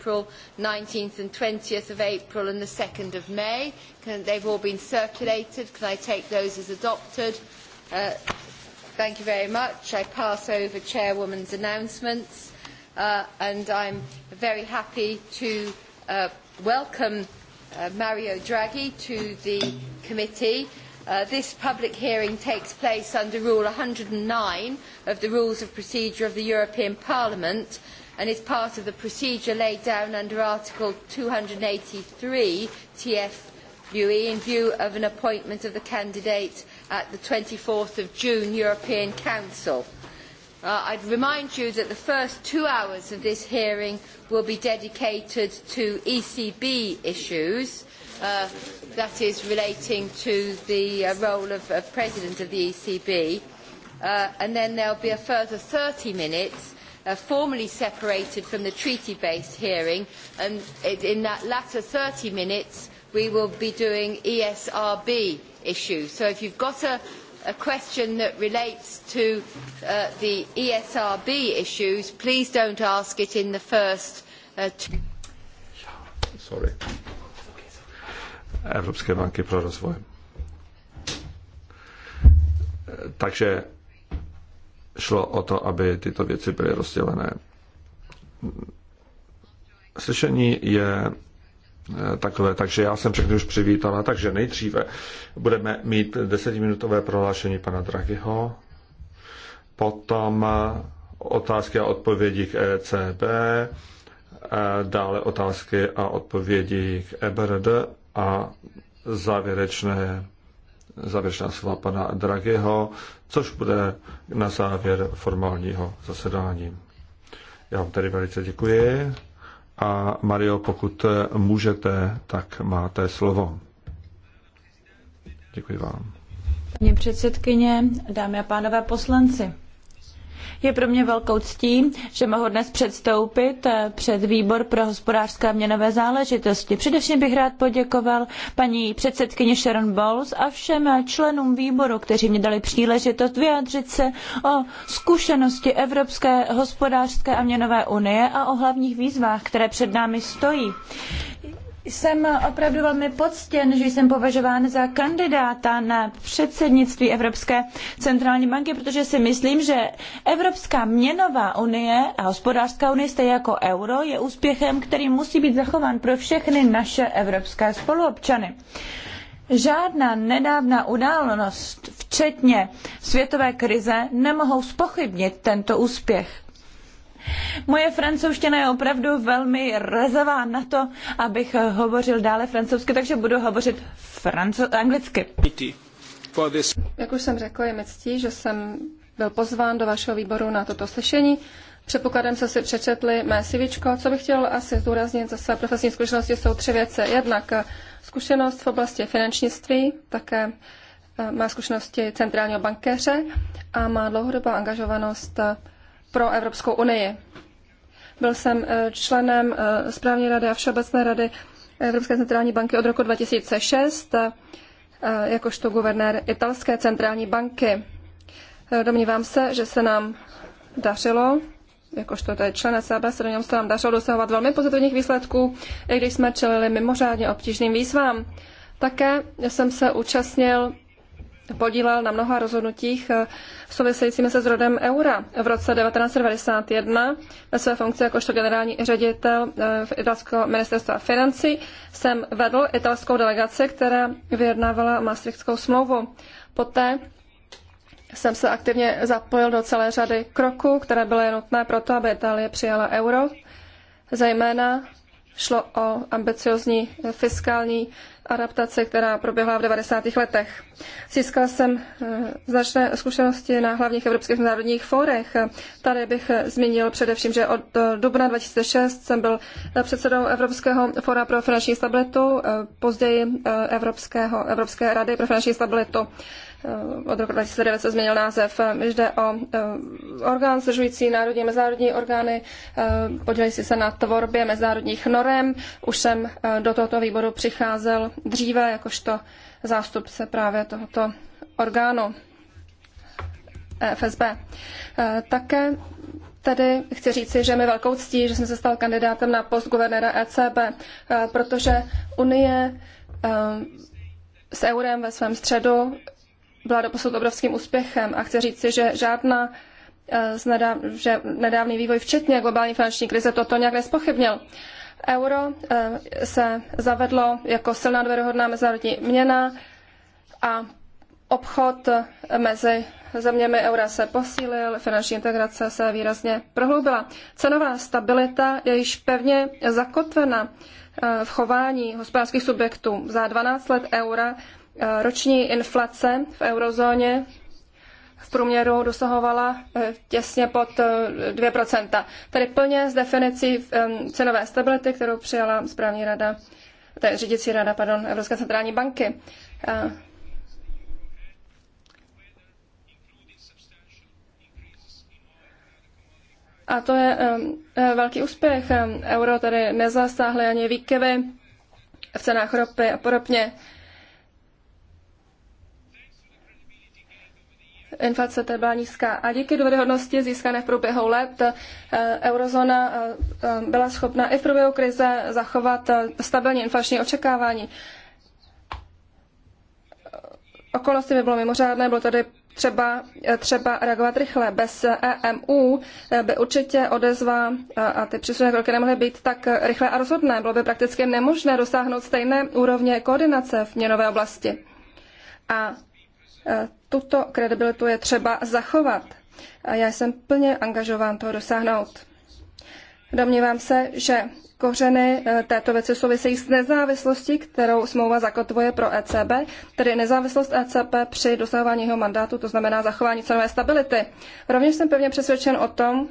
April, 19th and 20th of April and the 2nd of May. Can, they've all been circulated. Can I take those as adopted? Uh, thank you very much. I pass over Chairwoman's announcements. Uh, and I'm very happy to uh, welcome uh, Mario Draghi to the committee. Uh, this public hearing takes place under Rule 109 of the Rules of Procedure of the European Parliament and is part of the procedure laid down under Article 283 TFUE in view of an appointment of the candidate at the 24th of June European Council. Uh, I'd remind you that the first two hours of this hearing will be dedicated to ECB issues, uh, that is relating to the uh, role of, of President of the ECB, uh, and then there'll be a further 30 minutes Uh, formally separated from the treaty-based hearing. And in that latter 30 minutes, we will be doing ESRB issues. So if you've got a, a question that relates to uh, the ESRB issues, please don't ask it in the first... Uh, Sorry. Evropské banky pro rozvoj. E, takže šlo o to, aby tyto věci byly rozdělené. Slyšení je eh, takové, takže já jsem všechny už přivítala, takže nejdříve budeme mít desetiminutové prohlášení pana Draghiho, potom eh, otázky a odpovědi k ECB, eh, dále otázky a odpovědi k EBRD a závěrečné závěrečná slova pana Dragého. což bude na závěr formálního zasedání. Já vám tady velice děkuji a Mario, pokud můžete, tak máte slovo. Děkuji vám. Paní předsedkyně, dámy a pánové poslanci, je pro mě velkou ctí, že mohu dnes předstoupit eh, před výbor pro hospodářské a měnové záležitosti. Především bych rád poděkoval paní předsedkyni Sharon Bowles a všem eh, členům výboru, kteří mě dali příležitost vyjádřit se o zkušenosti Evropské hospodářské a měnové unie a o hlavních výzvách, které před námi stojí. Jsem opravdu velmi poctěn, že jsem považován za kandidáta na předsednictví Evropské centrální banky, protože si myslím, že Evropská měnová unie a hospodářská unie, stejně jako euro, je úspěchem, který musí být zachován pro všechny naše evropské spoluobčany. Žádná nedávná událost, včetně světové krize, nemohou spochybnit tento úspěch. Moje francouzština je opravdu velmi rezavá na to, abych hovořil dále francouzsky, takže budu hovořit franco- anglicky. Jak už jsem řekl, je mi ctí, že jsem byl pozván do vašeho výboru na toto slyšení. Předpokladem se si přečetli mé CVčko. Co bych chtěl asi zdůraznit ze své profesní zkušenosti jsou tři věci. Jednak eh, zkušenost v oblasti finančnictví, také eh, má zkušenosti centrálního bankéře a má dlouhodobou angažovanost eh, pro Evropskou unii. Byl jsem eh, členem eh, správní rady a Všeobecné rady Evropské centrální banky od roku 2006, eh, jakožto guvernér italské centrální banky. Domnívám se, že se nám dařilo, jakožto tady člen SAB, se do něm se nám dařilo dosahovat velmi pozitivních výsledků, i když jsme čelili mimořádně obtížným výzvám. Také jsem se účastnil podílel na mnoha rozhodnutích eh, souvisejícími se zrodem eura. V roce 1991 ve své funkci jakožto generální ředitel eh, v italského ministerstva financí jsem vedl italskou delegaci, která vyjednávala Maastrichtskou smlouvu. Poté jsem se aktivně zapojil do celé řady kroků, které byly nutné pro to, aby Itálie přijala euro. Zejména šlo o ambiciozní fiskální Adaptace, která proběhla v 90. letech. Získal jsem eh, značné zkušenosti na hlavních evropských národních fórech. Tady bych eh, zmínil především, že od eh, dubna 2006 jsem byl předsedou Evropského fóra pro finanční stabilitu, později Evropského, Evropské rady pro finanční stabilitu od roku 2009 se změnil název. Jde o eh, orgán sržující národní a mezinárodní orgány, eh, podělící se na tvorbě mezinárodních norem. Už jsem eh, do tohoto výboru přicházel dříve jakožto zástupce právě tohoto orgánu FSB. Také Tady chci říci, že mi velkou ctí, že jsem se stal kandidátem na post guvernéra ECB, protože Unie s eurem ve svém středu byla doposud obrovským úspěchem a chci si, že žádná eh, z nedáv, že nedávný vývoj, včetně globální finanční krize, toto nějak nespochybnil. Euro eh, se zavedlo jako silná dvěrohodná mezinárodní měna a obchod eh, mezi zeměmi eura se posílil, finanční integrace se výrazně prohloubila. Cenová stabilita je již pevně zakotvena v chování hospodářských subjektů. Za 12 let eura Eh, roční inflace v eurozóně v průměru dosahovala eh, těsně pod 2%. Eh, tedy plně z definicí ehm, cenové stability, kterou přijala správní rada, tedy řídící rada, pardon, Evropské centrální banky. A to je ehm, velký úspěch. Ehm, euro tedy nezasáhly ani výkyvy v cenách ropy a podobně. inflace tedy byla nízká. A díky důvěryhodnosti získané v průběhu let eh, eurozóna eh, eh, byla schopna i v průběhu krize zachovat stabilní inflační očekávání. Okolnosti by bylo mimořádné, bylo tady třeba, třeba reagovat rychle. Bez EMU e by určitě odezva a ty příslušné kroky nemohly být tak rychle a rozhodné. Bylo by prakticky nemožné dosáhnout stejné úrovně koordinace v měnové oblasti. A tuto kredibilitu je třeba zachovat. A já jsem plně angažován to dosáhnout. Domnívám se, že kořeny eh, této věci souvisejí s nezávislostí, kterou smlouva zakotvuje pro ECB, tedy nezávislost ECB při dosahování jeho mandátu, to znamená zachování cenové stability. Rovněž jsem pevně přesvědčen o tom,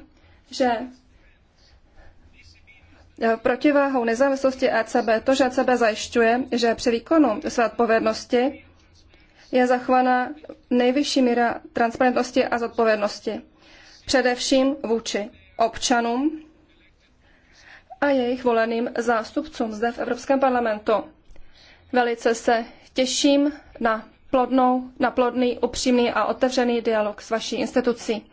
že eh, protiváhou nezávislosti ECB to, že ECB zajišťuje, že při výkonu své odpovědnosti je zachována nejvyšší míra transparentnosti a zodpovědnosti. Především vůči občanům a jejich voleným zástupcům zde v Evropském parlamentu. Velice se těším na, plodnou, na plodný, upřímný a otevřený dialog s vaší institucí.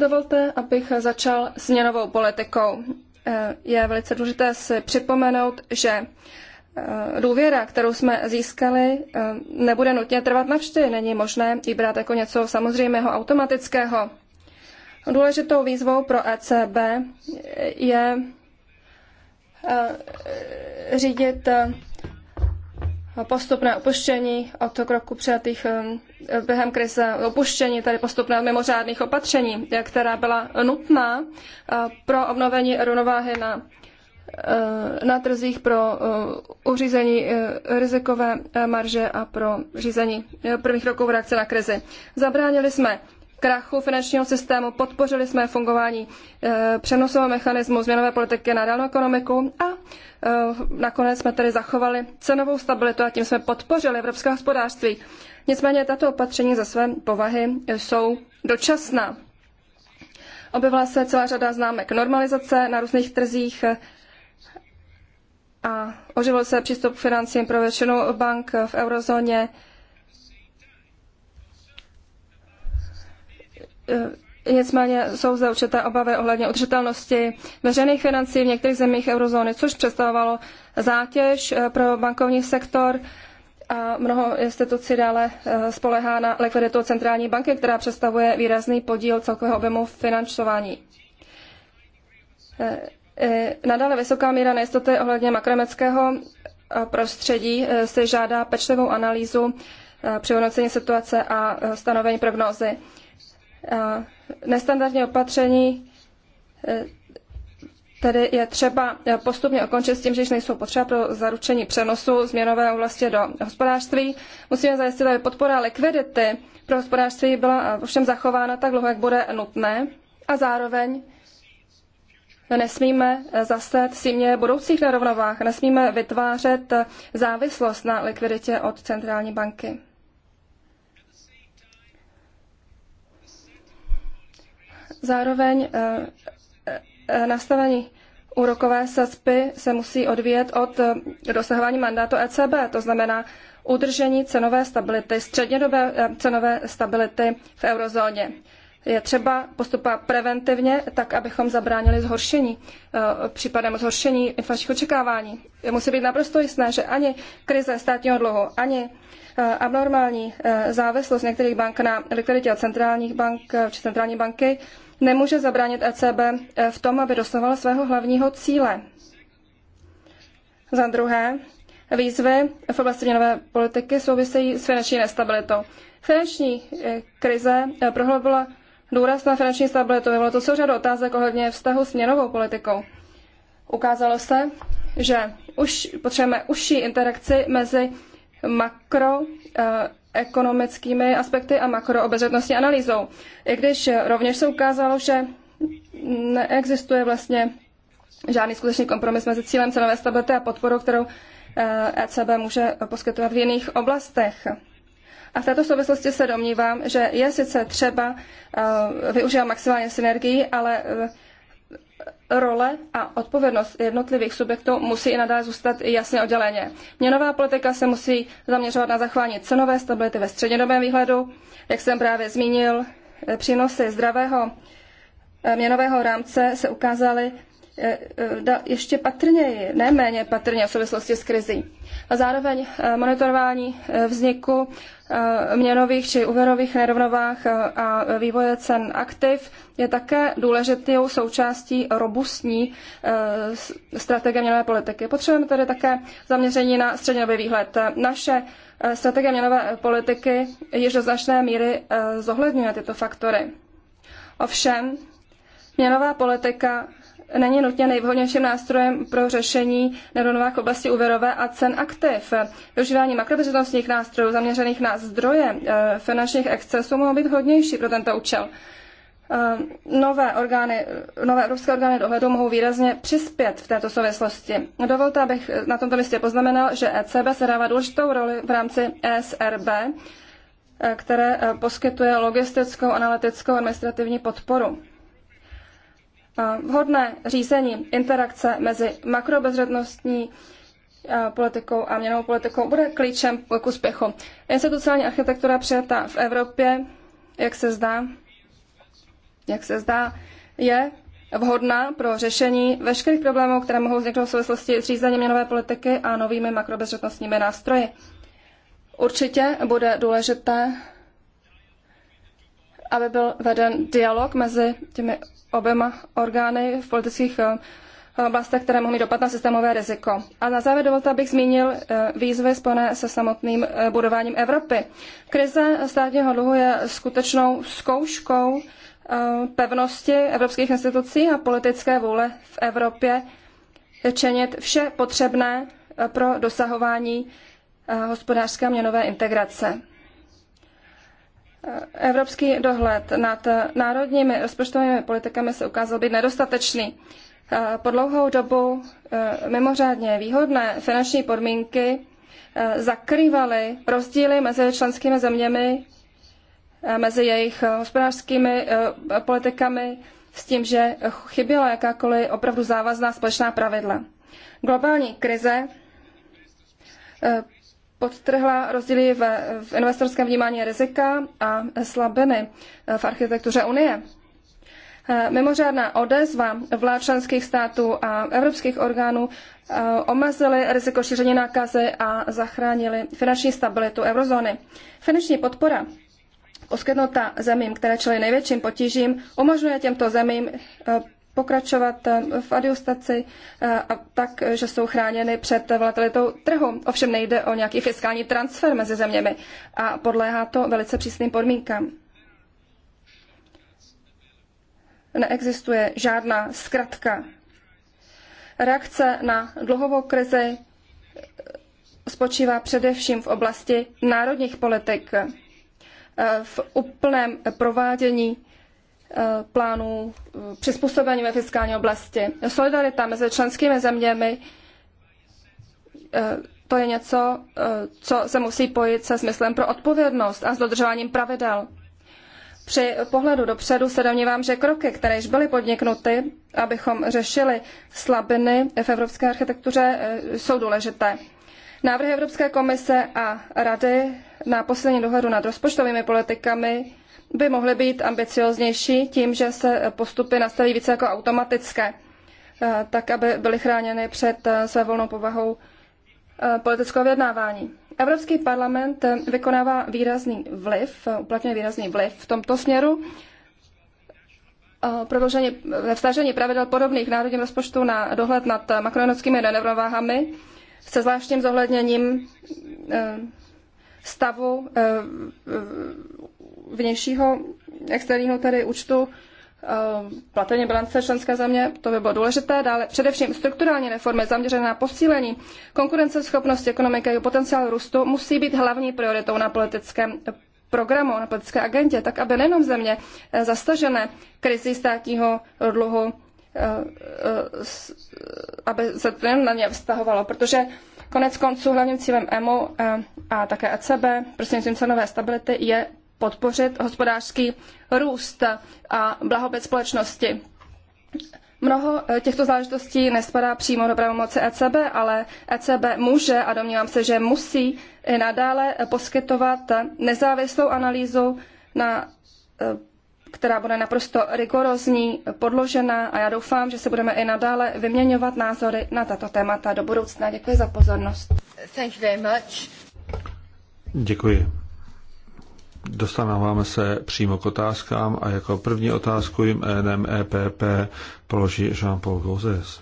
Dovolte, abych začal s měnovou politikou. Je velice důležité si připomenout, že Eh, důvěra, kterou jsme získali, eh, nebude nutně trvat navždy. Není možné ji brát jako něco samozřejmého automatického. Důležitou výzvou pro ECB je eh, řídit postupné opuštění od kroku přijatých během krize, opuštění tedy postupné od mimořádných opatření, která byla nutná pro obnovení rovnováhy na Eh, na trzích pro eh, uřízení eh, rizikové marže a pro řízení prvních roků v reakce na krizi. Zabránili jsme krachu finančního systému, podpořili jsme fungování přenosového mechanismu změnové politiky na reálnou ekonomiku a nakonec jsme tedy zachovali cenovou stabilitu a tím jsme podpořili evropské hospodářství. Nicméně tato opatření ze své povahy jsou dočasná. Objevila se celá řada známek normalizace na různých trzích, a oživil se přístup k financím pro většinu bank v eurozóně. E, nicméně jsou zde určité obavy ohledně udržitelnosti veřejných financí v některých zemích eurozóny, což představovalo zátěž e, pro bankovní sektor. A mnoho institucí dále e, spolehá na likviditu centrální banky, která představuje výrazný podíl celkového objemu financování. E, nadále vysoká míra nejistoty ohledně makroekonomického e, prostředí e, si žádá pečlivou analýzu při hodnocení situace a stanovení prognózy. Nestandardní opatření tedy je třeba postupně ukončit s tím, že již nejsou potřeba pro zaručení přenosu změnové oblasti do hospodářství. Musíme zajistit, aby podpora likvidity pro hospodářství byla ovšem zachována tak dlouho, jak bude nutné a zároveň nesmíme eh, zase símě budoucích nerovnovách, nesmíme vytvářet eh, závislost na likviditě od centrální banky. Zároveň eh, nastavení úrokové sazby se musí odvíjet od dosahování mandátu ECB, to znamená udržení cenové stability, střednědobé cenové stability v eurozóně je třeba postupovat preventivně, tak abychom zabránili zhoršení, eh, případem zhoršení inflačních očekávání. Musí být naprosto jasné, že ani krize státního dluhu, ani eh, abnormální eh, závislost některých bank na likviditě centrálních bank či centrální banky nemůže zabránit ECB v tom, aby dosahovala svého hlavního cíle. Za druhé, výzvy v oblasti měnové politiky souvisejí s finanční nestabilitou. Finanční krize prohloubila důraz na finanční stabilitu. Bylo to jsou řadu otázek ohledně vztahu s měnovou politikou. Ukázalo se, že už potřebujeme užší interakci mezi makroekonomickými eh, aspekty a makroobezřetnostní analýzou. I když rovněž se ukázalo, že neexistuje vlastně žádný skutečný kompromis mezi cílem cenové stability a podporou, kterou ECB eh, e může poskytovat v jiných oblastech. A v této souvislosti se domnívám, že je sice třeba eh, využívat maximálně synergii, ale eh, role a odpovědnost jednotlivých subjektů musí i nadále zůstat jasně odděleně. Měnová politika se musí zaměřovat na zachování cenové stability ve střednědobém výhledu. Jak jsem právě zmínil, eh, přínosy zdravého měnového rámce se ukázaly Eh, eh, ještě patrněji, ne méně patrně v souvislosti s krizí. A zároveň eh, monitorování vzniku měnových či úvěrových nerovnovách a vývoje cen aktiv je také důležitou součástí robustní strategie měnové politiky. Potřebujeme tedy také zaměření na střednědobý výhled. Naše strategie měnové politiky již do značné míry zohledňuje tyto faktory. Ovšem, měnová politika není nutně nejvhodnějším nástrojem pro řešení v oblasti úvěrové a cen aktiv. Využívání makrobezřetnostních nástrojů zaměřených na zdroje eh, finančních excesů mohou být vhodnější pro tento účel. Eh, nové, orgány, nové evropské orgány dohledu mohou výrazně přispět v této souvislosti. Dovolte, abych na tomto místě poznamenal, že ECB se dává důležitou roli v rámci ESRB, eh, které poskytuje logistickou, analytickou a administrativní podporu vhodné řízení interakce mezi makrobezřetnostní e, politikou a měnovou politikou bude klíčem k úspěchu. Institucionální architektura přijatá v Evropě, jak se zdá, jak se zdá, je vhodná pro řešení veškerých problémů, které mohou vzniknout v souvislosti s řízením měnové politiky a novými makrobezřetnostními nástroji. Určitě bude důležité aby byl veden dialog mezi těmi oběma orgány v politických eh, oblastech, které mohou mít dopad na systémové riziko. A na závěr dovolte, abych zmínil eh, výzvy spojené se samotným eh, budováním Evropy. Krize státního dluhu je skutečnou zkouškou pevnosti evropských institucí a politické vůle v Evropě čenit vše potřebné pro dosahování hospodářské a měnové integrace. Evropský dohled nad národními rozpočtovými politikami se ukázal být nedostatečný. Eh, po dlouhou dobu eh, mimořádně výhodné finanční podmínky eh, zakrývaly rozdíly mezi členskými zeměmi, mezi jejich hospodářskými politikami, s tím, že chyběla jakákoliv opravdu závazná společná pravidla. Globální krize podtrhla rozdíly v investorském vnímání rizika a slabiny eh, v architektuře Unie. Eh, mimořádná odezva vlád členských států a evropských orgánů eh, omezily riziko šíření nákazy a zachránily finanční stabilitu eurozóny. Finanční podpora poskytnutá zemím, které čelí největším potížím, umožňuje těmto zemím pokračovat eh, v adiostaci eh, a tak, že jsou chráněny před volatilitou trhu. Ovšem nejde o nějaký fiskální transfer mezi zeměmi a podléhá to velice přísným podmínkám. Neexistuje žádná zkratka. Reakce na dluhovou krizi eh, spočívá především v oblasti národních politik, v úplném provádění Eh, plánů eh, přizpůsobení ve fiskální oblasti. Solidarita mezi členskými zeměmi, eh, to je něco, co se musí pojit se smyslem pro odpovědnost a s dodržováním pravidel. Při pohledu dopředu se domnívám, že kroky, které již byly podniknuty, abychom řešili slabiny v evropské architektuře, jsou důležité. Návrhy Evropské komise a Rady na poslední dohledu nad rozpočtovými politikami by mohly být ambicioznější tím, že se postupy nastaví více jako automatické, eh, tak aby byly chráněny před eh, své volnou povahou eh, politického vyjednávání. Evropský parlament vykonává výrazný vliv, uplatňuje výrazný vliv v tomto směru. Ve vstažení pravidel podobných národním rozpočtu na dohled nad makroekonomickými nerovnováhami se zvláštním zohledněním stavu vnějšího externího tedy účtu eh, platení bilance členské země, to by bylo důležité. Dále především strukturální reformy zaměřené na posílení konkurenceschopnosti ekonomiky a potenciál růstu musí být hlavní prioritou na politickém programu, na politické agendě, tak aby nejenom země eh, zastažené krizi státního dluhu, eh, aby se to jen na ně vztahovalo, protože konec konců hlavním cílem EMU a také ECB, prostřednictvím cenové stability, je podpořit hospodářský růst a blahobyt společnosti. Mnoho eh, těchto záležitostí nespadá přímo do pravomoci ECB, ale ECB může a domnívám se, že musí i nadále poskytovat nezávislou analýzu, na, eh, která bude naprosto rigorózní, podložená a já doufám, že se budeme i nadále vyměňovat názory na tato témata do budoucna. Děkuji za pozornost. Děkuji. Dostáváme se přímo k otázkám a jako první otázku jménem EPP položí Jean-Paul Gauzès.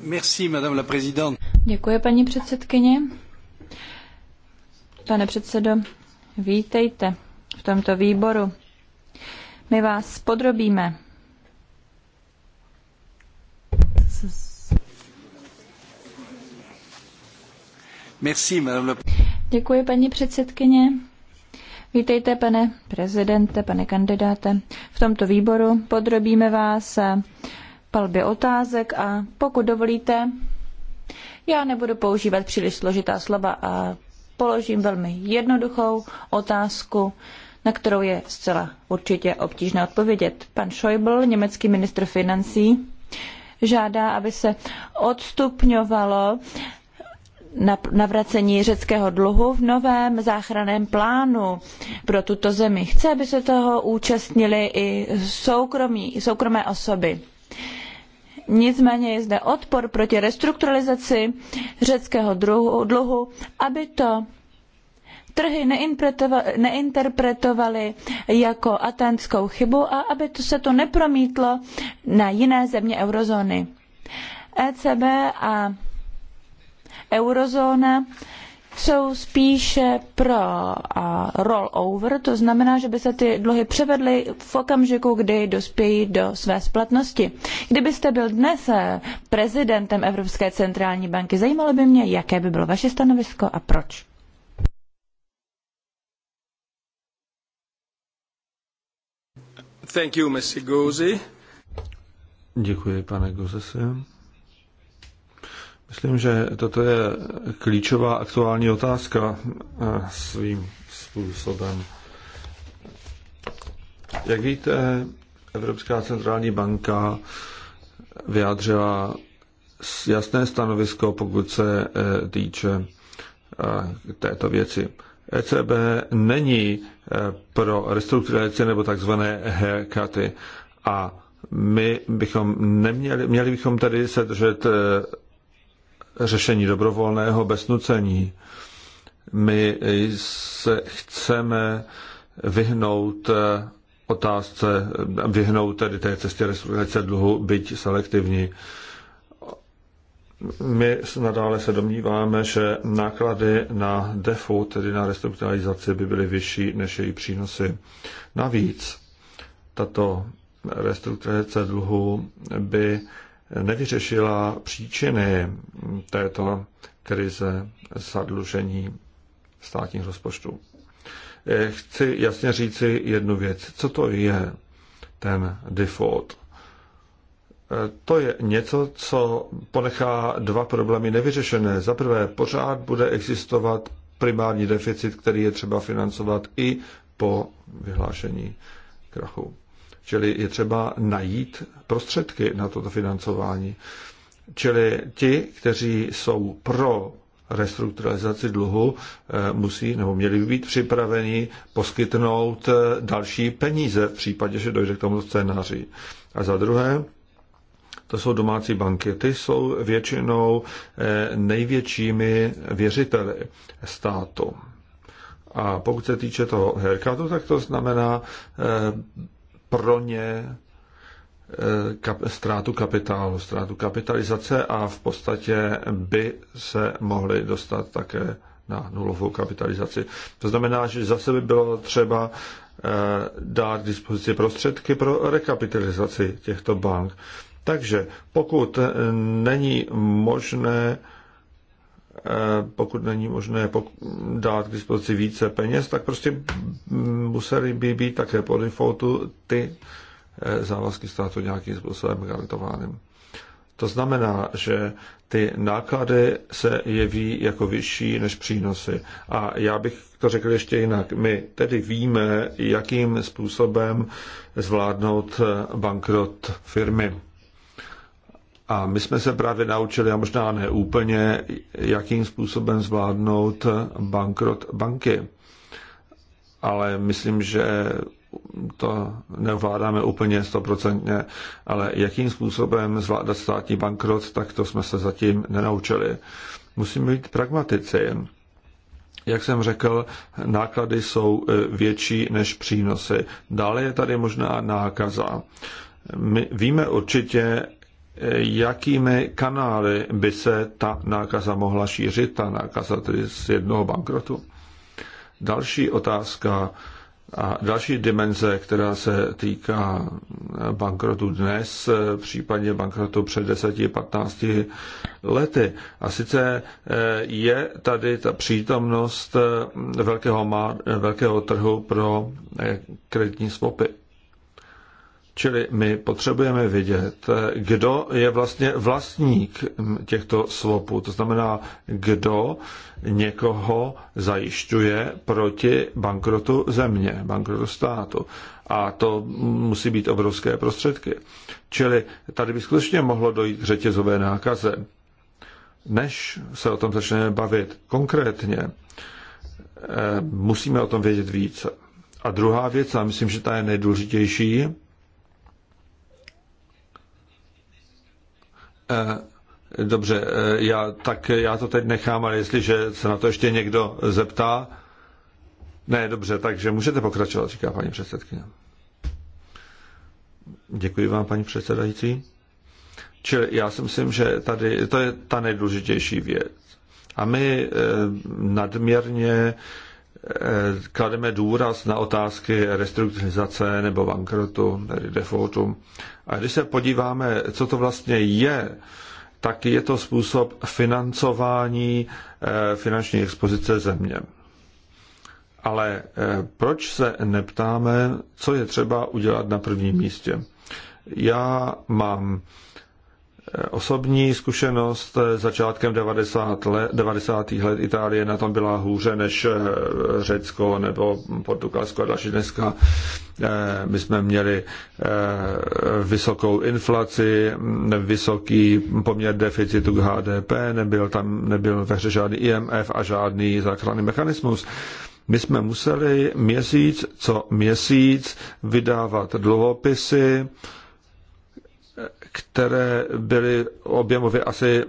Merci, madame la présidente. Děkuji, paní předsedkyně. Pane předsedo, vítejte v tomto výboru. My vás podrobíme. Merci, madame la Děkuji, paní předsedkyně. Vítejte, pane prezidente, pane kandidáte. V tomto výboru podrobíme vás palbě otázek a pokud dovolíte, já nebudu používat příliš složitá slova a položím velmi jednoduchou otázku, na kterou je zcela určitě obtížné odpovědět. Pan Schäuble, německý ministr financí, žádá, aby se odstupňovalo navracení řeckého dluhu v novém záchranném plánu pro tuto zemi. Chce, aby se toho účastnili i soukromí, soukromé osoby. Nicméně je zde odpor proti restrukturalizaci řeckého dluhu, aby to trhy neinterpretovaly jako aténskou chybu a aby to se to nepromítlo na jiné země eurozóny. ECB a eurozóna jsou spíše pro rollover, to znamená, že by se ty dluhy převedly v okamžiku, kdy dospějí do své splatnosti. Kdybyste byl dnes eh, prezidentem Evropské centrální banky, zajímalo by mě, jaké by bylo vaše stanovisko a proč. Thank you, Děkuji, pane Gozese. Myslím, že toto je klíčová aktuální otázka eh, svým způsobem. Jak víte, Evropská centrální banka vyjádřila jasné stanovisko, pokud se eh, týče eh, této věci. ECB není pro restrukturalizaci nebo takzvané haircuty a my bychom neměli, měli bychom tady se držet řešení dobrovolného bez nucení. My se chceme vyhnout eh, otázce, vyhnout tedy té cestě restrukturalizace dluhu, byť selektivní. My nadále se domníváme, že náklady na defu, tedy na restrukturalizaci, by byly vyšší než její přínosy. Navíc tato restrukturalizace dluhu by nevyřešila příčiny této krize zadlužení státních rozpočtů. Chci jasně říci jednu věc. Co to je ten default? To je něco, co ponechá dva problémy nevyřešené. Za prvé, pořád bude existovat primární deficit, který je třeba financovat i po vyhlášení krachu. Čili je třeba najít prostředky na toto financování. Čili ti, kteří jsou pro restrukturalizaci dluhu, eh, musí nebo měli by být připraveni poskytnout eh, další peníze v případě, že dojde k tomu scénáři. A za druhé, to jsou domácí banky. Ty jsou většinou eh, největšími věřiteli státu. A pokud se týče toho herkatu, tak to znamená pro ně eh, kap, ztrátu kapitálu, ztrátu kapitalizace a v podstatě by se mohli dostat také na nulovou kapitalizaci. To znamená, že zase by bylo třeba eh, dát k dispozici prostředky pro rekapitalizaci těchto bank. Takže pokud není možné Eh, pokud není možné dát k dispozici více peněz, tak prostě museli by být také po defaultu ty eh, závazky státu nějakým způsobem garantovány. To znamená, že ty náklady se jeví jako vyšší než přínosy. A já bych to řekl ještě jinak. My tedy víme, jakým způsobem zvládnout eh, bankrot firmy. A my jsme se právě naučili, a možná ne úplně, jakým způsobem zvládnout bankrot banky. Ale myslím, že to neovládáme úplně stoprocentně, ale jakým způsobem zvládat státní bankrot, tak to jsme se zatím nenaučili. Musíme být pragmatici. Jak jsem řekl, náklady jsou e, větší než přínosy. Dále je tady možná nákaza. My víme určitě, jakými kanály by se ta nákaza mohla šířit, ta nákaza tedy z jednoho bankrotu. Další otázka a další dimenze, která se týká bankrotu dnes, případně bankrotu před 10-15 lety. A sice eh, je tady ta přítomnost eh, velkého, eh, velkého trhu pro kreditní swapy. Čili my potřebujeme vidět, kdo je vlastně vlastník těchto svopů. to znamená, kdo někoho zajišťuje proti bankrotu země, bankrotu státu. A to musí být obrovské prostředky. Čili tady by skutečně mohlo dojít k řetězové nákaze. Než se o tom začneme bavit konkrétně, eh, musíme o tom vědět více. A druhá věc, a myslím, že ta je nejdůležitější, Eh, dobře, eh, já, tak já to teď nechám, ale jestliže se na to ještě někdo zeptá. Ne, dobře, takže můžete pokračovat, říká paní předsedkyně. Děkuji vám, paní předsedající. Čili já si myslím, že tady to je ta nejdůležitější věc. A my eh, nadměrně klademe důraz na otázky restrukturalizace nebo bankrotu, tedy defaultu. A když se podíváme, co to vlastně je, tak je to způsob financování eh, finanční expozice země. Ale eh, proč se neptáme, co je třeba udělat na prvním místě? Já mám eh, osobní zkušenost začátkem 90. Let, 90. let Itálie na tom byla hůře než Řecko nebo Portugalsko a další dneska Eh, my jsme měli eh, vysokou inflaci, vysoký poměr deficitu k HDP, nebyl tam nebyl ve hře žádný IMF a žádný záchranný mechanismus. My jsme museli měsíc co měsíc vydávat dluhopisy, eh, které byly objemově asi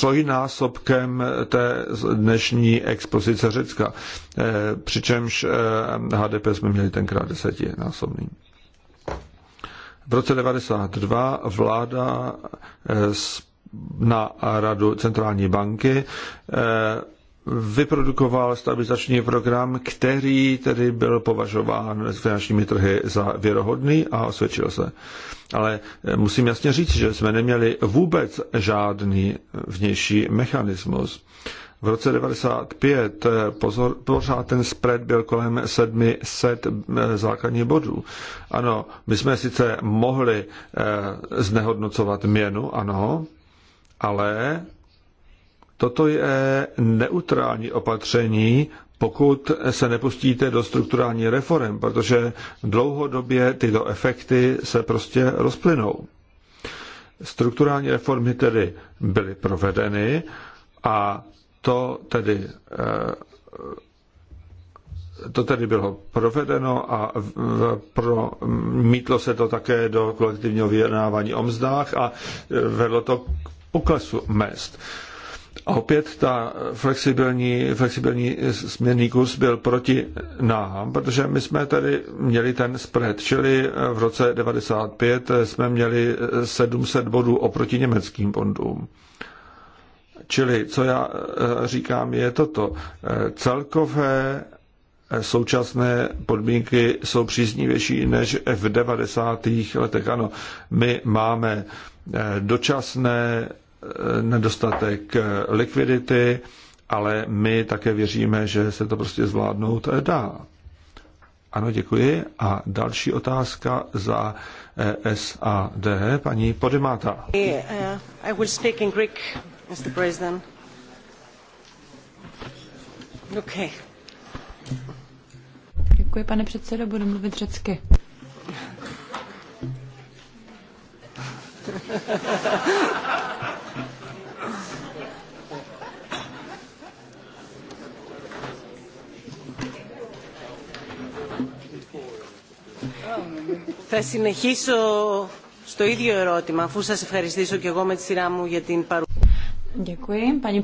trojnásobkem té dnešní expozice Řecka. Eh, přičemž HDP eh, jsme měli tenkrát desetinásobný. V roce 1992 vláda eh, na radu centrální banky vyprodukoval stabilizační program, který tedy byl považován finančními trhy za věrohodný a osvědčil se. Ale musím jasně říct, že jsme neměli vůbec žádný vnější mechanismus. V roce 95 pozor, pořád ten spread byl kolem 700 eh, základních bodů. Ano, my jsme sice mohli eh, znehodnocovat měnu, ano, ale Toto je neutrální opatření, pokud se nepustíte do strukturální reform, protože dlouhodobě tyto efekty se prostě rozplynou. Strukturální reformy tedy byly provedeny a to tedy eh, to tedy bylo provedeno a promítlo se to také do kolektivního vyjednávání o mzdách a eh, vedlo to k poklesu mest. A opět ta flexibilní, flexibilní směrný kurz byl proti nám, protože my jsme tady měli ten spread, čili v roce 95 jsme měli 700 bodů oproti německým bondům. Čili, co já eh, říkám, je toto. Eh, celkové eh, současné podmínky jsou příznivější než v 90. letech. Ano, my máme dočasné nedostatek likvidity, ale my také věříme, že se to prostě zvládnout dá. Ano, děkuji. A další otázka za e SAD, paní Podimata. Uh, I will speak in Greek, Mr. President. Okay. Děkuji, pane předsedo, budu mluvit řecky. Θα συνεχίσω στο ίδιο ερώτημα, αφού σας ευχαριστήσω και εγώ με τη σειρά μου για την παρουσία. Děkuji, paní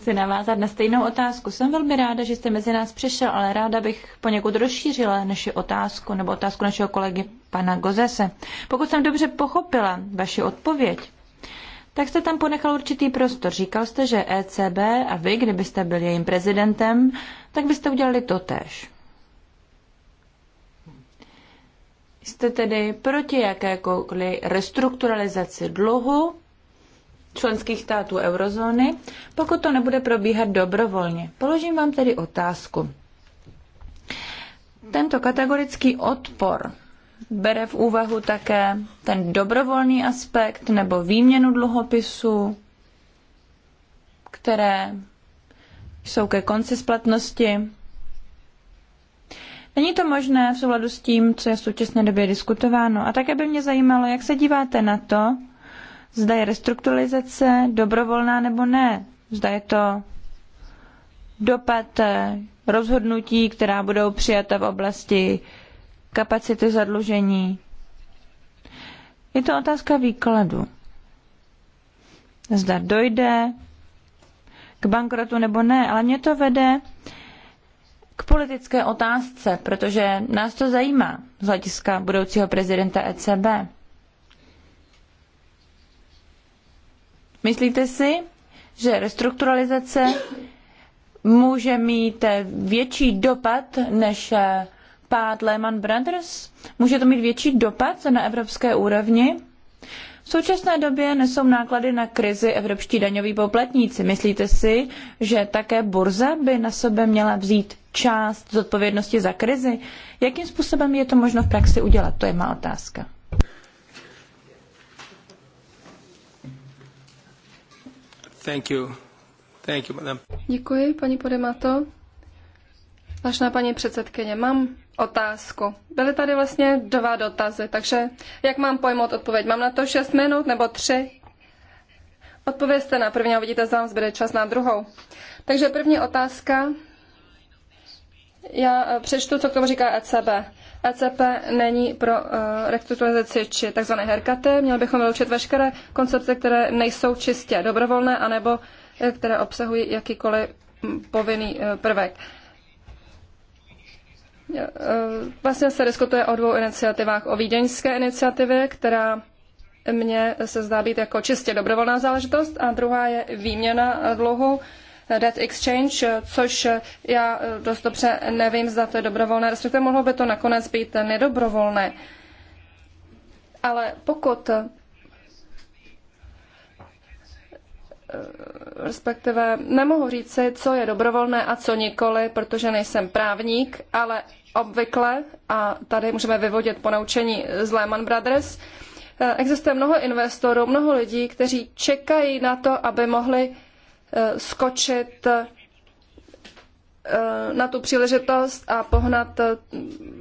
Chci navázat na stejnou otázku. Jsem velmi ráda, že jste mezi nás přišel, ale ráda bych poněkud rozšířila naši otázku nebo otázku našeho kolegy pana Gozese. Pokud jsem dobře pochopila vaši odpověď, tak jste tam ponechal určitý prostor. Říkal jste, že ECB a vy, kdybyste byl jejím prezidentem, tak byste udělali to tež. Jste tedy proti jakékoliv restrukturalizaci dluhu členských států eurozóny, pokud to nebude probíhat dobrovolně. Položím vám tedy otázku. Tento kategorický odpor bere v úvahu také ten dobrovolný aspekt nebo výměnu dluhopisů, které jsou ke konci splatnosti. Není to možné v souladu s tím, co je v současné době diskutováno. A také by mě zajímalo, jak se díváte na to, zda je restrukturalizace dobrovolná nebo ne. Zda je to dopad eh, rozhodnutí, která budou přijata v oblasti kapacity zadlužení. Je to otázka výkladu. Zda dojde k bankrotu nebo ne, ale mě to vede k politické otázce, protože nás to zajímá z hlediska budoucího prezidenta ECB. Myslíte si, že restrukturalizace může mít větší dopad než pád Lehman Brothers? Může to mít větší dopad na evropské úrovni? V současné době nesou náklady na krizi evropští daňoví poplatníci. Myslíte si, že také burza by na sebe měla vzít část zodpovědnosti za krizi? Jakým způsobem je to možno v praxi udělat? To je má otázka. Thank you. Thank you, Děkuji, paní Podemato. paní předsedkyně, mám otázku. Byly tady vlastně dva dotazy, takže jak mám pojmout odpověď? Mám na to 6 minut nebo 3? Odpovězte na první a vidíte, zda vám zbyde čas na druhou. Takže první otázka. Já eh, přečtu, co k tomu říká ECB. ECP není pro uh, restrukturalizaci či tzv. herkaty. Měli bychom vyloučit veškeré koncepce, které nejsou čistě dobrovolné, anebo eh, které obsahují jakýkoliv hm, povinný prvek. Uh, Eh, vlastně se diskutuje o dvou iniciativách. O vídeňské iniciativě, která mně se zdá být jako čistě dobrovolná záležitost a druhá je výměna dluhu eh, debt exchange, což já eh, dost dobře nevím, zda to je dobrovolné, respektive mohlo by to nakonec být nedobrovolné. Ale pokud respektive nemohu říci, co je dobrovolné a co nikoli, protože nejsem právník, ale obvykle, a tady můžeme vyvodit ponaučení z Lehman Brothers, eh, existuje mnoho investorů, mnoho lidí, kteří čekají na to, aby mohli eh, skočit eh, na tu příležitost a pohnat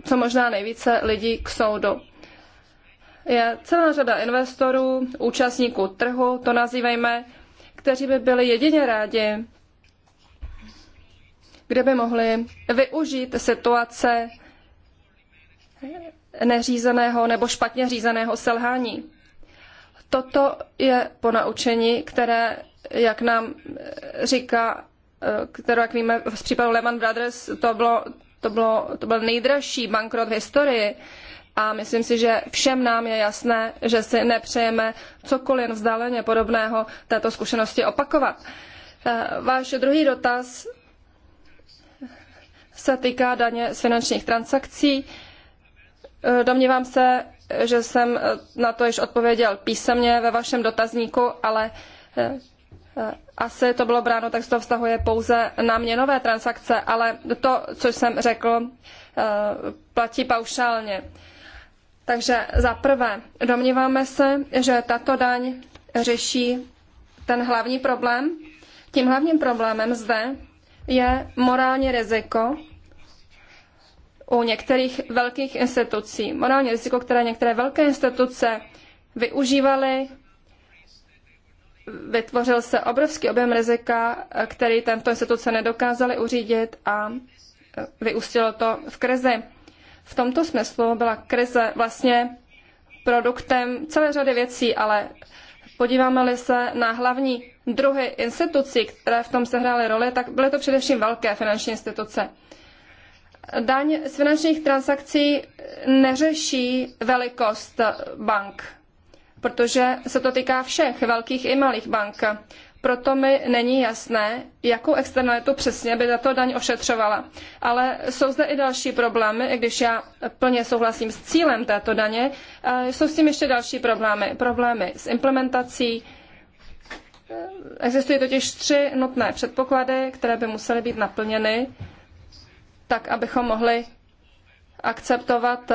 co možná nejvíce lidí k soudu. Je celá řada investorů, účastníků trhu, to nazývejme kteří by byli jedině rádi, kde by mohli využít situace neřízeného nebo špatně řízeného selhání. Toto je ponaučení, které, jak nám eh, říká, eh, kterou, jak víme, z případu Lehman Brothers, to bylo, to bylo, to byl nejdražší bankrot v historii a myslím si, že všem nám je jasné, že si nepřejeme cokoliv jen vzdáleně podobného této zkušenosti opakovat. Eh, váš druhý dotaz se týká daně z finančních transakcí. Eh, domnívám se, že jsem eh, na to již odpověděl písemně ve vašem dotazníku, ale asi to bylo bráno, tak se to vztahuje pouze na měnové transakce, ale to, co jsem řekl, platí paušálně. Takže za prvé, domníváme se, že tato daň řeší ten hlavní problém. Tím hlavním problémem zde je morální riziko u některých velkých institucí. Morální riziko, které některé velké instituce využívaly, vytvořil se obrovský objem rizika, který tento instituce nedokázaly uřídit a vyústilo to v krizi. V tomto smyslu byla krize vlastně produktem celé řady věcí, ale podíváme-li se na hlavní druhy institucí, které v tom sehrály roli, tak byly to především velké finanční instituce. Daň z finančních transakcí neřeší velikost bank, protože se to týká všech velkých i malých bank. Proto mi není jasné, jakou externalitu přesně by tato daň ošetřovala. Ale jsou zde i další problémy, i když já plně souhlasím s cílem této daně, jsou s tím ještě další problémy. Problémy s implementací. Existují totiž tři nutné předpoklady, které by musely být naplněny, tak abychom mohli akceptovat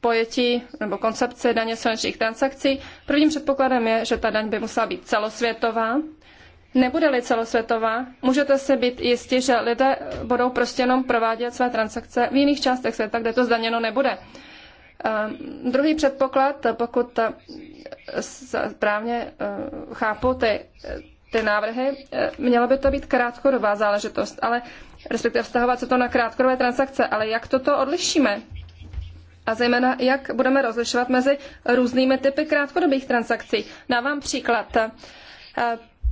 pojetí nebo koncepci daně z finančních transakcí. Prvním předpokladem je, že ta daň by musela být celosvětová. Nebude-li celosvětová, můžete si být jistí, že lidé budou prostě jenom provádět své transakce v jiných částech světa, kde to zdaněno nebude. Ehm, druhý předpoklad, pokud správně uh, chápu ty, ty návrhy, eh, měla by to být krátkodobá záležitost, ale respektive vztahovat se to na krátkodobé transakce, ale jak toto odlišíme? a zejména jak budeme rozlišovat mezi různými typy krátkodobých transakcí. Dávám příklad. Eh,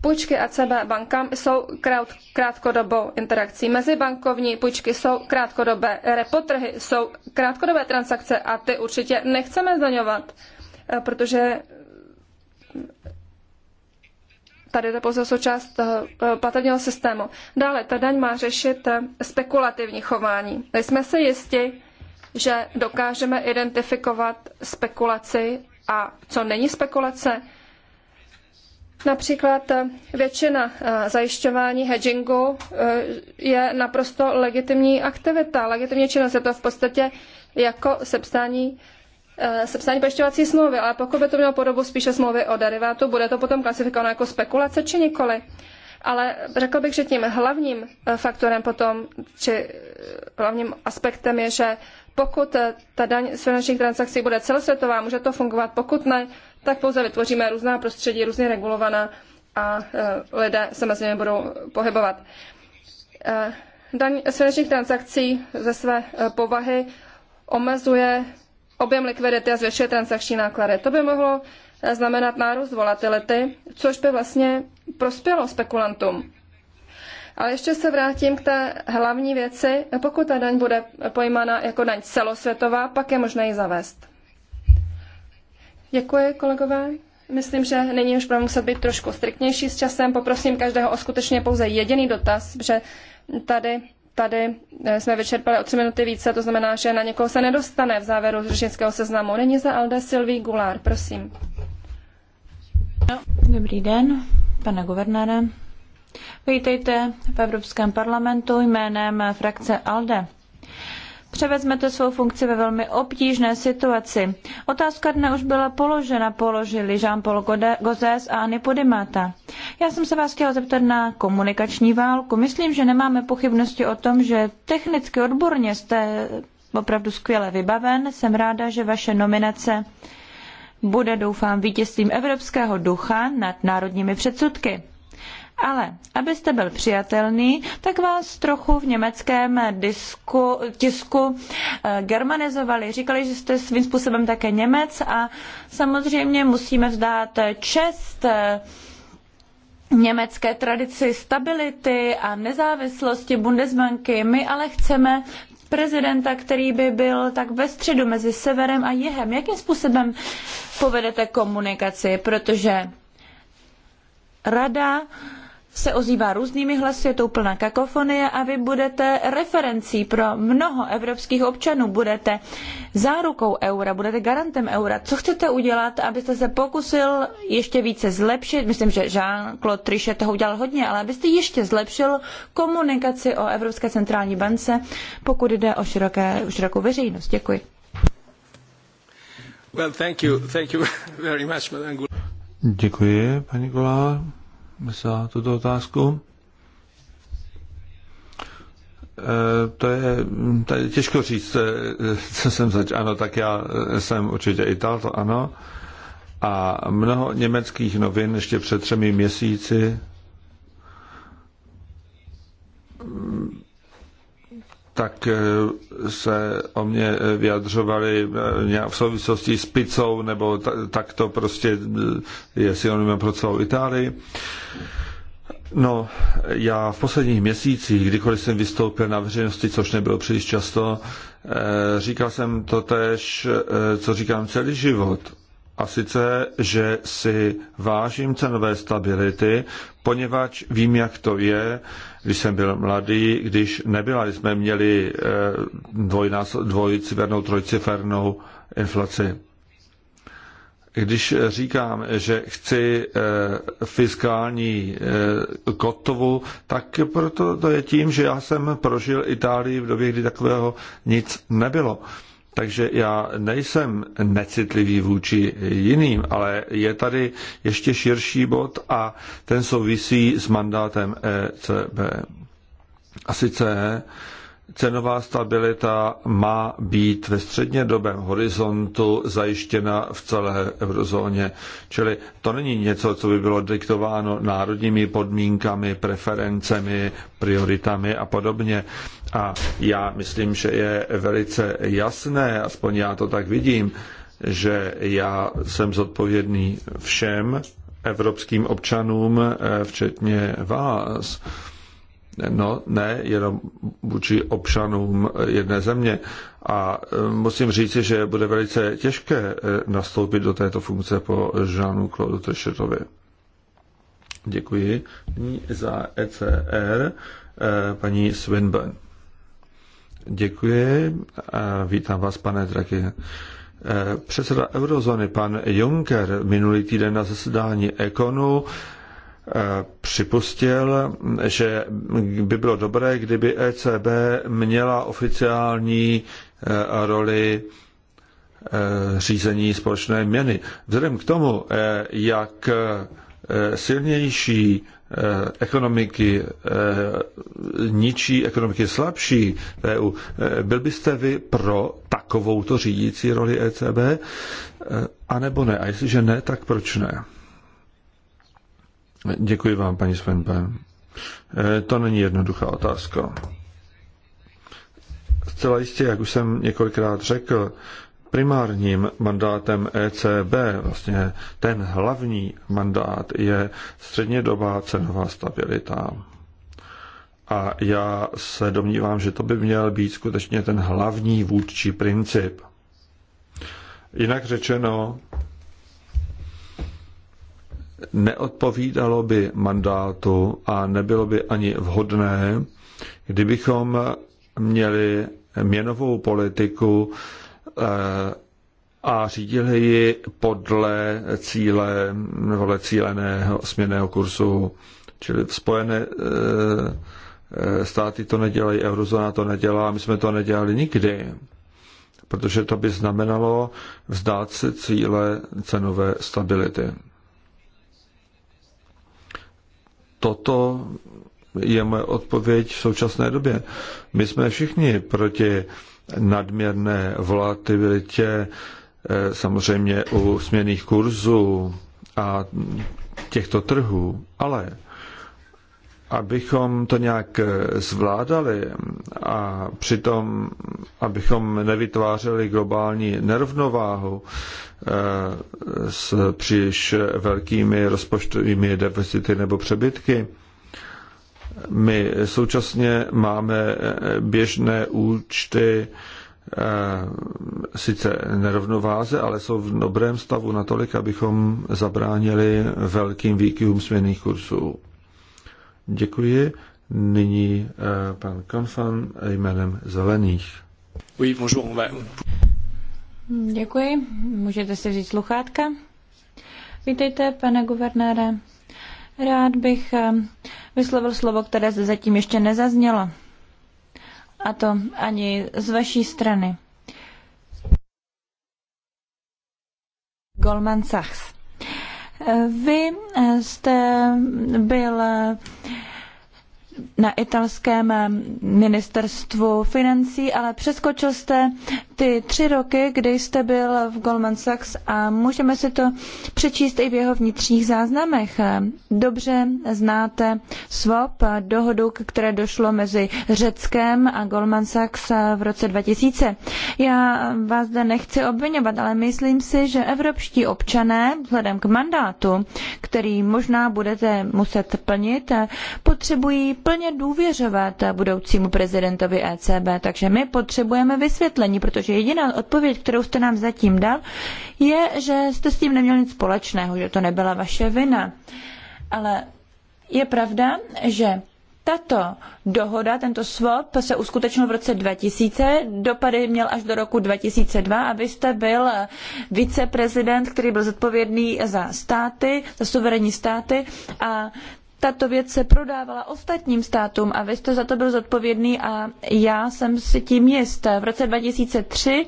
půjčky ACB bankám jsou krát, krátkodobou interakcí. bankovní půjčky jsou krátkodobé, repotrhy jsou krátkodobé transakce a ty určitě nechceme zdaňovat, eh, protože tady to pouze součást eh, platebního systému. Dále, ta daň má řešit spekulativní chování. Jsme si jistí, že dokážeme identifikovat spekulaci a co není spekulace. Například eh, většina eh, zajišťování hedgingu eh, je naprosto legitimní aktivita. Legitimní činnost je to v podstatě jako sepsání sepsání pojišťovací smlouvy, ale pokud by to mělo podobu spíše smlouvy o derivátu, bude to potom klasifikováno jako spekulace či nikoli. Ale řekl bych, že tím hlavním faktorem potom, či hlavním aspektem je, že pokud eh, ta daň z finančních transakcí bude celosvětová, může to fungovat, pokud ne, tak pouze vytvoříme různá prostředí, různě regulovaná a eh, lidé se mezi nimi budou pohybovat. Eh, daň z finančních transakcí ze své povahy omezuje objem likvidity a zvětšuje transakční náklady. To by mohlo znamenat nárůst volatility, což by vlastně prospělo spekulantům. Ale ještě se vrátím k té hlavní věci. Pokud ta daň bude pojímána jako daň celosvětová, pak je možné ji zavést. Děkuji, kolegové. Myslím, že nyní už budeme muset být trošku striktnější s časem. Poprosím každého o skutečně pouze jediný dotaz, že tady, tady eh, jsme vyčerpali o tři minuty více, to znamená, že na někoho se nedostane v závěru řečnického seznamu. Není za Alde Silví Gulár, prosím. Dobrý den, pane guvernére, Vítejte v Evropském parlamentu jménem frakce ALDE. Převezmete svou funkci ve velmi obtížné situaci. Otázka dne už byla položena, položili Jean-Paul Gozés a Anny Podimata. Já jsem se vás chtěla zeptat na komunikační válku. Myslím, že nemáme pochybnosti o tom, že technicky odborně jste opravdu skvěle vybaven. Jsem ráda, že vaše nominace bude, doufám, vítězstvím evropského ducha nad národními předsudky. Ale abyste byl přijatelný, tak vás trochu v německém disku, tisku eh, germanizovali. Říkali, že jste svým způsobem také Němec a samozřejmě musíme vzdát čest eh, německé tradici stability a nezávislosti Bundesbanky. My ale chceme prezidenta, který by byl tak ve středu mezi severem a jihem. Jakým způsobem povedete komunikaci? Protože rada se ozývá různými hlasy, je to úplná kakofonie a vy budete referencí pro mnoho evropských občanů, budete zárukou eura, budete garantem eura. Co chcete udělat, abyste se pokusil ještě více zlepšit, myslím, že Jean-Claude Trichet toho udělal hodně, ale abyste ještě zlepšil komunikaci o Evropské centrální bance, pokud jde o široké, širokou veřejnost. Děkuji. Well, thank you. Thank you much, Děkuji, paní Golá za tuto otázku. E, to je, to je těžko říct, e, co jsem zač. Ano, tak já e, jsem určitě Ital, to ano. A mnoho německých novin ještě před třemi měsíci tak eh, se o mě vyjadřovali eh, v souvislosti s picou, nebo tak to prostě eh, je synonymem pro celou Itálii. No, já v posledních měsících, kdykoliv jsem vystoupil na veřejnosti, což nebylo příliš často, říkal jsem to tež, co říkám celý život. A sice, že si vážím cenové stability, poněvadž vím, jak to je, když jsem byl mladý, když nebyla, když jsme měli eh, dvojcifernou, trojcifernou inflaci. Když říkám, že chci eh, fiskální eh, kotovu, tak proto to je tím, že já jsem prožil Itálii v době, kdy takového nic nebylo. Takže já nejsem necitlivý vůči jiným, ale je tady ještě širší bod a ten souvisí s mandátem ECB. A sice cenová stabilita má být ve střednědobém horizontu zajištěna v celé eurozóně. Čili to není něco, co by bylo diktováno národními podmínkami, preferencemi, prioritami a podobně. A já myslím, že je velice jasné, aspoň já to tak vidím, že já jsem zodpovědný všem evropským občanům, eh, včetně vás. No ne, jenom vůči občanům jedné země. A e, musím říci, že bude velice těžké e, nastoupit do této funkce po Žánu Claude Trešetovi. Děkuji. Nyní za ECR e, paní Swinburne. Děkuji. A vítám vás, pane Draky. Předseda eurozóny, pan Juncker, minulý týden na zasedání Ekonu připustil, že by bylo dobré, kdyby ECB měla oficiální eh, roli eh, řízení společné měny. Vzhledem k tomu, eh, jak silnější ekonomiky ničí ekonomiky slabší EU. Byl byste vy pro takovouto řídící roli ECB, anebo ne? A jestliže ne, tak proč ne? Děkuji vám, paní Svenbe. E, to není jednoduchá otázka. Zcela jistě, jak už jsem několikrát řekl, primárním mandátem ECB, vlastně ten hlavní mandát je střednědobá cenová stabilita. A já se domnívám, že to by měl být skutečně ten hlavní vůdčí princip. Jinak řečeno, neodpovídalo by mandátu a nebylo by ani vhodné, kdybychom měli měnovou politiku eh, a řídili ji podle cíle, podle cíleného směrného kursu, čili spojené eh, eh, státy to nedělají, eurozóna to nedělá, my jsme to nedělali nikdy, protože to by znamenalo vzdát se cíle cenové stability. toto je moje odpověď v současné době. My jsme všichni proti nadměrné volatilitě, eh, samozřejmě u směných kurzů a těchto trhů, ale abychom to nějak eh, zvládali a přitom, abychom nevytvářeli globální nerovnováhu eh, s příliš velkými rozpočtovými deficity nebo přebytky, my současně máme eh, běžné účty sice nerovnováze, ale jsou v dobrém stavu natolik, abychom zabránili velkým výkyvům směných kursů. Děkuji. Nyní eh, pan Kanfan jménem Zelených. Oui, bonjour. Děkuji. Můžete si vzít sluchátka. Vítejte, pane guvernére. Rád bych eh, vyslovil slovo, které se zatím ještě nezaznělo. A to ani z vaší strany. Goldman Sachs. Vy eh, jste byl na italském eh, ministerstvu financí, ale přeskočil jste ty tři roky, kdy jste byl v Goldman Sachs a můžeme si to přečíst i v jeho vnitřních záznamech. Dobře znáte swap, dohodu, k které došlo mezi Řeckem a Goldman Sachs eh, v roce 2000. Já vás zde nechci obvinovat, ale myslím si, že evropští občané, vzhledem k mandátu, který možná budete muset plnit, eh, potřebují plně důvěřovat budoucímu prezidentovi ECB, takže my potřebujeme vysvětlení, protože jediná odpověď, kterou jste nám zatím dal, je, že jste s tím neměl nic společného, že to nebyla vaše vina. Ale je pravda, že tato dohoda, tento swap se uskutečnil v roce 2000, dopady měl až do roku 2002 a vy jste byl viceprezident, který byl zodpovědný za státy, za suverénní státy a tato věc se prodávala ostatním státům a vy jste za to byl zodpovědný a já jsem si tím jist. V roce 2003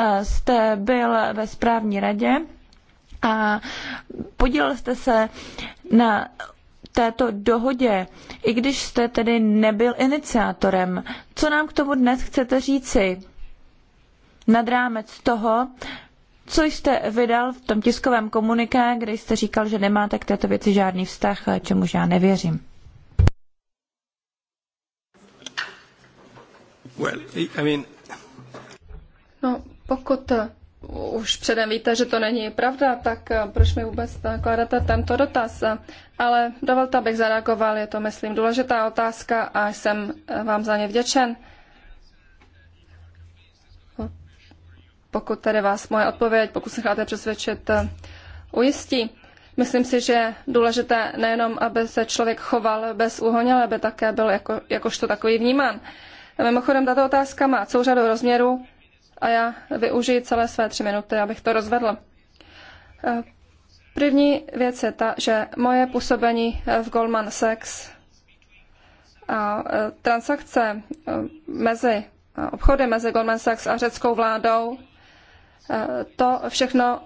eh, jste byl ve správní radě a podílel jste se na této dohodě, i když jste tedy nebyl iniciátorem. Co nám k tomu dnes chcete říci? Nad rámec toho, co jste vydal v tom tiskovém komuniké, kde jste říkal, že nemáte k této věci žádný vztah, čemuž já nevěřím. Well, I mean... No, pokud už předem víte, že to není pravda, tak eh, proč mi vůbec nakládáte tento dotaz? Ale dovolte, abych zareagoval, je to, myslím, důležitá otázka a jsem eh, vám za ně vděčen. pokud tedy vás moje odpověď, pokud se necháte přesvědčit, eh, ujistí. Myslím si, že je důležité nejenom, aby se člověk choval bez úhoně, ale aby také byl jako, jakožto takový vnímán. Mimochodem, tato otázka má celou řadu rozměrů a já využiji celé své tři minuty, abych to rozvedl. Eh, první věc je ta, že moje působení eh, v Goldman Sachs a transakce mezi obchody mezi Goldman Sachs a řeckou vládou Eh, to všechno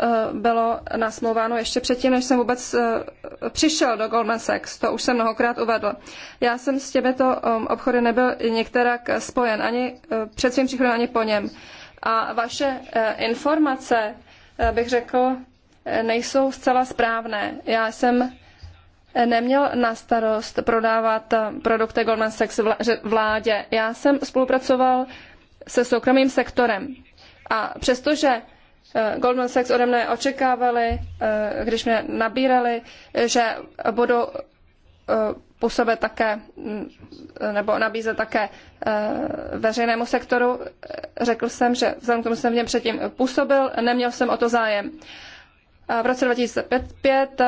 eh, bylo nasmlouváno ještě předtím, než jsem vůbec eh, přišel do Goldman Sachs. To už jsem mnohokrát uvedl. Já jsem s těmito um, obchody nebyl některak spojen, ani před svým příchodem, ani po něm. A vaše informace, bych řekl, nejsou zcela správné. Já jsem neměl na starost prodávat produkty Goldman Sachs vládě. Já jsem spolupracoval se soukromým sektorem. A přestože eh, Goldman Sachs ode mne očekávali, eh, když mě nabírali, že budu eh, působit také mm, nebo nabízet také veřejnému sektoru. Řekl jsem, že vzhledem k tomu jsem v něm předtím působil, neměl jsem o to zájem. v roce 2005,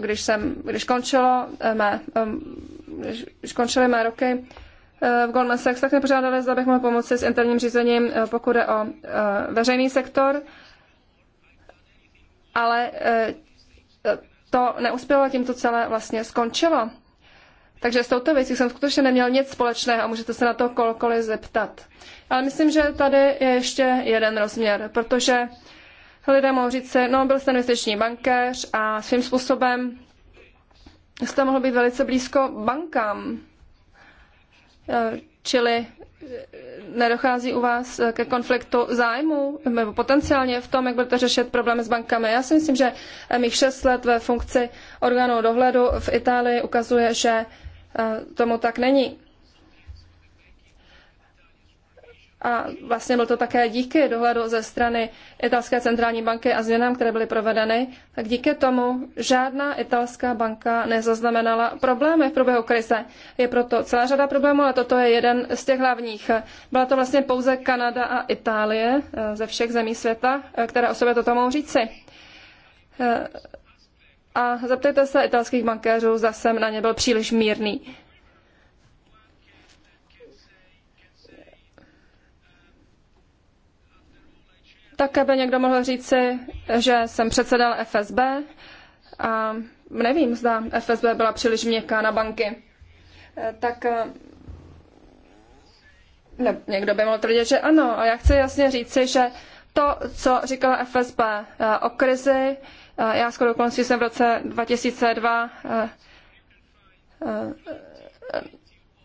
když, jsem, když, končilo mé, když končily mé roky v Goldman Sachs také požádali, zda bych mohl pomoci s interním řízením, eh, pokud jde o eh, veřejný sektor, ale eh, to neuspělo, tím to celé vlastně skončilo. Takže s touto věcí jsem skutečně neměl nic společného a můžete se na to kolkoliv zeptat. Ale myslím, že tady je ještě jeden rozměr, protože lidé mohou říct si, no byl jste investiční bankéř a svým způsobem jste mohl být velice blízko bankám čili nedochází u vás ke konfliktu zájmu nebo potenciálně v tom, jak budete řešit problémy s bankami. Já si myslím, že mých šest let ve funkci orgánu dohledu v Itálii ukazuje, že tomu tak není. a vlastně bylo to také díky dohledu ze strany italské centrální banky a změnám, které byly provedeny, tak díky tomu žádná italská banka nezaznamenala problémy v průběhu krize. Je proto celá řada problémů, ale toto je jeden z těch hlavních. Byla to vlastně pouze Kanada a Itálie eh, ze všech zemí světa, eh, které o sobě toto mohou říci. Eh, a zeptejte se italských bankéřů, zase na ně byl příliš mírný. Také by někdo mohl říci, že jsem předsedal FSB a nevím, zda FSB byla příliš měkká na banky. Eh, tak eh, ne, někdo by mohl tvrdit, že ano. A já chci jasně říci, že to, co říkala FSB eh, o krizi, já skoro dokonce jsem v roce 2002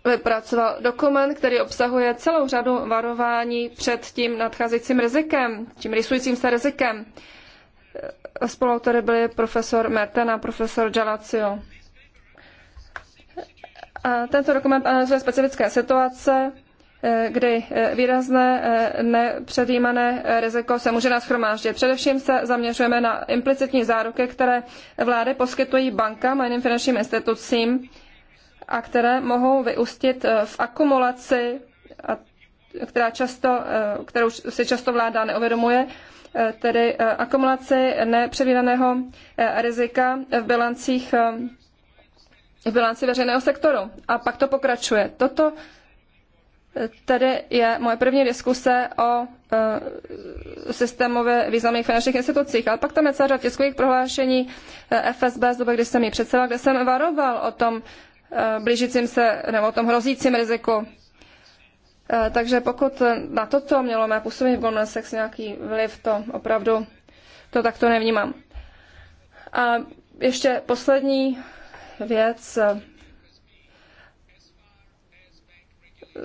vypracoval dokument, který obsahuje celou řadu varování před tím nadcházejícím rizikem, tím rysujícím se rizikem. Spoluautory byli profesor Merten a profesor Galacio. A tento dokument analyzuje specifické situace, kdy výrazné nepředjímané riziko se může naschromáždit. Především se zaměřujeme na implicitní záruky, které vlády poskytují bankám a jiným finančním institucím, a které mohou vyústit eh, v akumulaci, která často, eh, kterou si často vláda neuvědomuje, eh, tedy akumulaci nepředvídaného rizika v bilancích v bilanci veřejného sektoru. A pak to pokračuje. Toto tedy je moje první diskuse o systémově významných finančních institucích, ale pak tam je celá řada tiskových prohlášení FSB z doby, kdy jsem ji předsedala, kde jsem varoval o tom, Eh, blížícím se nebo tom hrozícím riziku. Eh, takže pokud na toto mělo mé působení v Goldman Sachs nějaký vliv, to opravdu to takto nevnímám. A ještě poslední věc eh,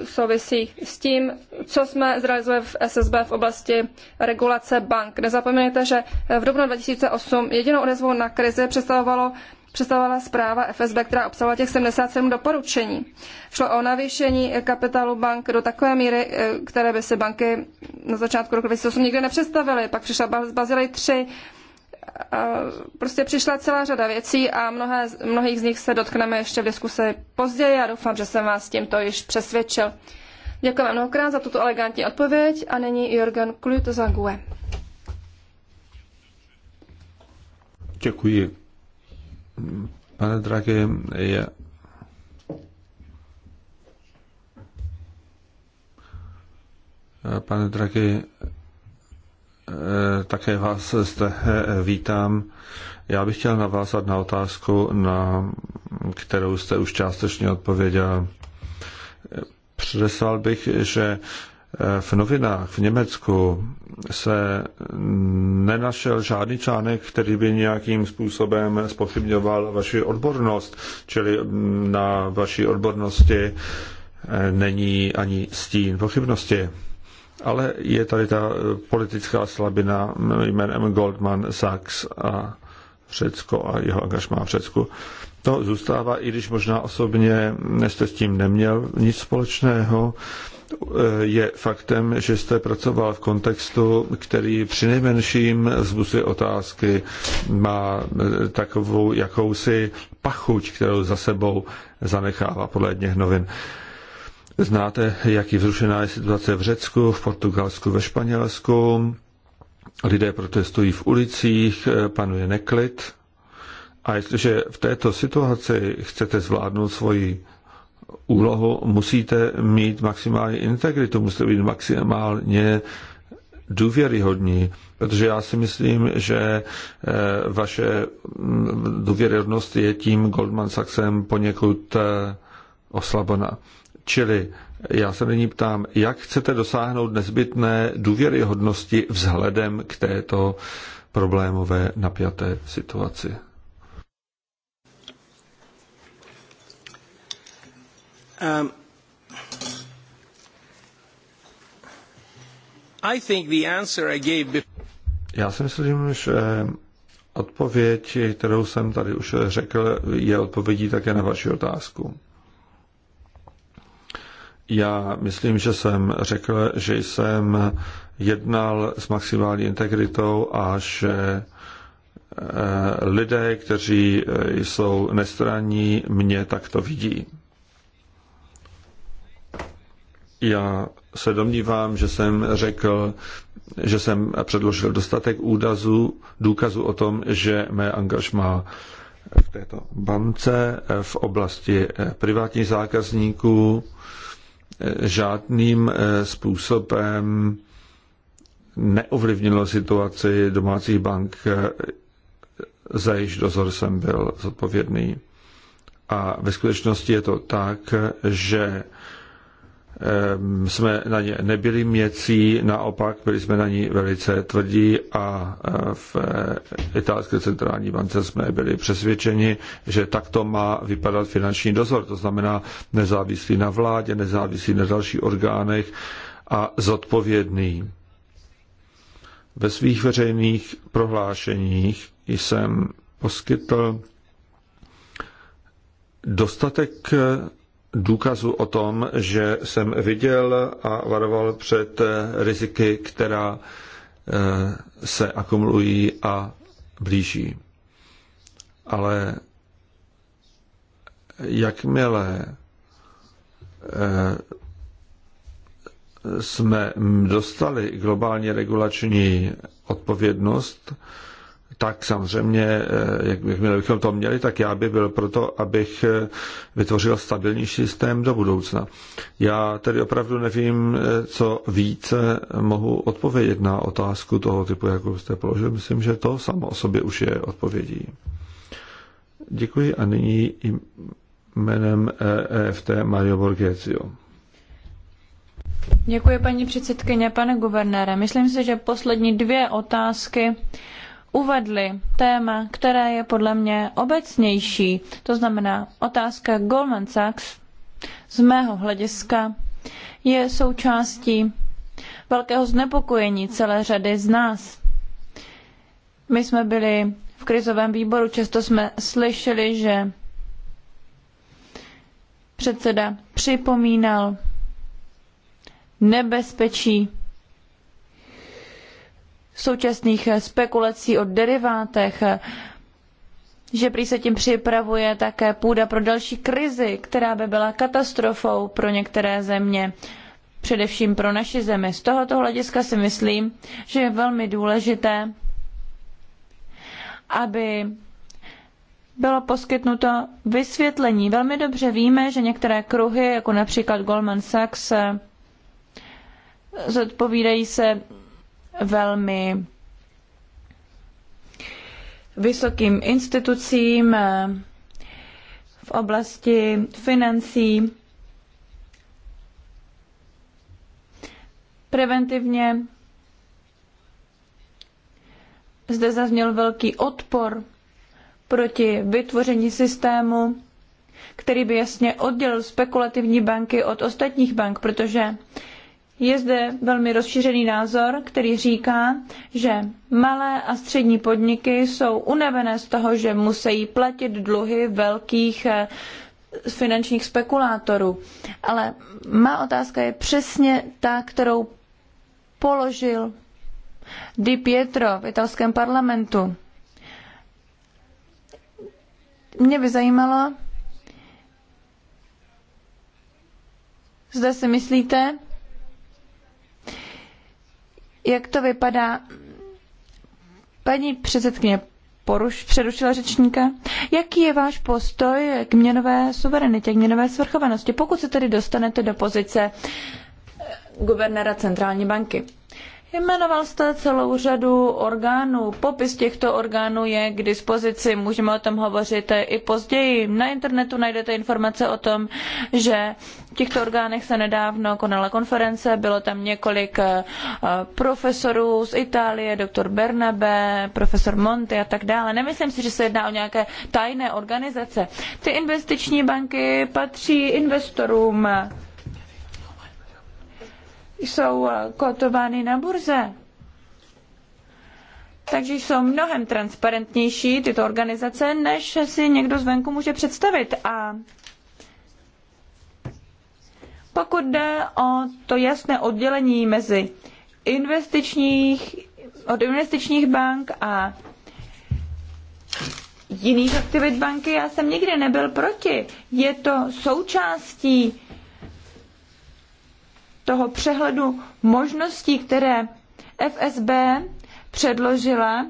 souvisí s tím, co jsme zrealizovali v SSB v oblasti regulace bank. Nezapomeňte, že v dubnu 2008 jedinou odezvu na krizi představovalo představovala zpráva FSB, která obsahovala těch 77 doporučení. Šlo o navýšení kapitálu bank do takové míry, eh, které by si banky na začátku roku 2008 nikdy nepředstavily. Pak přišla z Bazilej 3, eh, prostě přišla celá řada věcí a mnohé, mnohých z nich se dotkneme ještě v diskusi později a doufám, že jsem vás tímto již přesvědčil. Děkujeme mnohokrát za tuto elegantní odpověď a nyní Jorgen Klut za GUE. Děkuji. Pane Draghi, je Pane Draghi, eh, také vás zde eh, vítám. Já bych chtěl navázat na otázku, na kterou jste už částečně odpověděl. Eh, předeslal bych, že v novinách v Německu se nenašel žádný článek, který by nějakým způsobem spochybňoval vaši odbornost, čili na vaší odbornosti eh, není ani stín pochybnosti. Ale je tady ta politická slabina jménem Goldman Sachs a Řecko a jeho angažmá v Řecku. To zůstává, i když možná osobně jste s tím neměl nic společného, je faktem, že jste pracoval v kontextu, který přinejmenším zbuzuje otázky, má eh, takovou jakousi pachuť, kterou za sebou zanechává podle jedněch novin. Znáte, jaký vzrušená je situace v Řecku, v Portugalsku, ve Španělsku. Lidé protestují v ulicích, eh, panuje neklid. A jestliže v této situaci chcete zvládnout svoji úlohu musíte mít maximální integritu, musíte být maximálně důvěryhodní, protože já si myslím, že eh, vaše mm, důvěryhodnost je tím Goldman Sachsem poněkud eh, oslabena. Čili já se nyní ptám, jak chcete dosáhnout nezbytné důvěryhodnosti vzhledem k této problémové napjaté situaci. Um, I think the answer I gave Já si myslím, že odpověď, kterou jsem tady už řekl, je odpovědí také na vaši otázku. Já myslím, že jsem řekl, že jsem jednal s maximální integritou a že eh, lidé, kteří eh, jsou nestranní, mě takto vidí. Já se domnívám, že jsem řekl, že jsem předložil dostatek údazů, důkazů o tom, že mé angažma v této bance v oblasti eh, privátních zákazníků eh, žádným eh, způsobem neovlivnilo situaci domácích bank, za jejich dozor jsem byl zodpovědný. A ve skutečnosti je to tak, že Ehm, jsme na ně nebyli měcí, naopak byli jsme na ní velice tvrdí a e, v e, italské centrální bance jsme byli přesvědčeni, že takto má vypadat finanční dozor, to znamená nezávislý na vládě, nezávislý na dalších orgánech a zodpovědný. Ve svých veřejných prohlášeních jsem poskytl dostatek Důkazu o tom, že jsem viděl a varoval před riziky, která eh, se akumulují a blíží. Ale jakmile eh, jsme dostali globální regulační odpovědnost, tak samozřejmě, eh, jak, jakmile bychom to měli, tak já bych byl proto, abych eh, vytvořil stabilní systém do budoucna. Já tedy opravdu nevím, eh, co více mohu odpovědět na otázku toho typu, jakou jste položil. Myslím, že to samo o sobě už je odpovědí. Děkuji a nyní jménem EFT e Mario Borgesio. Děkuji, paní předsedkyně. Pane guvernére, myslím si, že poslední dvě otázky uvedli téma, které je podle mě obecnější, to znamená otázka Goldman Sachs z mého hlediska je součástí velkého znepokojení celé řady z nás. My jsme byli v krizovém výboru, často jsme slyšeli, že předseda připomínal nebezpečí současných eh, spekulací o derivátech, eh, že prý se tím připravuje také půda pro další krizi, která by byla katastrofou pro některé země, především pro naši zemi. Z tohoto hlediska si myslím, že je velmi důležité, aby bylo poskytnuto vysvětlení. Velmi dobře víme, že některé kruhy, jako například Goldman Sachs, eh, zodpovídají se velmi vysokým institucím eh, v oblasti financí. Preventivně zde zazněl velký odpor proti vytvoření systému, který by jasně oddělil spekulativní banky od ostatních bank, protože je zde velmi rozšířený názor, který říká, že malé a střední podniky jsou unavené z toho, že musí platit dluhy velkých eh, finančních spekulátorů. Ale má otázka je přesně ta, kterou položil Di Pietro v italském parlamentu. Mě by zajímalo, zda si myslíte, jak to vypadá. Paní předsedkyně poruš, přerušila řečníka. Jaký je váš postoj k měnové suverenitě, k měnové svrchovanosti, pokud se tedy dostanete do pozice eh, guvernéra centrální banky? Jmenoval jste celou řadu orgánů. Popis těchto orgánů je k dispozici, můžeme o tom hovořit i později. Na internetu najdete informace o tom, že v těchto orgánech se nedávno konala konference, bylo tam několik eh, profesorů z Itálie, doktor Bernabe, profesor Monti a tak dále. Nemyslím si, že se jedná o nějaké tajné organizace. Ty investiční banky patří investorům jsou eh, kotovány na burze. Takže jsou mnohem transparentnější tyto organizace, než si někdo zvenku může představit. A pokud jde o to jasné oddělení mezi investičních, od investičních bank a jiných aktivit banky, já jsem nikdy nebyl proti. Je to součástí toho přehledu možností, které FSB předložila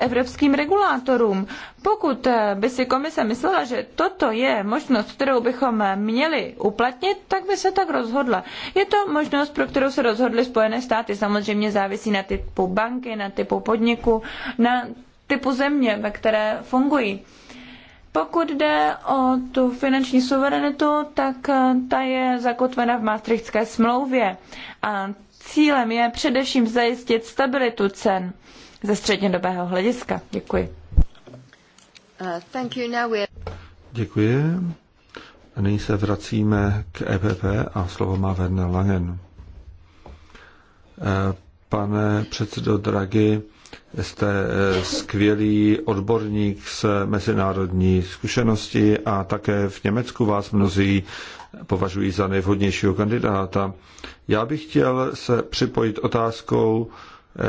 evropským regulátorům. Pokud eh, by si komise myslela, že toto je možnost, kterou bychom měli uplatnit, tak by se tak rozhodla. Je to možnost, pro kterou se rozhodly Spojené státy. Samozřejmě závisí na typu banky, na typu podniku, na typu země, ve které fungují. Pokud jde o tu finanční suverenitu, tak eh, ta je zakotvena v Maastrichtské smlouvě a cílem je především zajistit stabilitu cen ze střednědobého hlediska. Děkuji. Uh, thank you. Now Děkuji. A nyní se vracíme k EPP a slovo má Werner Langen. Eh, pane předsedo Draghi, jste eh, skvělý odborník s mezinárodní zkušenosti a také v Německu vás mnozí považují za nejvhodnějšího kandidáta. Já bych chtěl se připojit otázkou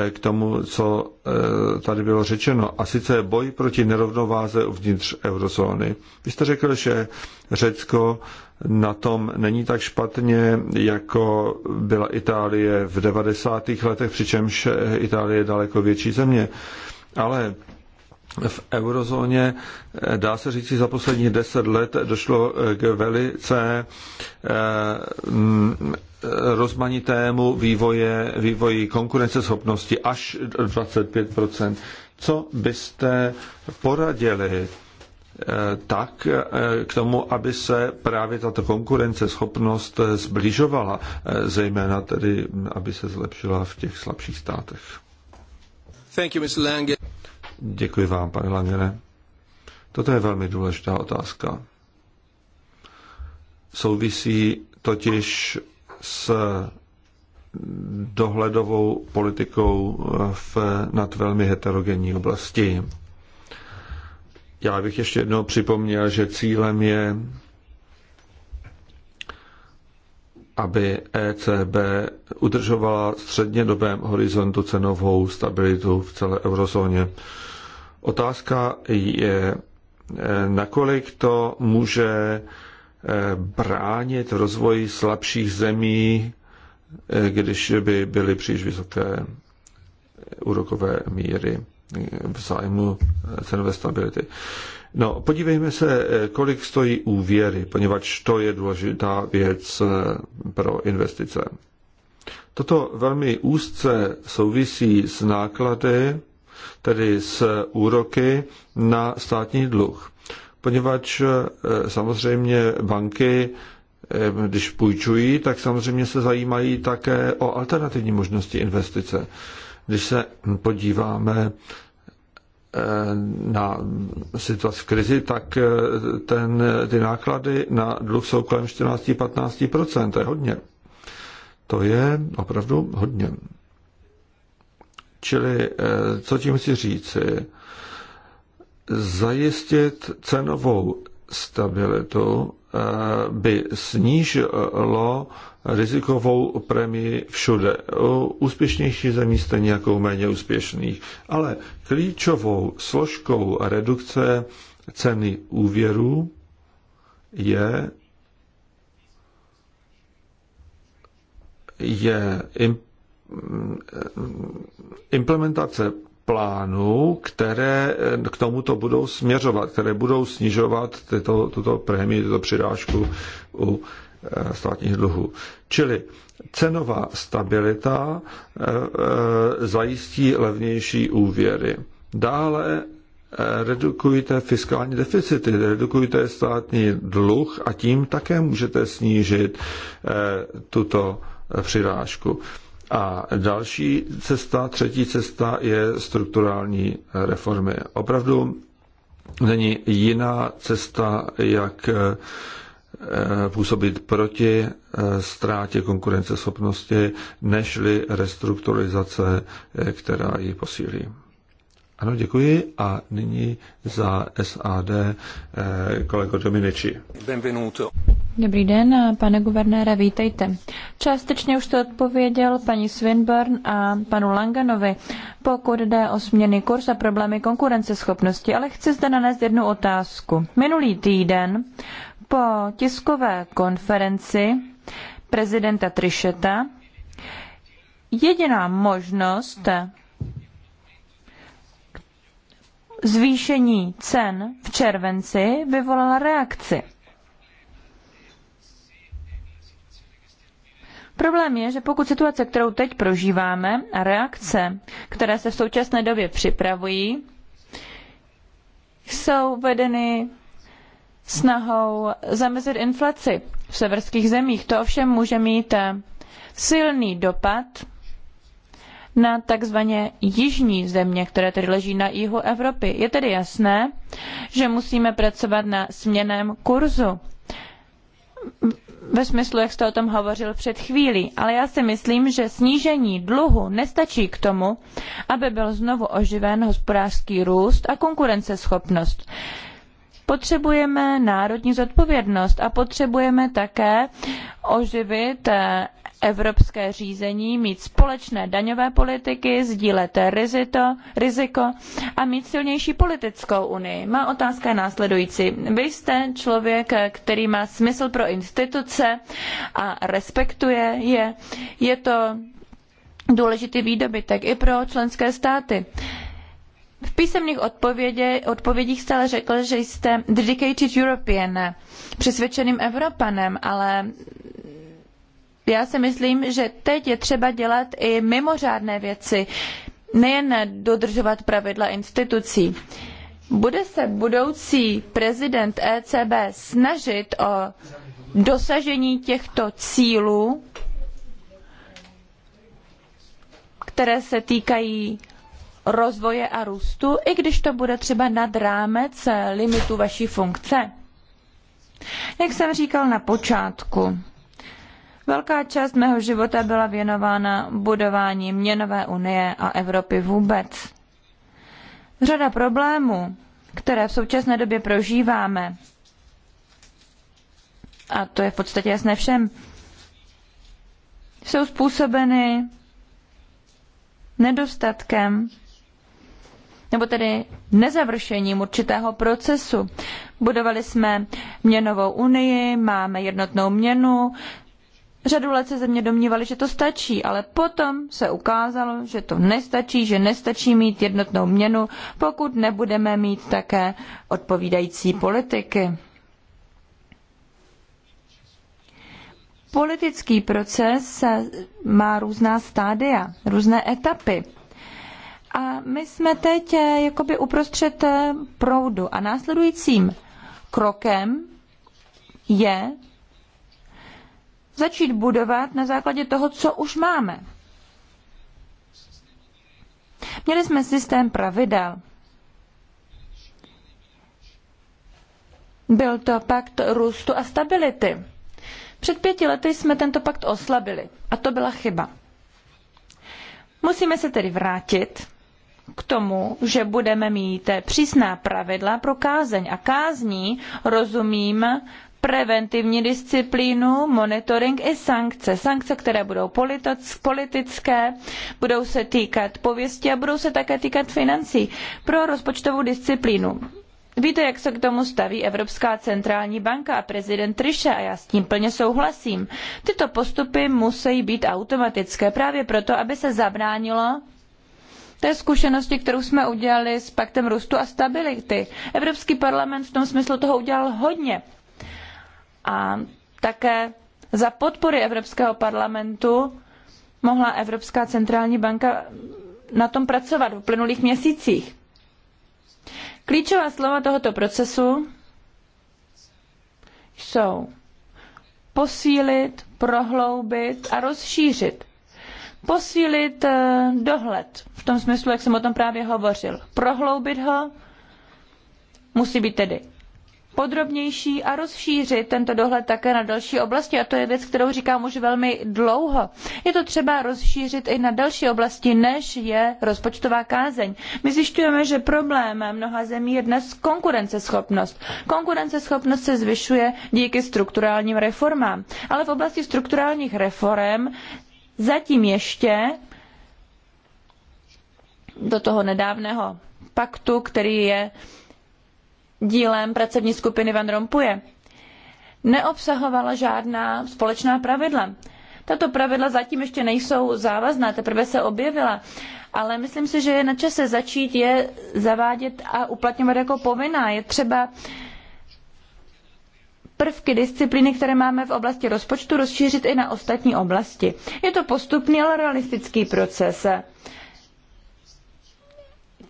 eh, k tomu, co eh, tady bylo řečeno, a sice boj proti nerovnováze uvnitř eurozóny. Vy jste řekl, že Řecko na tom není tak špatně, jako byla Itálie v 90. letech, přičemž Itálie je daleko větší země. Ale v eurozóně, dá se říct, za posledních deset let došlo k velice eh, rozmanitému vývoje, vývoji konkurenceschopnosti až 25 Co byste poradili Eh, tak eh, k tomu, aby se právě tato konkurenceschopnost eh, zbližovala, zejména tedy, hm, aby se zlepšila v těch slabších státech. Thank you, Mr. Lange. Děkuji vám, pane Langere. Toto je velmi důležitá otázka. Souvisí totiž s dohledovou politikou v, nad velmi heterogenní oblasti. Já bych ještě jednou připomněl, že cílem je, aby ECB udržovala v dobém horizontu cenovou stabilitu v celé eurozóně. Otázka je, nakolik to může eh, bránit rozvoji slabších zemí, eh, když by byly příliš vysoké eh, úrokové míry v zájmu eh, cenové stability. No, podívejme se, eh, kolik stojí úvěry, poněvadž to je důležitá věc eh, pro investice. Toto velmi úzce souvisí s náklady, tedy s úroky na státní dluh. Poněvadž samozřejmě banky, když půjčují, tak samozřejmě se zajímají také o alternativní možnosti investice. Když se podíváme eh, na situaci v krizi, tak eh, ten, ty náklady na dluh jsou kolem 14-15%. To je hodně. To je opravdu hodně. Čili, eh, co tím chci říci, zajistit cenovou stabilitu by snížilo rizikovou premii všude. U úspěšnější zemí stejně jako u méně úspěšných. Ale klíčovou složkou redukce ceny úvěru je je implementace plánů, které eh, k tomuto budou směřovat, které budou snižovat tyto, tuto prémii, tuto přidášku u eh, státních dluhů. Čili cenová stabilita eh, zajistí levnější úvěry. Dále redukujte fiskální deficity, redukujte státní dluh a tím také můžete snížit tuto přirážku. A další cesta, třetí cesta je strukturální reformy. Opravdu není jiná cesta, jak eh, působit proti eh, ztrátě konkurenceschopnosti, nežli restrukturalizace, eh, která ji posílí. Ano, děkuji a nyní za SAD kolego Dominici. Benvenuto. Dobrý den, pane guvernére, vítejte. Částečně už to odpověděl paní Swinburne a panu Langanovi, pokud jde o směny kurz a problémy konkurenceschopnosti, ale chci zde nanést jednu otázku. Minulý týden po tiskové konferenci prezidenta Trišeta jediná možnost zvýšení cen v červenci vyvolala reakci. Problém je, že pokud situace, kterou teď prožíváme a reakce, které se v současné době připravují, jsou vedeny snahou zamezit inflaci v severských zemích. To ovšem může mít silný dopad na takzvaně jižní země, které tedy leží na jihu Evropy. Je tedy jasné, že musíme pracovat na směném kurzu ve smyslu, jak jste o tom hovořil před chvílí, ale já si myslím, že snížení dluhu nestačí k tomu, aby byl znovu oživen hospodářský růst a konkurenceschopnost. Potřebujeme národní zodpovědnost a potřebujeme také oživit eh, evropské řízení, mít společné daňové politiky, sdílet rizito, riziko a mít silnější politickou unii. Má otázka je následující. Vy jste člověk, eh, který má smysl pro instituce a respektuje je. Je to důležitý výdobytek i pro členské státy v písemných odpovědě, odpovědích stále řekl, že jste dedicated European, přesvědčeným Evropanem, ale já si myslím, že teď je třeba dělat i mimořádné věci, nejen dodržovat pravidla institucí. Bude se budoucí prezident ECB snažit o dosažení těchto cílů, které se týkají rozvoje a růstu, i když to bude třeba nad rámec limitu vaší funkce? Jak jsem říkal na počátku, velká část mého života byla věnována budování měnové unie a Evropy vůbec. Řada problémů, které v současné době prožíváme, a to je v podstatě jasné všem, jsou způsobeny nedostatkem nebo tedy nezavršením určitého procesu. Budovali jsme měnovou unii, máme jednotnou měnu, Řadu let se země domnívali, že to stačí, ale potom se ukázalo, že to nestačí, že nestačí mít jednotnou měnu, pokud nebudeme mít také odpovídající politiky. Politický proces má různá stádia, různé etapy. A my jsme teď eh, jakoby uprostřed eh, proudu a následujícím krokem je začít budovat na základě toho, co už máme. Měli jsme systém pravidel. Byl to pakt růstu a stability. Před pěti lety jsme tento pakt oslabili a to byla chyba. Musíme se tedy vrátit k tomu, že budeme mít přísná pravidla pro kázeň. A kázní rozumím preventivní disciplínu, monitoring i sankce. Sankce, které budou politické, budou se týkat pověsti a budou se také týkat financí pro rozpočtovou disciplínu. Víte, jak se k tomu staví Evropská centrální banka a prezident Trichet a já s tím plně souhlasím. Tyto postupy musí být automatické právě proto, aby se zabránilo té zkušenosti, kterou jsme udělali s Paktem růstu a stability. Evropský parlament v tom smyslu toho udělal hodně. A také za podpory Evropského parlamentu mohla Evropská centrální banka na tom pracovat v uplynulých měsících. Klíčová slova tohoto procesu jsou posílit, prohloubit a rozšířit posílit eh, dohled v tom smyslu, jak jsem o tom právě hovořil. Prohloubit ho musí být tedy podrobnější a rozšířit tento dohled také na další oblasti. A to je věc, kterou říkám už velmi dlouho. Je to třeba rozšířit i na další oblasti, než je rozpočtová kázeň. My zjišťujeme, že problém mnoha zemí je dnes konkurenceschopnost. Konkurenceschopnost se zvyšuje díky strukturálním reformám. Ale v oblasti strukturálních reform Zatím ještě do toho nedávného paktu, který je dílem pracovní skupiny Van Rompuje, neobsahovala žádná společná pravidla. Tato pravidla zatím ještě nejsou závazná, teprve se objevila, ale myslím si, že je na čase začít je zavádět a uplatňovat jako povinná. Je třeba uh, prvky disciplíny, které máme v oblasti rozpočtu, rozšířit i na ostatní oblasti. Je to postupný, ale realistický proces.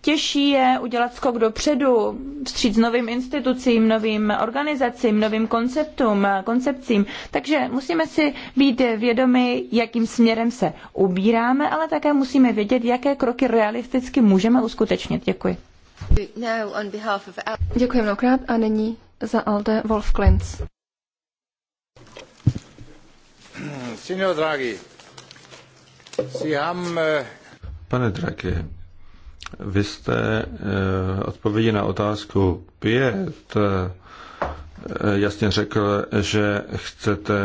Těžší je udělat skok dopředu, vstříc novým institucím, novým organizacím, novým konceptům, koncepcím. Takže musíme si být vědomi, jakým směrem se ubíráme, ale také musíme vědět, jaké kroky realisticky můžeme uskutečnit. Děkuji. Děkuji mnohokrát a nyní za Alde Wolf Klintz. Signor Draghi, eh, Pane Draghi, vy jste eh, odpovědi na otázku 5 eh, jasně řekl, že chcete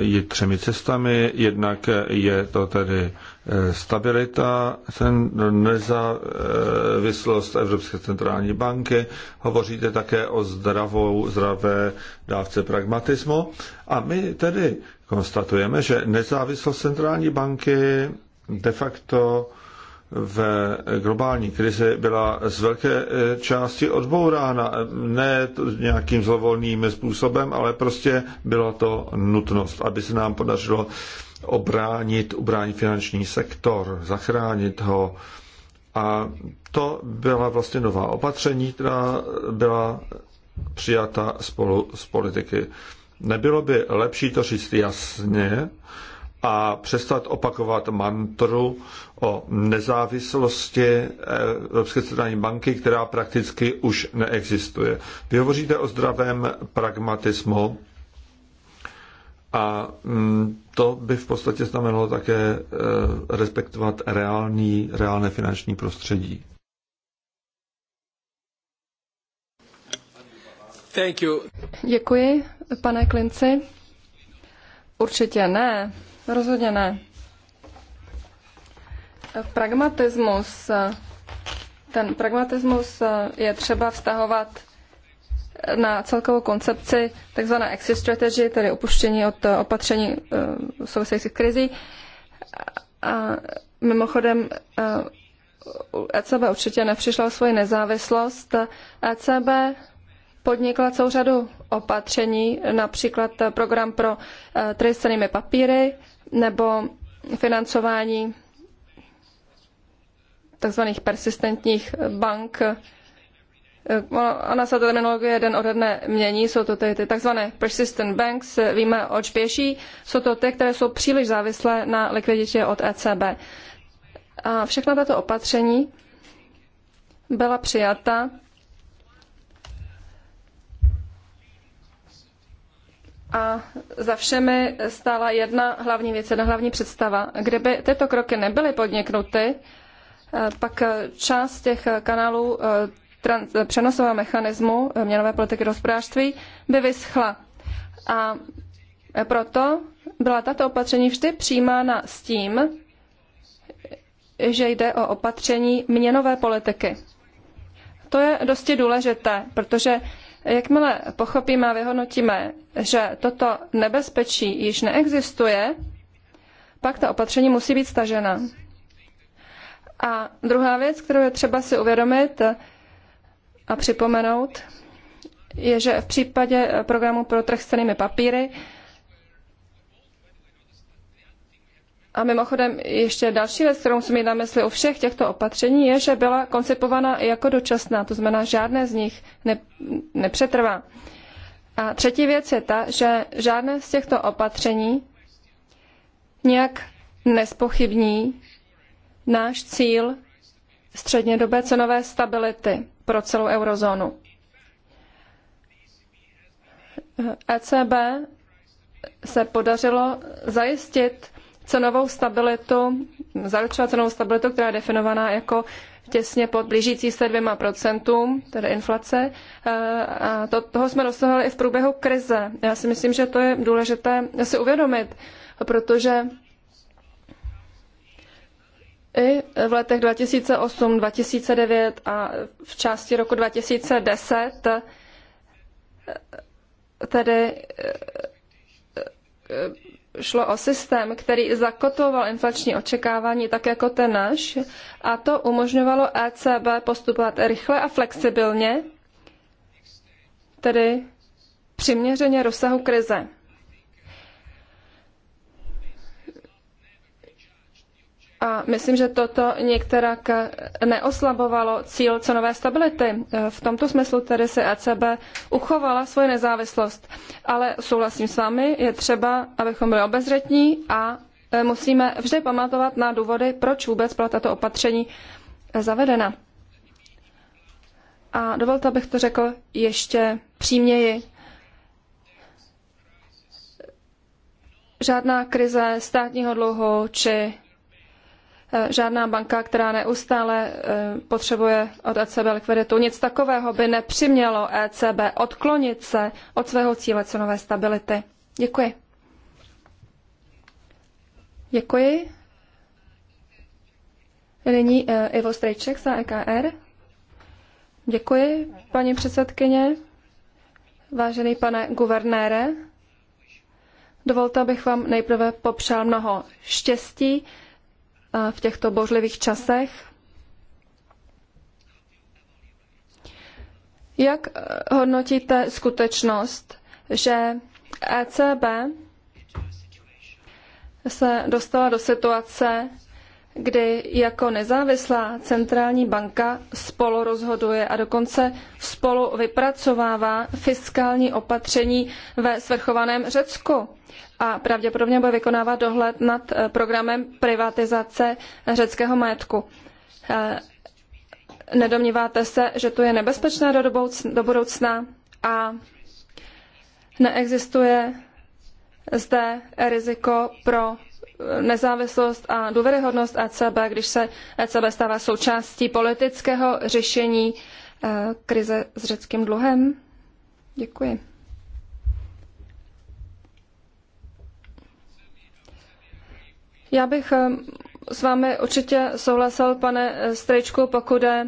jít třemi cestami. Jednak je to tedy Eh, stabilita, cen, nezávislost Evropské centrální banky, hovoříte také o zdravou, zdravé dávce pragmatismu a my tedy konstatujeme, že nezávislost centrální banky de facto v globální krizi byla z velké eh, části odbourána. Ne nějakým zlovolným způsobem, ale prostě byla to nutnost, aby se nám podařilo obránit, ubránit finanční sektor, zachránit ho. A to byla vlastně nová opatření, která byla přijata spolu s politiky. Nebylo by lepší to říct jasně a přestat opakovat mantru o nezávislosti Evropské centrální banky, která prakticky už neexistuje. Vy hovoříte o zdravém pragmatismu, a mm, to by v podstatě znamenalo také eh, respektovat reální, reálné finanční prostředí. Thank you. Děkuji, pane Klinci. Určitě ne, rozhodně ne. Pragmatismus, ten pragmatismus je třeba vztahovat na celkovou koncepci tzv. exit strategy, tedy opuštění od opatření eh, souvisejících krizí. A mimochodem ECB eh, e určitě nepřišla o svoji nezávislost. ECB podnikla celou řadu opatření, například program pro eh, trhy s cenými papíry nebo financování tzv. persistentních bank, Ona se ta terminologie den ode dne mění, jsou to ty, ty takzvané persistent banks, eh, víme oč pěší, jsou to ty, které jsou příliš závislé na likviditě od ECB. A všechna tato opatření byla přijata a za všemi stála jedna hlavní věc, jedna hlavní představa. Kdyby tyto kroky nebyly podniknuty, eh, pak eh, část těch kanálů trans, přenosového mechanismu eh, měnové politiky do hospodářství by vyschla. A proto byla tato opatření vždy přijímána s tím, že jde o opatření měnové politiky. To je dosti důležité, protože jakmile pochopíme a vyhodnotíme, že toto nebezpečí již neexistuje, pak ta opatření musí být stažena. A druhá věc, kterou je třeba si uvědomit, a připomenout, je, že v případě programu pro trh s cenými papíry A mimochodem ještě další věc, kterou musím mít na mysli u všech těchto opatření, je, že byla koncipována jako dočasná, to znamená, žádné z nich ne, nepřetrvá. A třetí věc je ta, že žádné z těchto opatření nějak nespochybní náš cíl střednědobé cenové stability pro celou eurozónu. ECB se podařilo zajistit cenovou stabilitu, zaručovat cenovou stabilitu, která je definovaná jako těsně pod blížící se dvěma procentům, tedy inflace. E, a to, toho jsme dosahovali i v průběhu krize. Já si myslím, že to je důležité si uvědomit, protože i v letech 2008, 2009 a v části roku 2010 tedy šlo o systém, který zakotoval inflační očekávání tak jako ten náš a to umožňovalo ECB postupovat rychle a flexibilně, tedy přiměřeně rozsahu krize. A myslím, že toto některak neoslabovalo cíl cenové stability. V tomto smyslu tedy se ECB uchovala svoji nezávislost. Ale souhlasím s vámi, je třeba, abychom byli obezřetní a e, musíme vždy pamatovat na důvody, proč vůbec byla tato opatření e, zavedena. A dovolte, abych to řekl ještě příměji. Žádná krize státního dluhu či Eh, žádná banka, která neustále eh, potřebuje od ECB likviditu, nic takového by nepřimělo ECB odklonit se od svého cíle cenové stability. Děkuji. Děkuji. Nyní eh, Ivo Strejček za EKR. Děkuji, paní předsedkyně. Vážený pane guvernére, dovolte, abych vám nejprve popřál mnoho štěstí v těchto božlivých časech. Jak eh, hodnotíte skutečnost, že ECB se dostala do situace, kdy jako nezávislá centrální banka spolu rozhoduje a dokonce spolu vypracovává fiskální opatření ve svrchovaném Řecku a pravděpodobně bude vykonávat dohled nad eh, programem privatizace řeckého majetku. Eh, nedomníváte se, že to je nebezpečné do budoucna a neexistuje zde riziko pro nezávislost a důvěryhodnost ECB, když se ECB stává součástí politického řešení eh, krize s řeckým dluhem? Děkuji. Já bych eh, s vámi určitě souhlasil, pane eh, Strejčku, pokud jde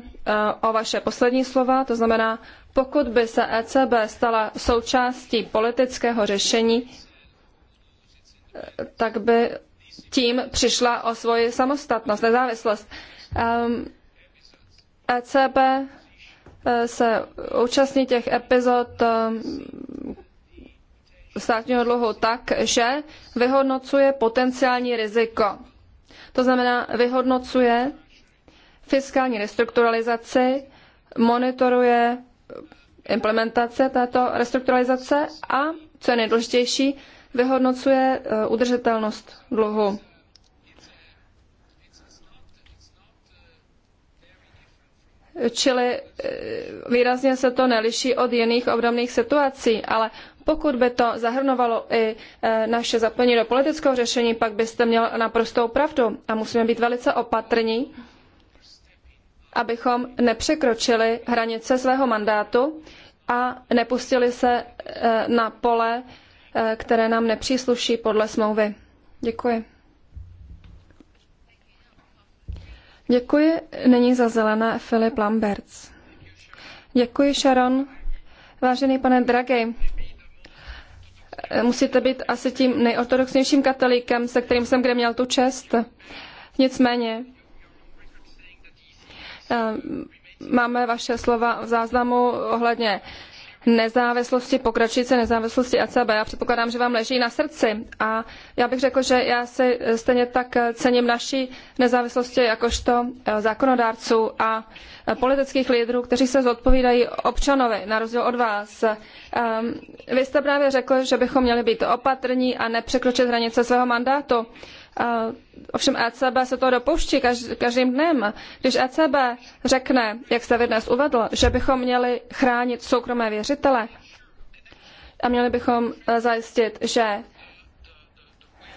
o vaše poslední slova, to znamená, pokud by se ECB stala součástí politického řešení, tak by tím přišla o svoji samostatnost, nezávislost. Um, ehm, ECB eh, se účastní těch epizod ehm, státního dluhu tak, že vyhodnocuje potenciální riziko. To znamená, vyhodnocuje fiskální restrukturalizaci, monitoruje implementace této restrukturalizace a, co je nejdůležitější, vyhodnocuje eh, udržitelnost dluhu. Čili eh, výrazně se to neliší od jiných obdobných situací, ale pokud by to zahrnovalo i eh, naše zaplnění do politického řešení, pak byste měl naprostou pravdu a musíme být velice opatrní, abychom nepřekročili hranice svého mandátu a nepustili se na pole Eh, které nám nepřísluší podle smlouvy. Děkuji. Děkuji. Není za zelené Filip Lamberts. Děkuji, Sharon. Vážený pane Draghi, eh, musíte být asi tím nejortodoxnějším katolíkem, se kterým jsem kde měl tu čest. Nicméně, eh, máme vaše slova v záznamu ohledně nezávislosti, pokračující nezávislosti ACB. Já předpokládám, že vám leží na srdci. A já bych řekl, že já si eh, stejně tak eh, cením naší nezávislosti jakožto eh, zákonodárců a politických lídrů, kteří se zodpovídají občanovi, na rozdíl od vás. Vy jste právě řekl, že bychom měli být opatrní a nepřekročit hranice svého mandátu. Ovšem ECB se to dopouští každým dnem. Když ECB řekne, jak jste vy dnes uvedl, že bychom měli chránit soukromé věřitele a měli bychom e, zajistit, že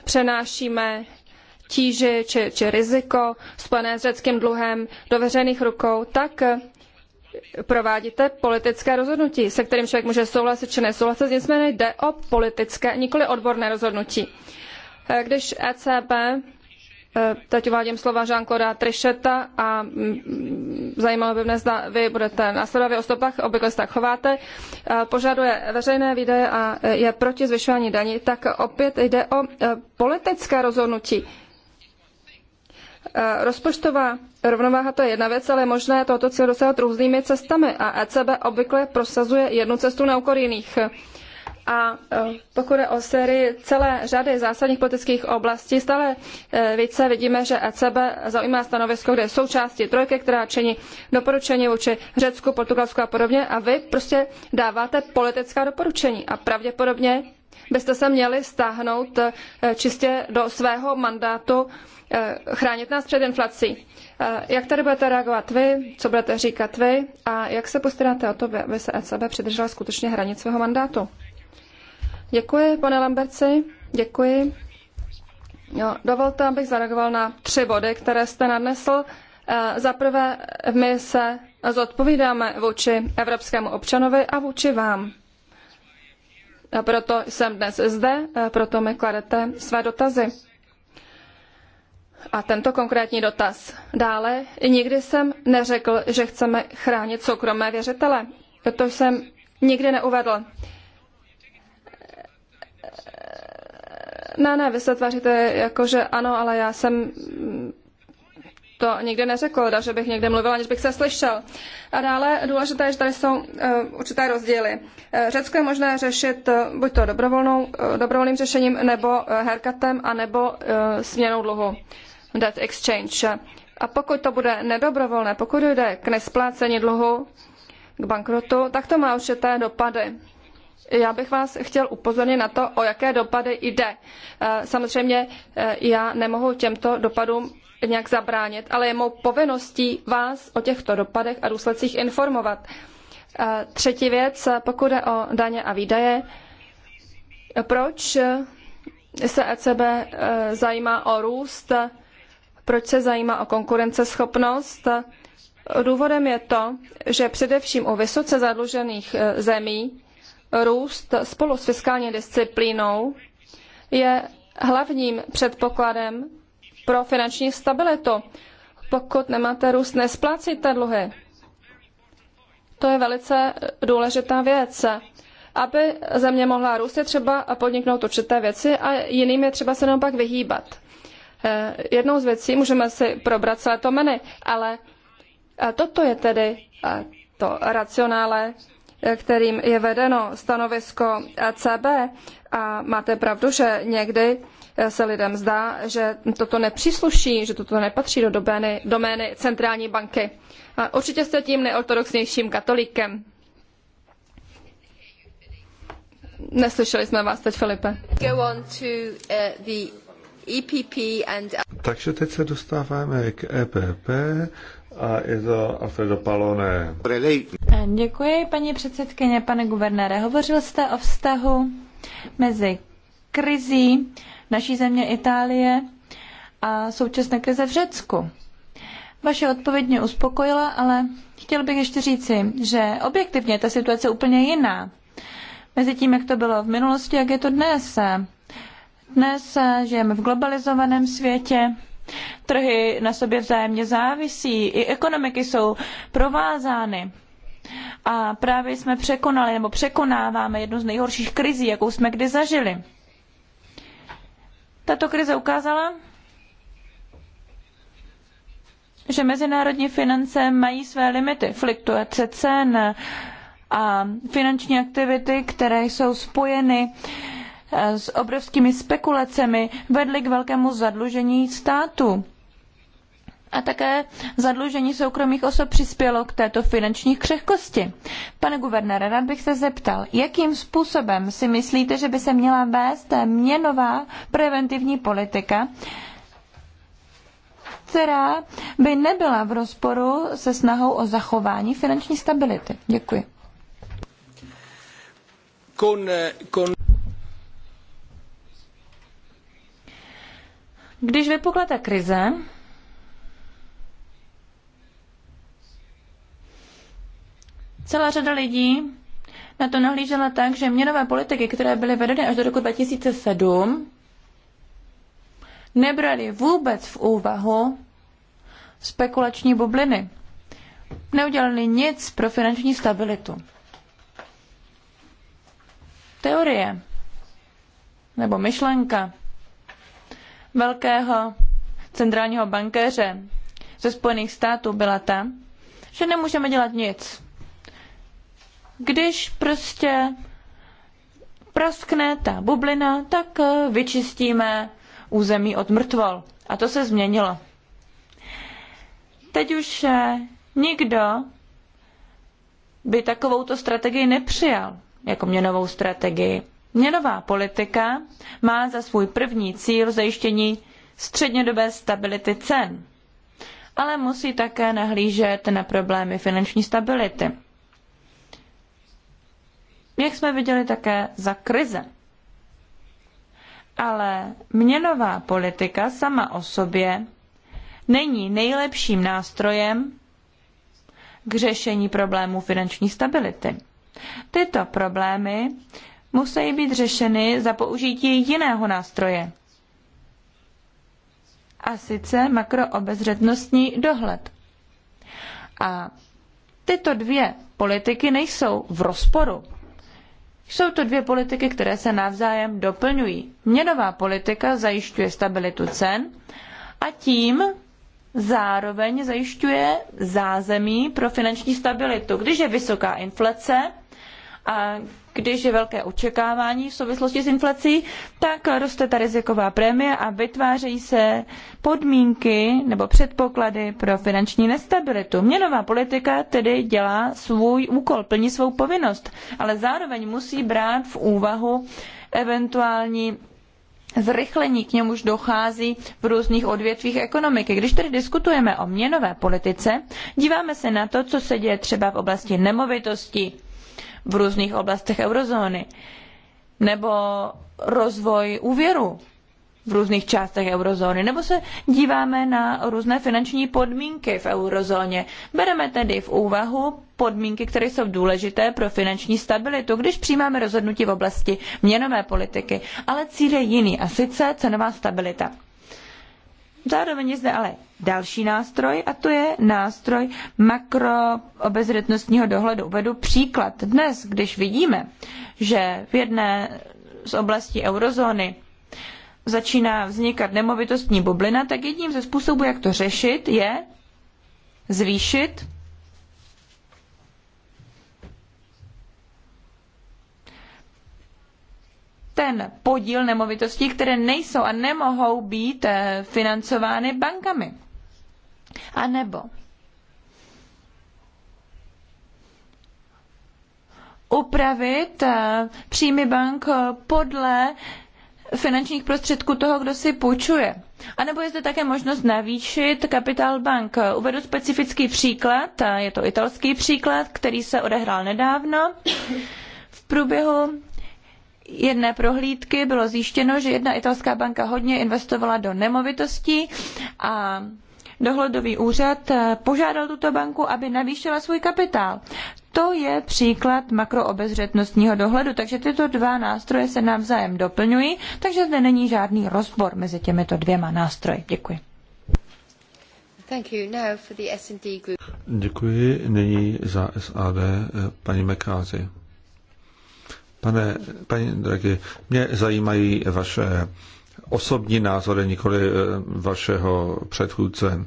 přenášíme tíži či, či riziko spojené s řeckým dluhem do veřejných rukou, tak e, provádíte politické rozhodnutí, se kterým člověk může souhlasit či nesouhlasit, nicméně jde o politické, nikoli odborné rozhodnutí. Eh, když ECB, eh, teď uvádím slova Jean-Claude Tricheta a mm, mm, zajímalo by mě, zda vy budete následovat vy o stopách, obvykle se tak chováte, eh, požaduje veřejné výdaje a je proti zvyšování daní, tak opět jde o politické rozhodnutí. Rozpočtová rovnováha to je jedna věc, ale je možné tohoto cíle dosáhnout různými cestami a ECB obvykle prosazuje jednu cestu na úkor jiných. A e, pokud je o sérii celé řady zásadních politických oblastí, stále e, více vidíme, že ECB zaujímá stanovisko, kde je součástí trojky, která činí doporučení vůči Řecku, Portugalsku a podobně. A vy prostě dáváte politická doporučení. A pravděpodobně byste se měli stáhnout e, čistě do svého mandátu chránit nás před inflací. Jak tady budete reagovat vy, co budete říkat vy a jak se postaráte o to, aby se ECB přidržela skutečně hranic svého mandátu? Děkuji, pane Lamberci, děkuji. Jo, dovolte, abych zareagoval na tři body, které jste nadnesl. Eh, za prvé, my se zodpovídáme vůči evropskému občanovi a vůči vám. A proto jsem dnes zde, proto mi kladete své dotazy. A tento konkrétní dotaz. Dále, nikdy jsem neřekl, že chceme chránit soukromé věřitele. To jsem nikdy neuvedl. Ne, ne, vy se tváříte jako, že ano, ale já jsem to nikdy neřekl, že bych někde mluvil, aniž bych se slyšel. A dále důležité je, že tady jsou eh, určité rozdíly. Eh, Řecko je možné řešit eh, buď to dobrovolnou, dobrovolným řešením, nebo herkatem, anebo směnou dluhu, debt exchange. A pokud to bude nedobrovolné, pokud jde k nesplácení dluhu, k bankrotu, tak to má určité dopady já bych vás chtěl upozornit na to, o jaké dopady jde. Eh, samozřejmě eh, já nemohu těmto dopadům nějak zabránit, ale je mou povinností vás o těchto dopadech a důsledcích informovat. Eh, třetí věc, pokud jde o daně a výdaje, proč se ECB zajímá o růst, proč se zajímá o konkurenceschopnost. Důvodem je to, že především u vysoce zadlužených zemí růst spolu s fiskální disciplínou je hlavním předpokladem pro finanční stabilitu. Pokud nemáte růst, nesplácíte dluhy. To je velice důležitá věc. Aby země mohla růst, je třeba podniknout určité věci a jiným je třeba se naopak vyhýbat. Eh, jednou z věcí můžeme si probrat celé to meny, ale eh, toto je tedy eh, to racionále kterým je vedeno stanovisko ECB. A máte pravdu, že někdy se lidem zdá, že toto nepřísluší, že toto nepatří do domény, domény centrální banky. A určitě jste tím neortodoxnějším katolíkem. Neslyšeli jsme vás teď, Filipe. Uh, e Takže teď se dostáváme k EPP a je Palone. Děkuji, paní předsedkyně, pane guvernére. Hovořil jste o vztahu mezi krizí naší země Itálie a současné krize v Řecku. Vaše odpověď mě uspokojila, ale chtěl bych ještě říci, že objektivně je ta situace úplně jiná. Mezi tím, jak to bylo v minulosti, jak je to dnes. Dnes žijeme v globalizovaném světě, Trhy na sobě vzájemně závisí, i ekonomiky jsou provázány. A právě jsme překonali nebo překonáváme jednu z nejhorších krizí, jakou jsme kdy zažili. Tato krize ukázala, že mezinárodní finance mají své limity, fluktuace cen a finanční aktivity, které jsou spojeny uh, s obrovskými spekulacemi vedly k velkému zadlužení státu. A také zadlužení soukromých osob přispělo k této finanční křehkosti. Pane guvernére, rád bych se zeptal, jakým způsobem si myslíte, že by se měla vést měnová preventivní politika, která by nebyla v rozporu se snahou o zachování finanční stability. Děkuji. Con, eh, con... Když vypukla ta krize, celá řada lidí na to nahlížela tak, že měnové politiky, které byly vedeny až do roku 2007, nebrali vůbec v úvahu spekulační bubliny. Neudělali nic pro finanční stabilitu. Teorie nebo myšlenka velkého centrálního bankéře ze Spojených států byla ta, že nemůžeme dělat nic. Když prostě praskne ta bublina, tak eh, vyčistíme území od mrtvol. A to se změnilo. Teď už eh, nikdo by takovouto strategii nepřijal jako měnovou strategii. Měnová politika má za svůj první cíl zajištění střednědobé stability cen, ale musí také nahlížet na problémy finanční stability. Jak jsme viděli také za krize. Ale měnová politika sama o sobě není nejlepším nástrojem k řešení problémů finanční stability. Tyto problémy musí být řešeny za použití jiného nástroje. A sice makroobezřetnostní dohled. A tyto dvě politiky nejsou v rozporu. Jsou to dvě politiky, které se navzájem doplňují. Měnová politika zajišťuje stabilitu cen a tím zároveň zajišťuje zázemí pro finanční stabilitu. Když je vysoká inflace a když je velké očekávání v souvislosti s inflací, tak roste ta riziková prémie a vytvářejí se podmínky nebo předpoklady pro finanční nestabilitu. Měnová politika tedy dělá svůj úkol, plní svou povinnost, ale zároveň musí brát v úvahu eventuální zrychlení, k němuž dochází v různých odvětvích ekonomiky. Když tedy diskutujeme o měnové politice, díváme se na to, co se děje třeba v oblasti nemovitostí, v různých oblastech eurozóny. Nebo rozvoj úvěru v různých částech eurozóny, nebo se díváme na různé finanční podmínky v eurozóně. Bereme tedy v úvahu podmínky, které jsou důležité pro finanční stabilitu, když přijímáme rozhodnutí v oblasti měnové politiky. Ale cíl je jiný a sice cenová stabilita. Zároveň je zde ale další nástroj a to je nástroj makroobezřetnostního dohledu. Uvedu příklad. Dnes, když vidíme, že v jedné z oblastí eurozóny začíná vznikat nemovitostní bublina, tak jedním ze způsobů, jak to řešit, je zvýšit ten podíl nemovitostí, které nejsou a nemohou být eh, financovány bankami. A nebo upravit eh, příjmy bank eh, podle finančních prostředků toho, kdo si půjčuje. A nebo je zde také možnost navýšit kapitál bank. Uvedu specifický příklad, je to italský příklad, který se odehrál nedávno. V průběhu jedné prohlídky bylo zjištěno, že jedna italská banka hodně investovala do nemovitostí a dohledový úřad eh, požádal tuto banku, aby navýšila svůj kapitál. To je příklad makroobezřetnostního dohledu, takže tyto dva nástroje se navzájem doplňují, takže zde není žádný rozpor mezi těmito dvěma nástroji. Děkuji. Thank you. Now for the Děkuji. Nyní za SAD eh, paní McCarthy. Pane, paní Draghi, mě zajímají vaše osobní názory, nikoli eh, vašeho předchůdce.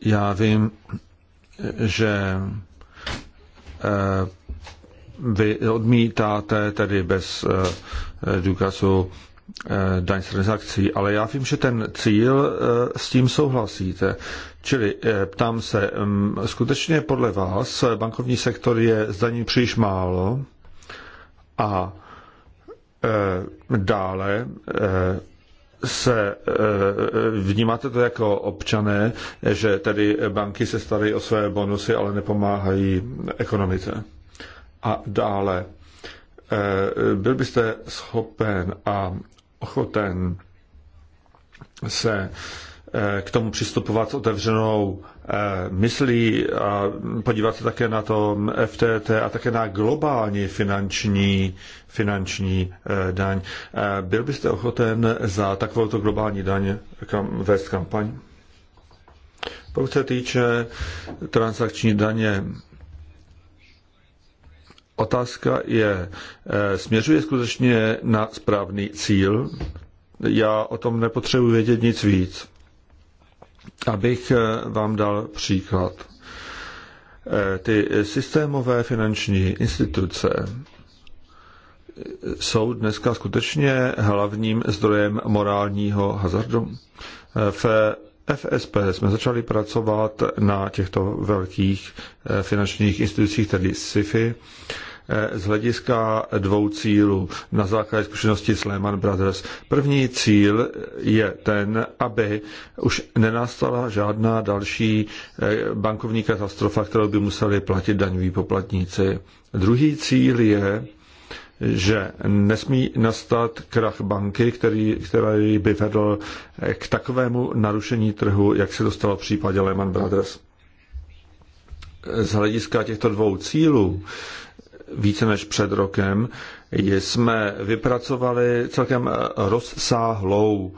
Já vím, že eh, vy odmítáte tedy bez eh, důkazu Eh, daň z transakcí, ale já vím, že ten cíl eh, s tím souhlasíte. Čili eh, ptám se, mm, skutečně podle vás bankovní sektor je zdaní příliš málo a dále se vnímáte to jako občané, že tedy banky se starají o své bonusy, ale nepomáhají ekonomice. A dále Eh, byl byste schopen a ochoten se eh, k tomu přistupovat s otevřenou eh, myslí a podívat se také na to FTT a také na globální finanční, finanční daň. Byl byste ochoten za takovou globální daň kam, vést kampaň? Pokud se týče transakční daně, Otázka je, eh, směřuje skutečně na správný cíl? Já o tom nepotřebuji vědět nic víc. Abych eh, vám dal příklad. Eh, ty systémové finanční instituce jsou dneska skutečně hlavním zdrojem morálního hazardu. V FSP jsme začali pracovat na těchto velkých finančních institucích, tedy SIFI, Eh, z hlediska dvou cílů na základě zkušenosti s Lehman Brothers. První cíl je ten, aby už nenastala žádná další eh, bankovní katastrofa, kterou by museli platit daňoví poplatníci. Druhý cíl je, že nesmí nastat krach banky, který, který by vedl eh, k takovému narušení trhu, jak se dostalo v případě Lehman Brothers. Z hlediska těchto dvou cílů více než před rokem jsme vypracovali celkem rozsáhlou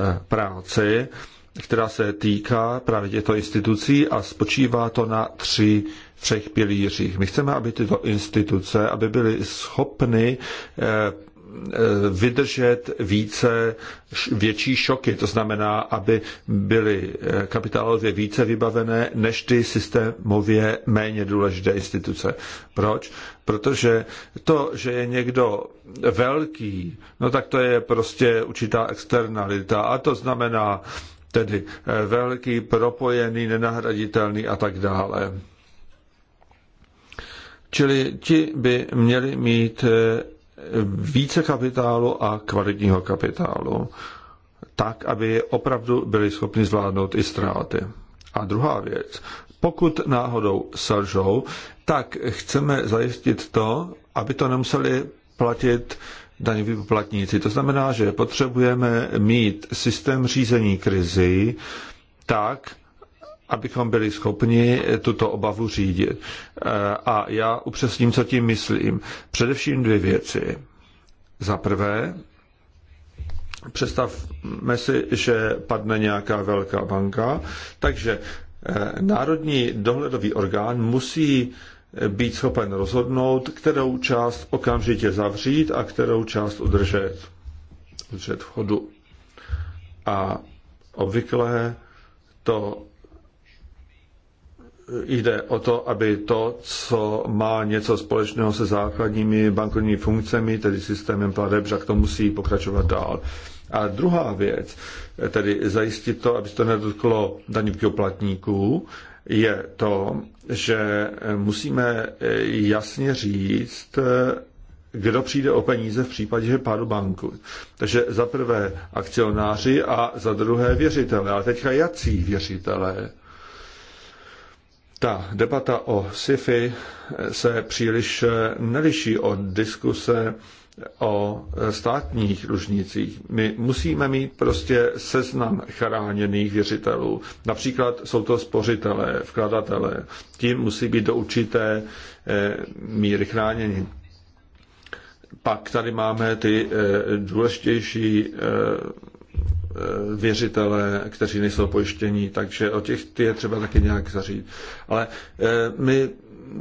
eh, práci, která se týká právě těchto institucí a spočívá to na tři, třech pilířích. My chceme, aby tyto instituce aby byly schopny eh, Eh, vydržet více větší šoky, to znamená, aby byly eh, kapitálově více vybavené než ty systémově méně důležité instituce. Proč? Protože to, že je někdo velký, no tak to je prostě určitá externalita a to znamená tedy eh, velký, propojený, nenahraditelný a tak dále. Čili ti by měli mít více kapitálu a kvalitního kapitálu, tak, aby opravdu byli schopni zvládnout i ztráty. A druhá věc, pokud náhodou selžou, tak chceme zajistit to, aby to nemuseli platit daňoví poplatníci. To znamená, že potřebujeme mít systém řízení krizi tak, abychom byli schopni tuto obavu řídit. Eh, a já upřesním, co tím myslím. Především dvě věci. Za prvé, představme si, že padne nějaká velká banka, takže eh, národní dohledový orgán musí být schopen rozhodnout, kterou část okamžitě zavřít a kterou část udržet, udržet v chodu. A obvykle to jde o to, aby to, co má něco společného se základními bankovními funkcemi, tedy systémem plateb, že to musí pokračovat dál. A druhá věc, tedy zajistit to, aby se to nedotklo daňových platníků, je to, že musíme jasně říct, kdo přijde o peníze v případě, že pádu banku. Takže za prvé akcionáři a za druhé věřitele. Ale teďka jací věřitelé? ta debata o sci-fi se příliš eh, neliší od diskuse o eh, státních dlužnících. My musíme mít prostě seznam chráněných věřitelů. Například jsou to spořitelé, vkladatelé. Tím musí být do určité eh, míry chráněni. Pak tady máme ty důležitější Eh, věřitele, kteří nejsou pojištění, takže o těch ty je třeba taky nějak zařídit. Ale eh, my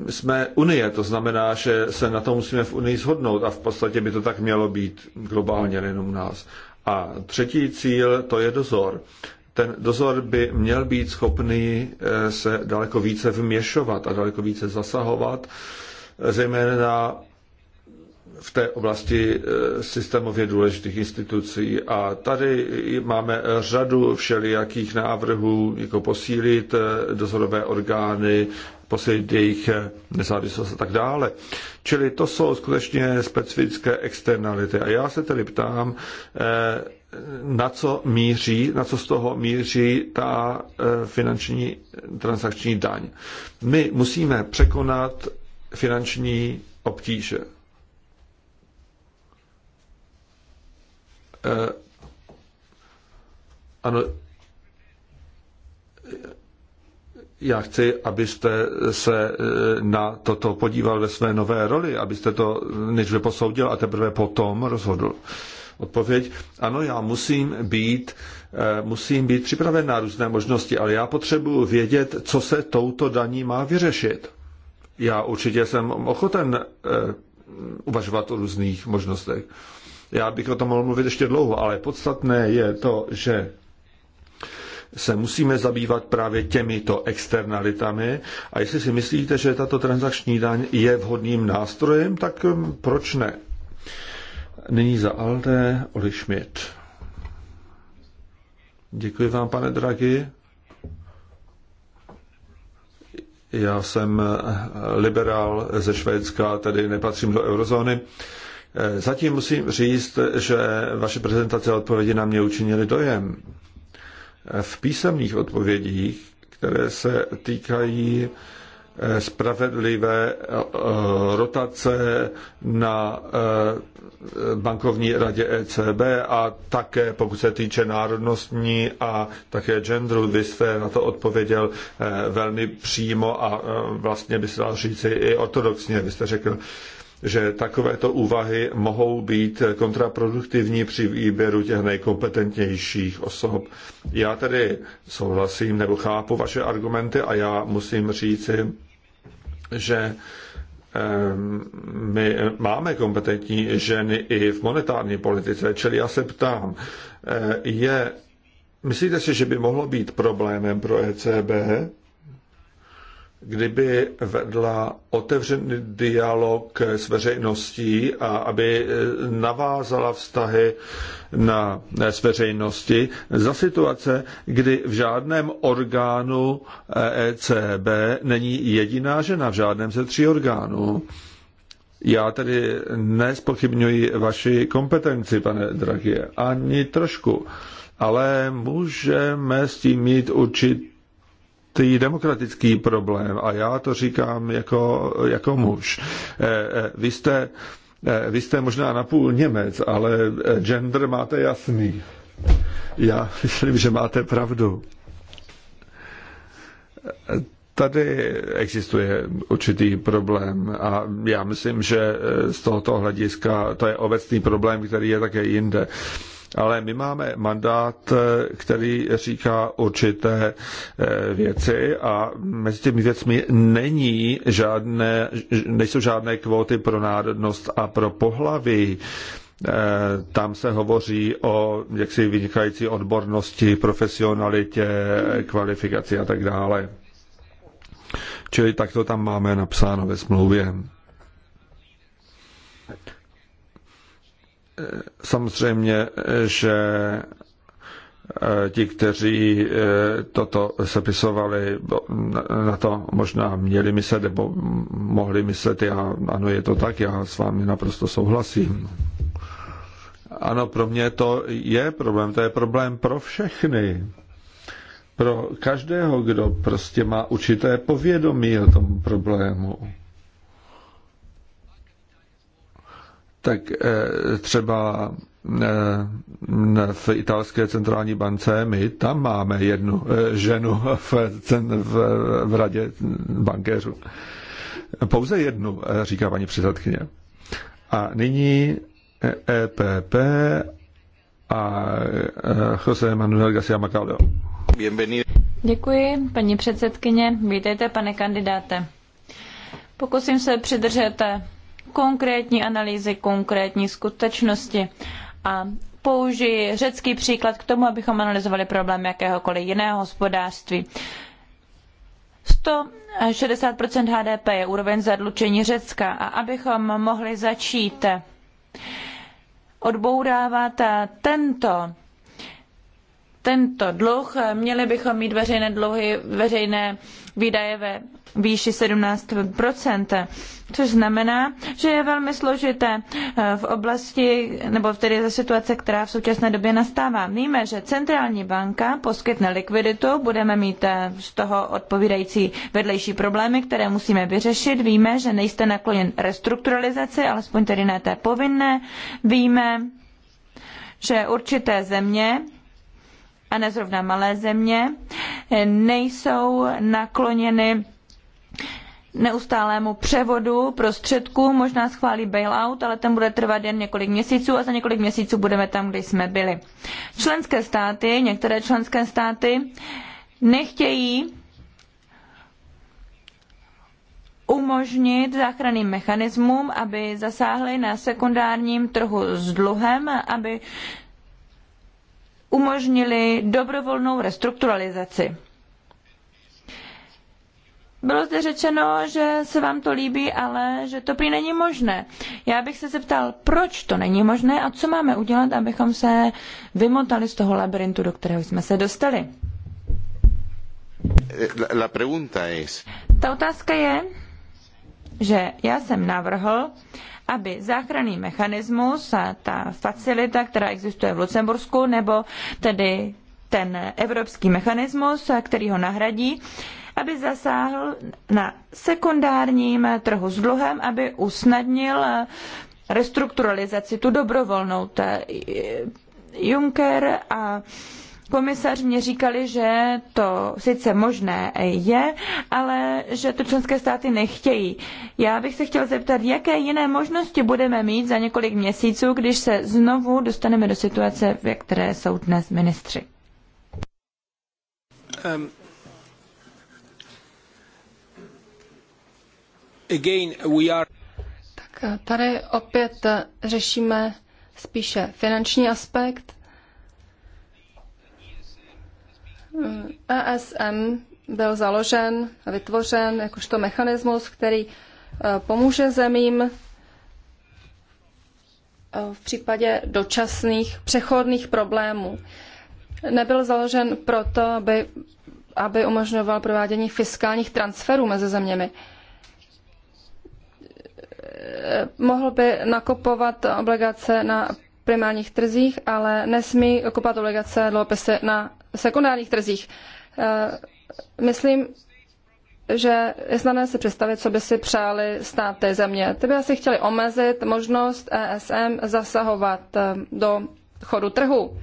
jsme Unie, to znamená, že se na to musíme v Unii shodnout a v podstatě by to tak mělo být globálně, nejenom u nás. A třetí cíl, to je dozor. Ten dozor by měl být schopný eh, se daleko více vměšovat a daleko více zasahovat, zejména v té oblasti eh, systémově důležitých institucí. A tady máme řadu všelijakých návrhů, jako posílit eh, dozorové orgány, posílit jejich eh, nezávislost a tak dále. Čili to jsou skutečně specifické externality. A já se tedy ptám, na co míří, na co z toho míří ta finanční transakční daň. My musíme překonat finanční obtíže. Eh, ano, já chci, abyste se eh, na toto podíval ve své nové roli, abyste to nejdříve posoudil a teprve potom rozhodl. Odpověď, ano, já musím být, eh, musím být připraven na různé možnosti, ale já potřebuji vědět, co se touto daní má vyřešit. Já určitě jsem ochoten uvažovat o různých možnostech. Já bych o tom mohl mluvit ještě dlouho, ale podstatné je to, že se musíme zabývat právě těmito externalitami a jestli si myslíte, že tato transakční daň je vhodným nástrojem, tak mm, proč ne? Nyní za Alde Oli Schmidt. Děkuji vám, pane Draghi. Já jsem eh, liberál ze Švédska, tedy nepatřím do eurozóny. Uh, Eh, zatím musím říct, že vaše prezentace a odpovědi na mě učinily dojem. Eh, v písemných odpovědích, které se týkají eh, spravedlivé rotace na bankovní radě ECB a také pokud se týče národnostní a také genderu, vy jste na to odpověděl velmi přímo a vlastně by se dal říci i ortodoxně. Vy jste řekl, že takovéto úvahy mohou být kontraproduktivní při výběru těch nejkompetentnějších osob. Já tedy souhlasím nebo chápu vaše argumenty a já musím říci, že my máme kompetentní ženy i v monetární politice, čili já se ptám, eh, je, myslíte si, že by mohlo být problémem pro ECB, kdyby vedla otevřený dialog s veřejností a aby eh, navázala vztahy na, eh, s veřejnosti za situace, kdy v žádném orgánu ECB eh, e není jediná žena, v žádném ze tří orgánů. Já tedy nespochybňuji vaši kompetenci, pane Dragie, ani trošku ale můžeme s tím mít určitý ty demokratický problém, a já to říkám jako, jako muž. E, e, vy jste, e, vy jste možná napůl Němec, ale gender máte jasný. Já myslím, že máte pravdu. Tady existuje určitý problém a já myslím, že z tohoto hlediska to je obecný problém, který je také jinde ale my máme mandát, eh, který říká určité eh, věci a mezi těmi věcmi není žádné, nejsou žádné kvóty pro národnost a pro pohlaví. Eh, tam se hovoří o jaksi vynikající odbornosti, profesionalitě, kvalifikaci a tak dále. Čili tak to tam máme napsáno ve smlouvě. Samozřejmě, že eh, ti, kteří eh, toto sepisovali, na to možná měli myslet, nebo mohli myslet, já, ano, je to tak, já s vámi naprosto souhlasím. Ano, pro mě to je problém, to je problém pro všechny. Pro každého, kdo prostě má určité povědomí o tom problému. tak eh, třeba eh, v italské centrální bance, my tam máme jednu eh, ženu v, cen, v, v radě bankéřů. Pouze jednu, říká paní předsedkyně. A nyní EPP e a José Manuel García Macaleo. Děkuji, paní předsedkyně. Vítejte, pane kandidáte. Pokusím se přidržet konkrétní analýzy, konkrétní skutečnosti. A použiji řecký příklad k tomu, abychom analyzovali problém jakéhokoliv jiného hospodářství. 160 HDP je úroveň zadlučení Řecka a abychom mohli začít odbourávat tento tento dluh, měli bychom mít veřejné dluhy, veřejné výdaje ve výši 17 což znamená, že je velmi složité eh, v oblasti, nebo tedy za situace, která v současné době nastává. Víme, že centrální banka poskytne likviditu, budeme mít eh, z toho odpovídající vedlejší problémy, které musíme vyřešit. Víme, že nejste nakloněn restrukturalizaci, alespoň tedy ne té povinné. Víme, že určité země, a nezrovna malé země, nejsou nakloněny neustálému převodu prostředků, možná schválí bailout, ale ten bude trvat jen několik měsíců a za několik měsíců budeme tam, kde jsme byli. Členské státy, některé členské státy nechtějí umožnit záchranným mechanismům, aby zasáhly na sekundárním trhu s dluhem, aby umožnili dobrovolnou restrukturalizaci. Bylo zde řečeno, že se vám to líbí, ale že to prý není možné. Já bych se zeptal, proč to není možné a co máme udělat, abychom se vymotali z toho labirintu, do kterého jsme se dostali. La, pregunta es... Ta otázka je, že já jsem navrhl, aby záchranný mechanismus a ta facilita, která existuje v Lucembursku, nebo tedy ten evropský mechanismus, který ho nahradí, aby zasáhl na sekundárním trhu s dluhem, aby usnadnil restrukturalizaci, tu dobrovolnou. Ta eh, Juncker a komisař mě říkali, že to sice možné je, ale že to členské státy nechtějí. Já bych se chtěl zeptat, jaké jiné možnosti budeme mít za několik měsíců, když se znovu dostaneme do situace, ve které jsou dnes ministři. Um. Tak eh, tady opět eh, řešíme spíše finanční aspekt. ESM eh, e byl založen a vytvořen jakožto mechanismus, který pomůže zemím v případě dočasných přechodných problémů. Nebyl založen proto, aby, aby umožňoval provádění fiskálních transferů mezi zeměmi. Eh, mohl by nakupovat obligace na primárních trzích, ale nesmí kupovat obligace dluhopisy na sekundárních trzích. Eh, myslím, že je snadné si představit, co by si přáli státy země. Ty by asi chtěli omezit možnost ESM zasahovat eh, do chodu trhu.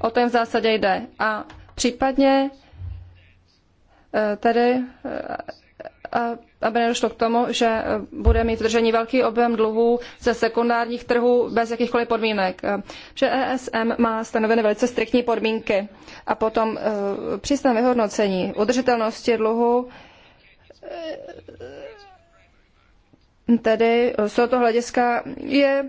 O to jim v zásadě jde. A případně tedy aby nedošlo k tomu, že e, bude mít držení velký objem dluhů ze sekundárních trhů bez jakýchkoliv podmínek. E, že ESM má stanoveny velice striktní podmínky a potom e, přísné vyhodnocení udržitelnosti dluhu tedy z tohoto hlediska je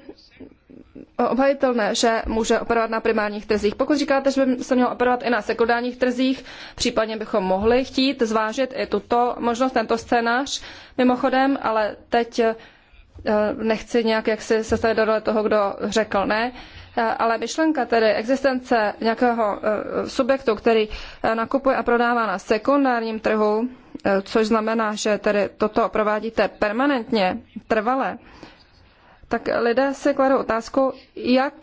obhajitelné, že může operovat na primárních trzích. Pokud říkáte, že by se měl operovat i na sekundárních trzích, případně bychom mohli chtít zvážit i tuto možnost, tento scénář mimochodem, ale teď eh, nechci nějak jak si se stavit do role toho, kdo řekl ne, eh, ale myšlenka tedy existence nějakého eh, subjektu, který nakupuje a prodává na sekundárním trhu, což znamená, že tedy toto provádíte permanentně, trvale, tak lidé se kladou otázku, jak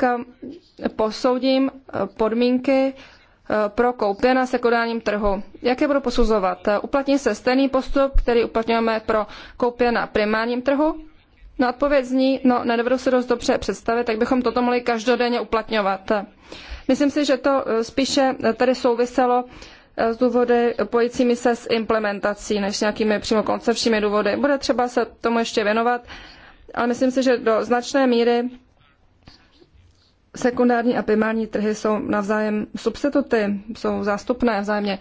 posoudím podmínky eh, pro koupě na sekundárním trhu. Jak je budu posuzovat? Eh, uplatní se stejný postup, který uplatňujeme pro koupě na primárním trhu? No odpověď zní, no nedovedu si dost dobře představit, tak bychom toto mohli každodenně uplatňovat. Myslím si, že to eh, spíše tady souviselo z důvody pojícími se s implementací, než nějakými přímo koncepčními důvody. Bude třeba se tomu ještě věnovat ale myslím si, že do značné míry sekundární a primární trhy jsou navzájem substituty, jsou zástupné vzájemně.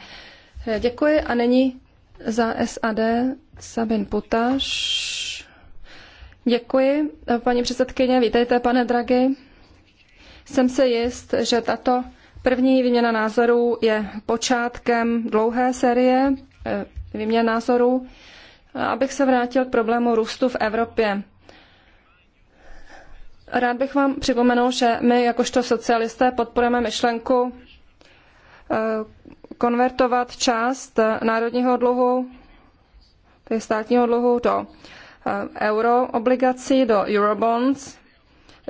Eh, děkuji a není za SAD Sabin Putaš. Děkuji, eh, paní předsedkyně, vítejte, pane Dragi. Jsem se jist, že tato první výměna názorů je počátkem dlouhé série eh, výměn názorů. Abych se vrátil k problému růstu v Evropě. Rád bych vám připomenul, že my jakožto socialisté podporujeme myšlenku eh, konvertovat část eh, národního dluhu, tedy státního dluhu, do eh, euroobligací, do eurobonds.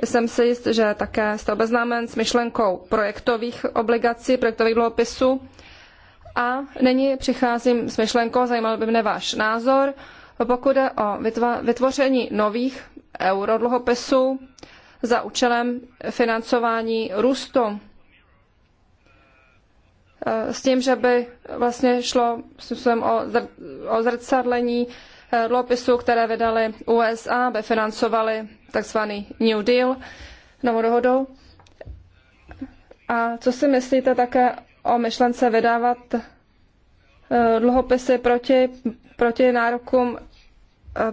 Jsem si jist, že také jste obeznámen s myšlenkou projektových obligací, projektových dluhopisů. A nyní přicházím s myšlenkou, zajímal by mne váš názor, pokud jde o vytvoření nových eurodluhopisů za účelem financování růstu. Eh, s tím, že by vlastně šlo způsobem o, o zrcadlení eh, dluhopisů, které vydali USA, aby financovali tzv. New Deal, novou dohodu. A co si myslíte také o myšlence vydávat eh, dluhopisy proti, proti nárokům,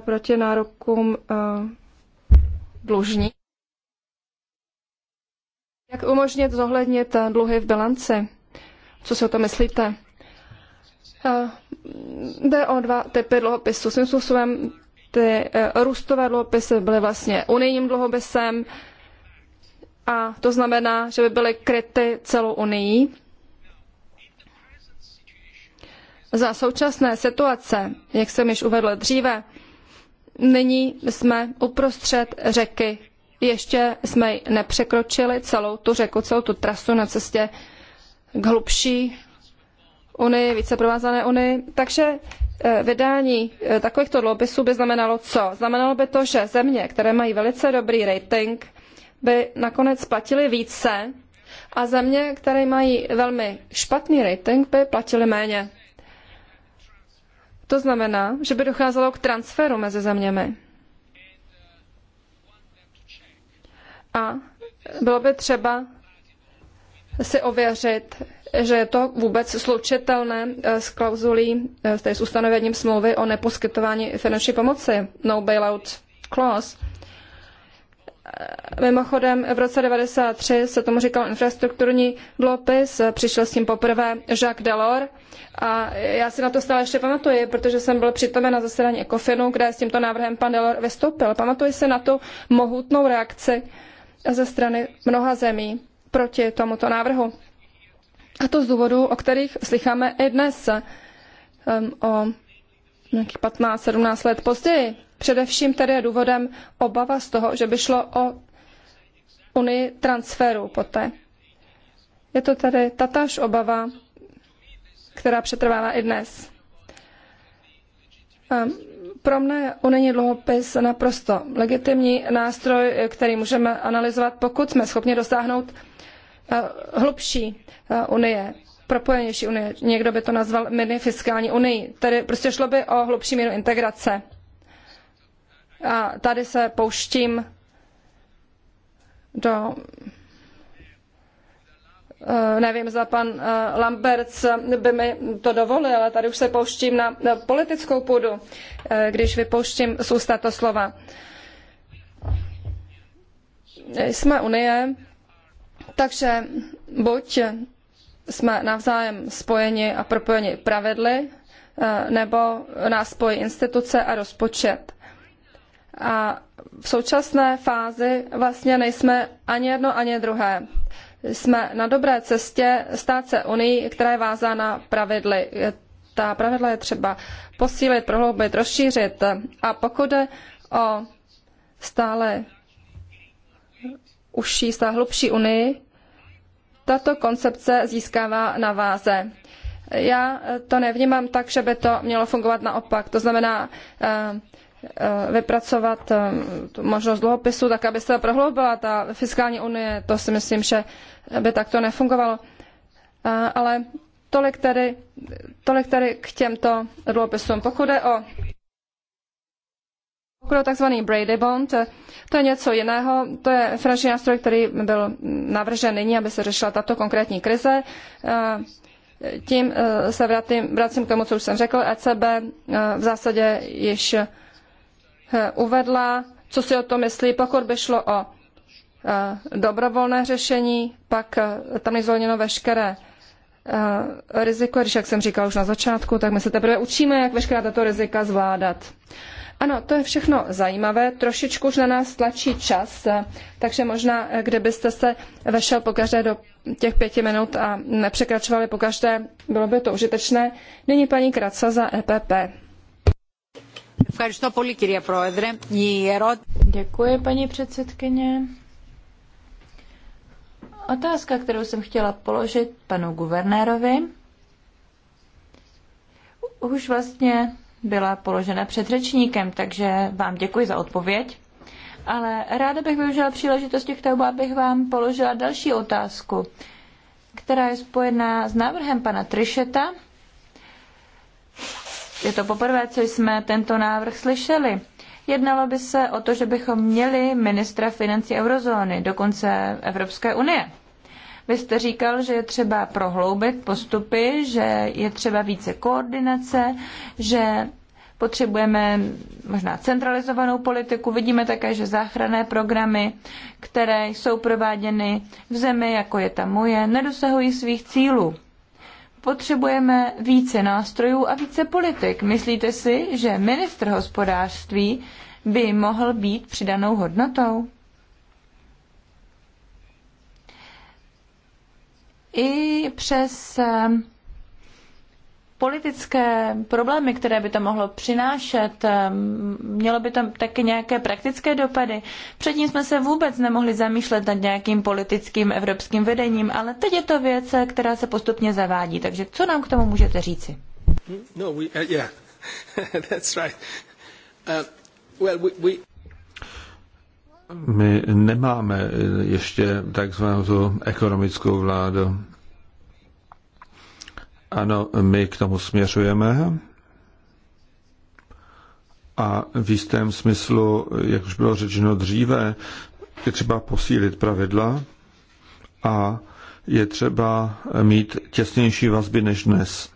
proti nárokům dlužní. Jak umožnit zohlednit eh, dluhy v bilanci? Co si o to myslíte? Eh, jde o dva typy dluhopisů. Svým způsobem ty eh, růstové dluhopisy byly vlastně unijním dluhopisem a to znamená, že by byly kryty celou unii. Za současné situace, jak jsem již uvedl dříve, Nyní jsme uprostřed řeky. Ještě jsme ji nepřekročili celou tu řeku, celou tu trasu na cestě k hlubší unii, více provázané unii. Takže eh, vydání eh, takovýchto dluhopisů by znamenalo co? Znamenalo by to, že země, které mají velice dobrý rating, by nakonec platily více a země, které mají velmi špatný rating, by platily méně. To znamená, že by docházelo k transferu mezi zeměmi. A bylo by třeba si ověřit, že je to vůbec slučitelné eh, s klauzulí, eh, tedy s ustanovením smlouvy o neposkytování finanční pomoci, no bailout clause. Eh, mimochodem, v roce 1993 se tomu říkal infrastrukturní dluhopis, eh, přišel s tím poprvé Jacques Delors a já si na to stále ještě pamatuji, protože jsem byl přítomen na zasedání Ekofinu, kde s tímto návrhem pan Delors vystoupil. Pamatuji si na tu mohutnou reakci ze strany mnoha zemí proti tomuto návrhu. A to z důvodů, o kterých slycháme i dnes, eh, o nějakých 15-17 let později. Především tedy je důvodem obava z toho, že by šlo o unii transferu poté. Je to tedy tatáž obava, která přetrvává i dnes. Ehm, pro mne je unijní dluhopis naprosto legitimní nástroj, který můžeme analyzovat, pokud jsme schopni dosáhnout eh, hlubší eh, unie, propojenější unie. Někdo by to nazval mini fiskální unii. Tedy prostě šlo by o hlubší míru integrace. A tady se pouštím do eh, nevím, zda pan eh, Lamberts by mi to dovolil, ale tady už se pouštím na politickou půdu, eh, když vypouštím z ústa to slova. Jsme Unie, takže buď jsme navzájem spojeni a propojeni pravidly, nebo nás spojí instituce a rozpočet. A v současné fázi vlastně nejsme ani jedno, ani druhé. Jsme na dobré cestě stát se Unii, která je vázána pravidly. Ta pravidla je třeba posílit, prohloubit, rozšířit. A pokud jde o stále užší, stále hlubší Unii, tato koncepce získává na váze. Já to nevnímám tak, že by to mělo fungovat naopak. To znamená, eh, Eh, vypracovat eh, tu možnost dluhopisu, tak aby se prohloubila ta fiskální unie. To si myslím, že by takto nefungovalo. Eh, ale tolik tedy, tolik tedy k těmto dluhopisům. Pokud je o pokud takzvaný Brady Bond, to je něco jiného. To je finanční nástroj, který byl navržen nyní, aby se řešila tato konkrétní krize. Tím se vrátím, vracím k tomu, co už jsem řekl. ECB v zásadě již Eh, uvedla, co si o to myslí. Pokud by šlo o eh, dobrovolné řešení, pak eh, tam je zvolněno veškeré riziko, když, jak jsem říkal už na začátku, tak my se teprve učíme, jak veškerá tato rizika zvládat. Ano, to je všechno zajímavé. Trošičku už na nás tlačí čas, takže možná, kdybyste se vešel pokaždé do těch pěti minut a nepřekračovali pokaždé, bylo by to užitečné. Nyní paní Kraca za EPP. Děkuji, paní předsedkyně. Otázka, kterou jsem chtěla položit panu guvernérovi, už vlastně byla položena předřečníkem, takže vám děkuji za odpověď. Ale ráda bych využila příležitosti k tomu, abych vám položila další otázku, která je spojená s návrhem pana Trišeta je to poprvé, co jsme tento návrh slyšeli. Jednalo by se o to, že bychom měli ministra financí eurozóny, dokonce Evropské unie. Vy jste říkal, že je třeba prohloubit postupy, že je třeba více koordinace, že potřebujeme možná centralizovanou politiku. Vidíme také, že záchranné programy, které jsou prováděny v zemi, jako je ta moje, nedosahují svých cílů potřebujeme více nástrojů a více politik. Myslíte si, že ministr hospodářství by mohl být přidanou hodnotou? I přes eh, politické problémy, které by to mohlo přinášet, ehm, mělo by to taky nějaké praktické dopady. Předtím jsme se vůbec nemohli zamýšlet nad nějakým politickým evropským vedením, ale teď je to věc, která se postupně zavádí. Takže co nám k tomu můžete říci? No, we, uh, yeah. That's right. Uh, well, we, we... My nemáme eh, ještě takzvanou ekonomickou vládu. Ano, my k tomu směřujeme. A v jistém smyslu, jak už bylo řečeno dříve, je třeba posílit pravidla a je třeba mít těsnější vazby než dnes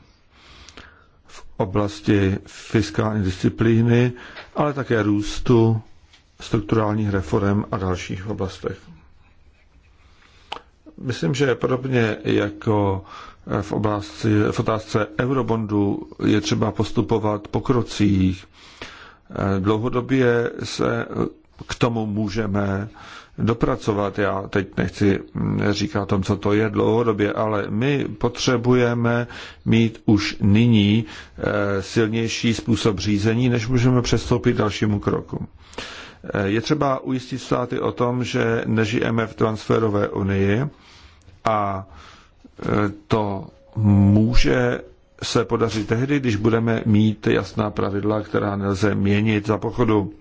v oblasti fiskální disciplíny, ale také růstu, strukturálních reform a dalších oblastech. Myslím, že podobně jako v, oblasti, v otázce eurobondu je třeba postupovat po krocích. Dlouhodobě se k tomu můžeme dopracovat. Já teď nechci říkat o tom, co to je dlouhodobě, ale my potřebujeme mít už nyní eh, silnější způsob řízení, než můžeme přestoupit dalšímu kroku. Eh, je třeba ujistit státy o tom, že nežijeme v transferové unii a to může se podařit tehdy, když budeme mít jasná pravidla, která nelze měnit za pochodu.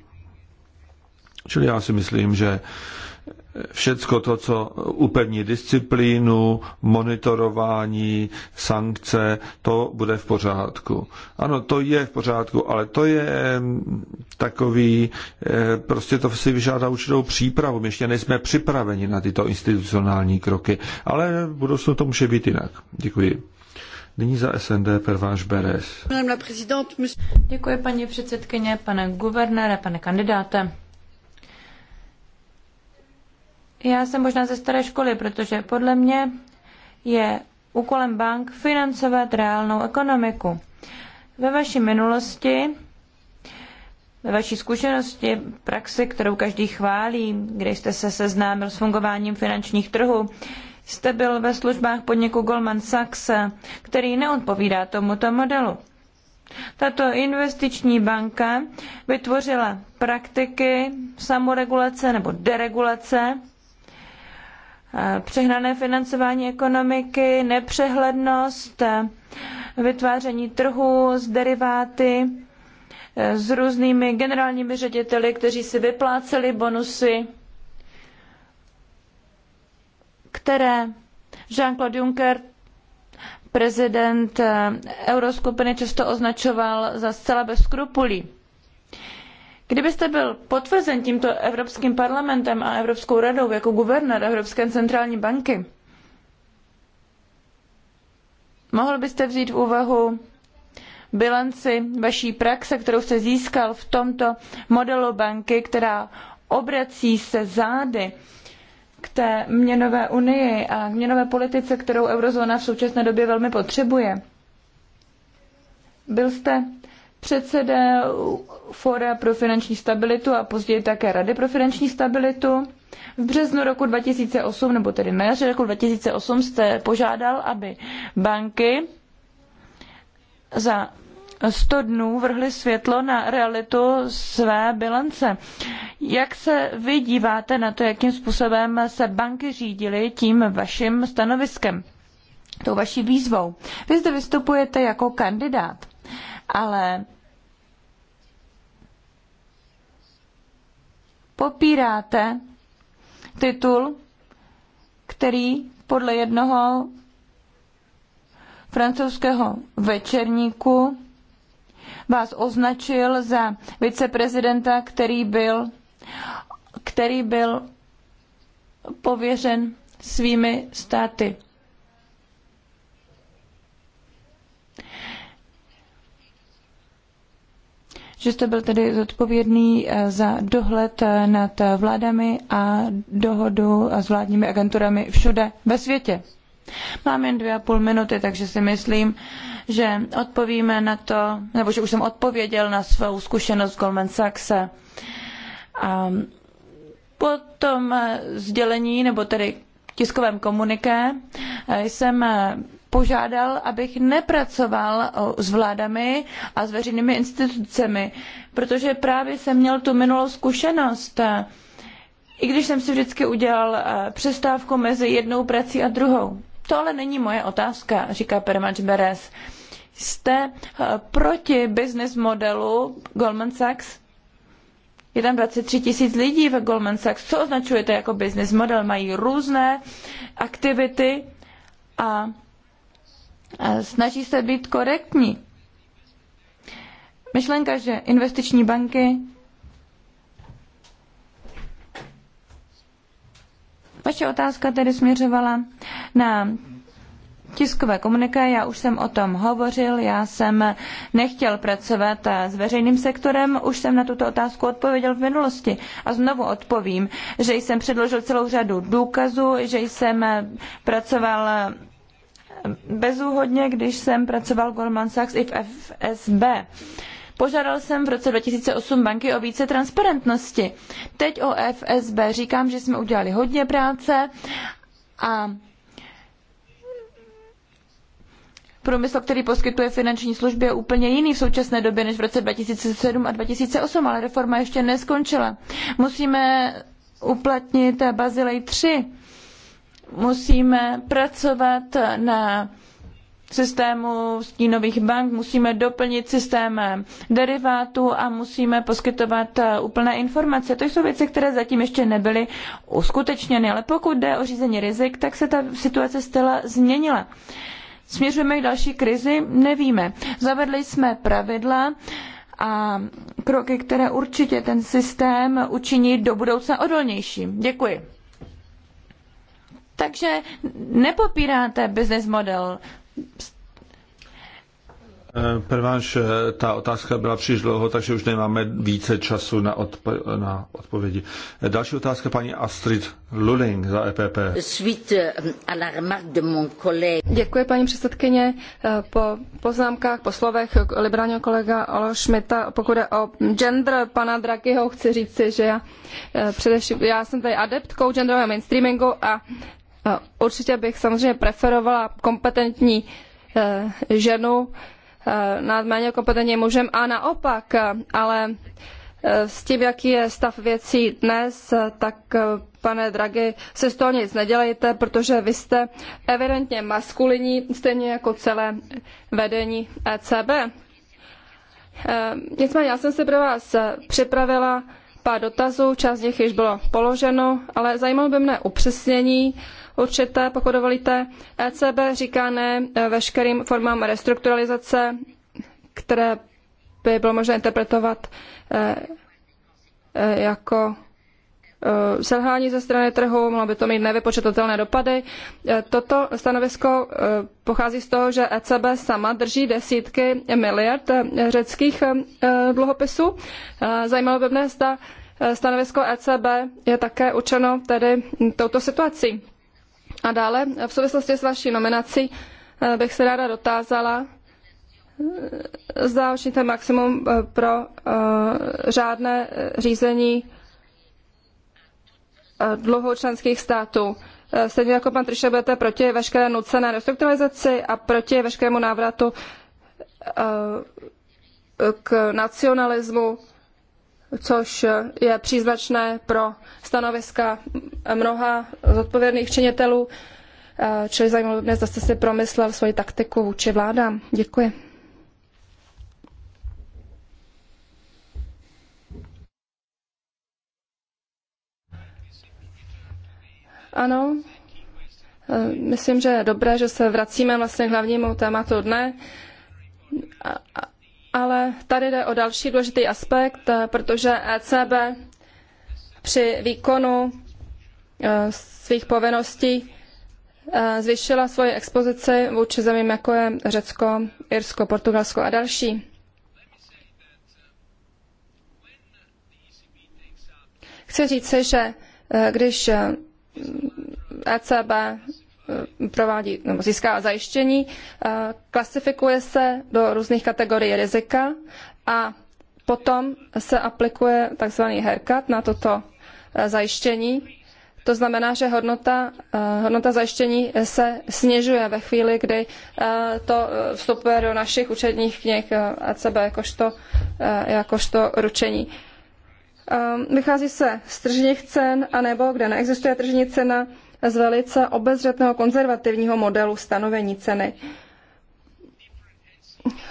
Čili já si myslím, že všecko to, co upevní disciplínu, monitorování, sankce, to bude v pořádku. Ano, to je v pořádku, ale to je mm, takový, eh, prostě to si vyžádá určitou přípravu. My ještě nejsme připraveni na tyto institucionální kroky, ale v budoucnu to může být jinak. Děkuji. Nyní za SND Perváš Beres. Děkuji paní předsedkyně, pane guvernére, pane kandidáte. Já jsem možná ze staré školy, protože podle mě je úkolem bank financovat reálnou ekonomiku. Ve vaší minulosti, ve vaší zkušenosti, praxi, kterou každý chválí, kde jste se seznámil s fungováním finančních trhů, jste byl ve službách podniku Goldman Sachs, který neodpovídá tomuto modelu. Tato investiční banka vytvořila praktiky samoregulace nebo deregulace, Eh, přehnané financování ekonomiky, nepřehlednost, eh, vytváření trhu s deriváty, eh, s různými generálními řediteli, kteří si vypláceli bonusy, které Jean-Claude Juncker, prezident euroskupiny, často označoval za zcela bez skrupulí. Kdybyste byl potvrzen tímto Evropským parlamentem a Evropskou radou jako guvernér Evropské centrální banky, mohl byste vzít v úvahu bilanci vaší praxe, kterou jste získal v tomto modelu banky, která obrací se zády k té měnové unii a k měnové politice, kterou eurozóna v současné době velmi potřebuje. Byl jste předseda Fóra pro finanční stabilitu a později také Rady pro finanční stabilitu. V březnu roku 2008, nebo tedy na jaře roku 2008, jste požádal, aby banky za 100 dnů vrhly světlo na realitu své bilance. Jak se vy díváte na to, jakým způsobem se banky řídily tím vaším stanoviskem, tou vaší výzvou? Vy zde vystupujete jako kandidát ale popíráte titul, který podle jednoho francouzského večerníku vás označil za viceprezidenta, který byl, který byl pověřen svými státy že jste byl tedy zodpovědný eh, za dohled eh, nad vládami a dohodu s vládními agenturami všude ve světě. Mám jen dvě a půl minuty, takže si myslím, že odpovíme na to, nebo že už jsem odpověděl na svou zkušenost Goldman Sachs. A po tom eh, sdělení, nebo tedy tiskovém komuniké, jsem požádal, abych nepracoval s vládami a s veřejnými institucemi, protože právě jsem měl tu minulou zkušenost. I když jsem si vždycky udělal eh, přestávku mezi jednou prací a druhou. To ale není moje otázka, říká Permač Beres. Jste eh, proti business modelu Goldman Sachs? Je tam 23 tisíc lidí ve Goldman Sachs. Co označujete jako business model? Mají různé aktivity a snaží se být korektní. Myšlenka, že investiční banky Vaše otázka tedy směřovala na tiskové komuniké, já už jsem o tom hovořil, já jsem nechtěl pracovat s veřejným sektorem, už jsem na tuto otázku odpověděl v minulosti a znovu odpovím, že jsem předložil celou řadu důkazů, že jsem pracoval bezúhodně, když jsem pracoval v Goldman Sachs i v FSB. Požádal jsem v roce 2008 banky o více transparentnosti. Teď o FSB říkám, že jsme udělali hodně práce a průmysl, který poskytuje finanční služby, je úplně jiný v současné době než v roce 2007 a 2008, ale reforma ještě neskončila. Musíme uplatnit Bazilej 3 musíme pracovat na systému stínových bank, musíme doplnit systém derivátů a musíme poskytovat eh, úplné informace. To jsou věci, které zatím ještě nebyly uskutečněny, ale pokud jde o řízení rizik, tak se ta situace stala změnila. Směřujeme k další krizi? Nevíme. Zavedli jsme pravidla a kroky, které určitě ten systém učiní do budoucna odolnějším. Děkuji. Takže nepopíráte business model. Eh, Prváš, eh, ta otázka byla příliš dlouho, takže už nemáme více času na, odp- na odpovědi. Eh, Další otázka paní Astrid Luling za EPP. Děkuji, paní předsedkyně. Po poznámkách, po slovech liberálního kolega Olo Šmita, pokud je o gender pana Drakyho, chci si, že já, především, já jsem tady adeptkou genderového mainstreamingu a Určitě bych samozřejmě preferovala kompetentní eh, ženu eh, nad méně kompetentním mužem a naopak, eh, ale s tím, jaký je stav věcí dnes, tak pane Draghi, se z toho nic nedělejte, protože vy jste evidentně maskulinní, stejně jako celé vedení ECB. Nicméně já jsem si pro vás připravila pár dotazů, část z nich již bylo položeno, ale zajímalo by mne upřesnění určité, pokud dovolíte. ECB říká ne e, veškerým formám restrukturalizace, které by bylo možné interpretovat e, e, jako selhání ze strany trhu, mohlo by to mít nevypočetatelné dopady. Toto stanovisko pochází z toho, že ECB sama drží desítky miliard řeckých dluhopisů. Zajímalo by mě, zda stanovisko ECB je také učeno tedy touto situací. A dále v souvislosti s vaší nominací eh, bych se ráda dotázala, eh, zda určité maximum eh, pro řádné řízení dluhu členských států. Stejně jako pan Triše budete proti veškeré nucené restrukturalizaci a proti veškerému návratu k nacionalismu což je příznačné pro stanoviska mnoha zodpovědných činitelů, čili zajímalo by mě, zda jste si promyslel svoji taktiku vůči vládám. Děkuji. Ano, myslím, že je dobré, že se vracíme vlastně k hlavnímu tématu dne ale tady jde o další důležitý aspekt, eh, protože ECB při výkonu eh, svých povinností eh, zvýšila svoji expozici vůči zemím, jako je Řecko, Irsko, Portugalsko a další. Chci říci, že když ECB e Eh, provádí, nebo získá zajištění, eh, klasifikuje se do různých kategorií rizika a potom se aplikuje tzv. haircut na toto eh, zajištění. To znamená, že hodnota, hodnota zajištění se snižuje ve chvíli, kdy to vstupuje do našich účetních knih ECB jakožto, jakožto ručení. Vychází se z tržních cen, anebo kde neexistuje tržní cena, z velice obezřetného konzervativního modelu stanovení ceny.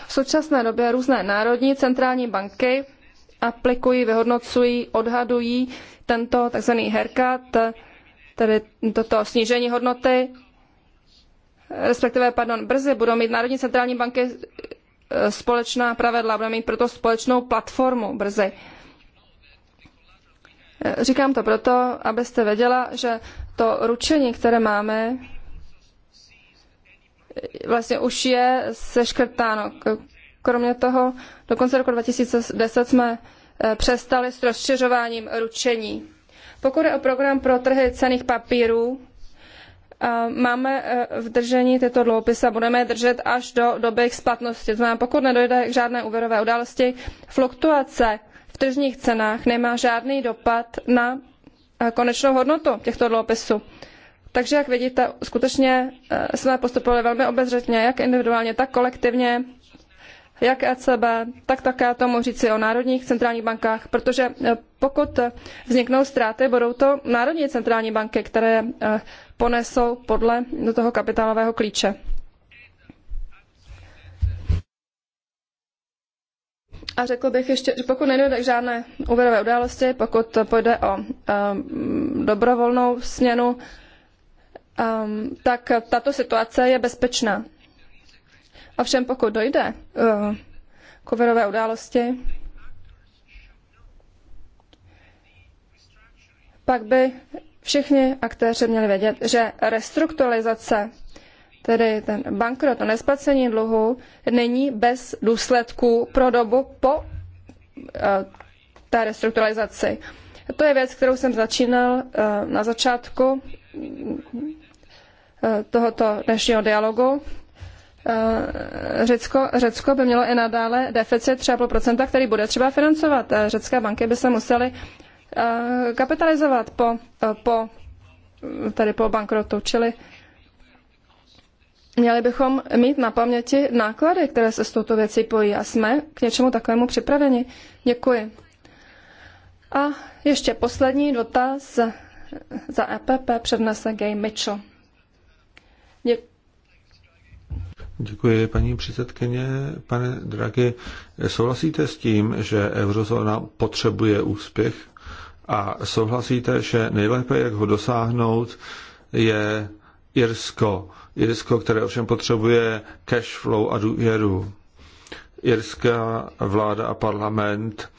V současné době různé národní centrální banky aplikují, vyhodnocují, odhadují tento tzv. herkat, tedy toto snížení hodnoty, respektive, pardon, brzy budou mít národní centrální banky e, společná pravidla, budou mít proto společnou platformu brzy. E, říkám to proto, abyste věděla, že to ručení, které máme, vlastně už je seškrtáno. Kromě toho, do konce roku 2010 jsme eh, přestali s rozšiřováním ručení. Pokud je o program pro trhy cených papírů, eh, máme eh, v držení tyto dloupisy a budeme je držet až do doby jejich splatnosti. To znamená, pokud nedojde k žádné úvěrové události, fluktuace v tržních cenách nemá žádný dopad na Eh, konečnou hodnotu těchto dluhopisů. Takže, jak vidíte, skutečně eh, jsme postupovali velmi obezřetně, jak individuálně, tak kolektivně, jak ECB, tak také tomu říci o národních centrálních bankách, protože eh, pokud vzniknou ztráty, budou to národní centrální banky, které ponesou podle toho kapitálového klíče. A řekl bych ještě, že pokud nedojde k žádné úvěrové události, pokud půjde o um, dobrovolnou směnu, um, tak tato situace je bezpečná. Ovšem pokud dojde uh, k úvěrové události, pak by všichni aktéři měli vědět, že restrukturalizace tedy ten bankrot a nesplacení dluhu, není bez důsledků pro dobu po eh, té restrukturalizaci. To je věc, kterou jsem začínal eh, na začátku eh, tohoto dnešního dialogu. Řecko, Řecko by mělo i nadále deficit 3,5%, který bude třeba financovat. Řecké banky by se musely kapitalizovat po, po, tady po bankrotu, čili Měli bychom mít na paměti náklady, které se s touto věcí pojí a jsme k něčemu takovému připraveni. Děkuji. A ještě poslední dotaz za EPP přednese Gay Mitchell. Děkuji. Děkuji, paní předsedkyně. Pane Draghi, souhlasíte s tím, že eurozóna potřebuje úspěch a souhlasíte, že nejlépe, jak ho dosáhnout, je Irsko Irsko, které ovšem potřebuje cash flow a důvěru. Irská vláda a parlament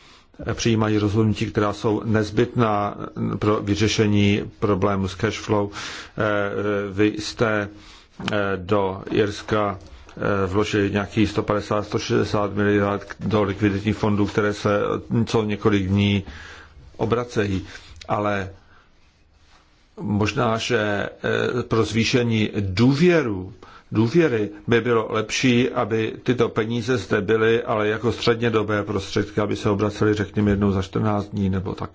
přijímají rozhodnutí, která jsou nezbytná pro vyřešení problému s cash flow. Eh, vy jste eh, do Irska eh, vložili nějakých 150-160 miliard do likviditních fondů, které se co několik dní obracejí. Ale Možná, že eh, pro zvýšení důvěru, důvěry by bylo lepší, aby tyto peníze zde byly, ale jako středně dobé prostředky, aby se obraceli, řekněme, jednou za 14 dní nebo tak.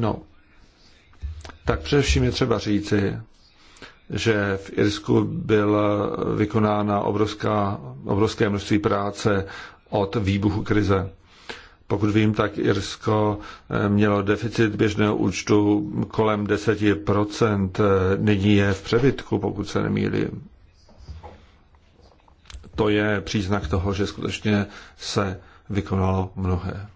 No, tak především je třeba říci, že v Irsku byla vykonána obrovská, obrovské množství práce od výbuchu krize. Pokud vím, tak Irsko eh, mělo deficit běžného účtu kolem 10%, eh, nyní je v přebytku, pokud se nemýlím. To je příznak toho, že skutečně se vykonalo mnohé.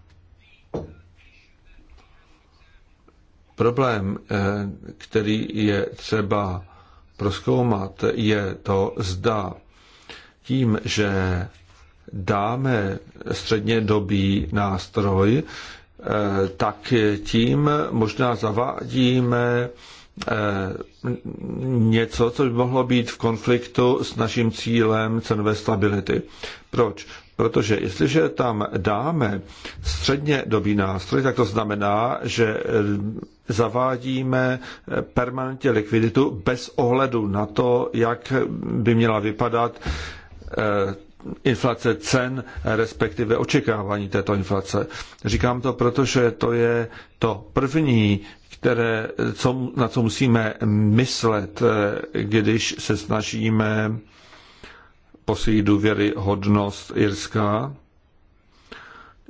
Problém, eh, který je třeba proskoumat, je to zda tím, že dáme středně dobý nástroj, eh, tak tím možná zavádíme eh, něco, co by mohlo být v konfliktu s naším cílem cenové stability. Proč? Protože jestliže tam dáme středně dobý nástroj, tak to znamená, že eh, zavádíme permanentně likviditu bez ohledu na to, jak by měla vypadat inflace cen, respektive očekávání této inflace. Říkám to, protože to je to první, které, co, na co musíme myslet, eh, když se snažíme posílit důvěry hodnost Irska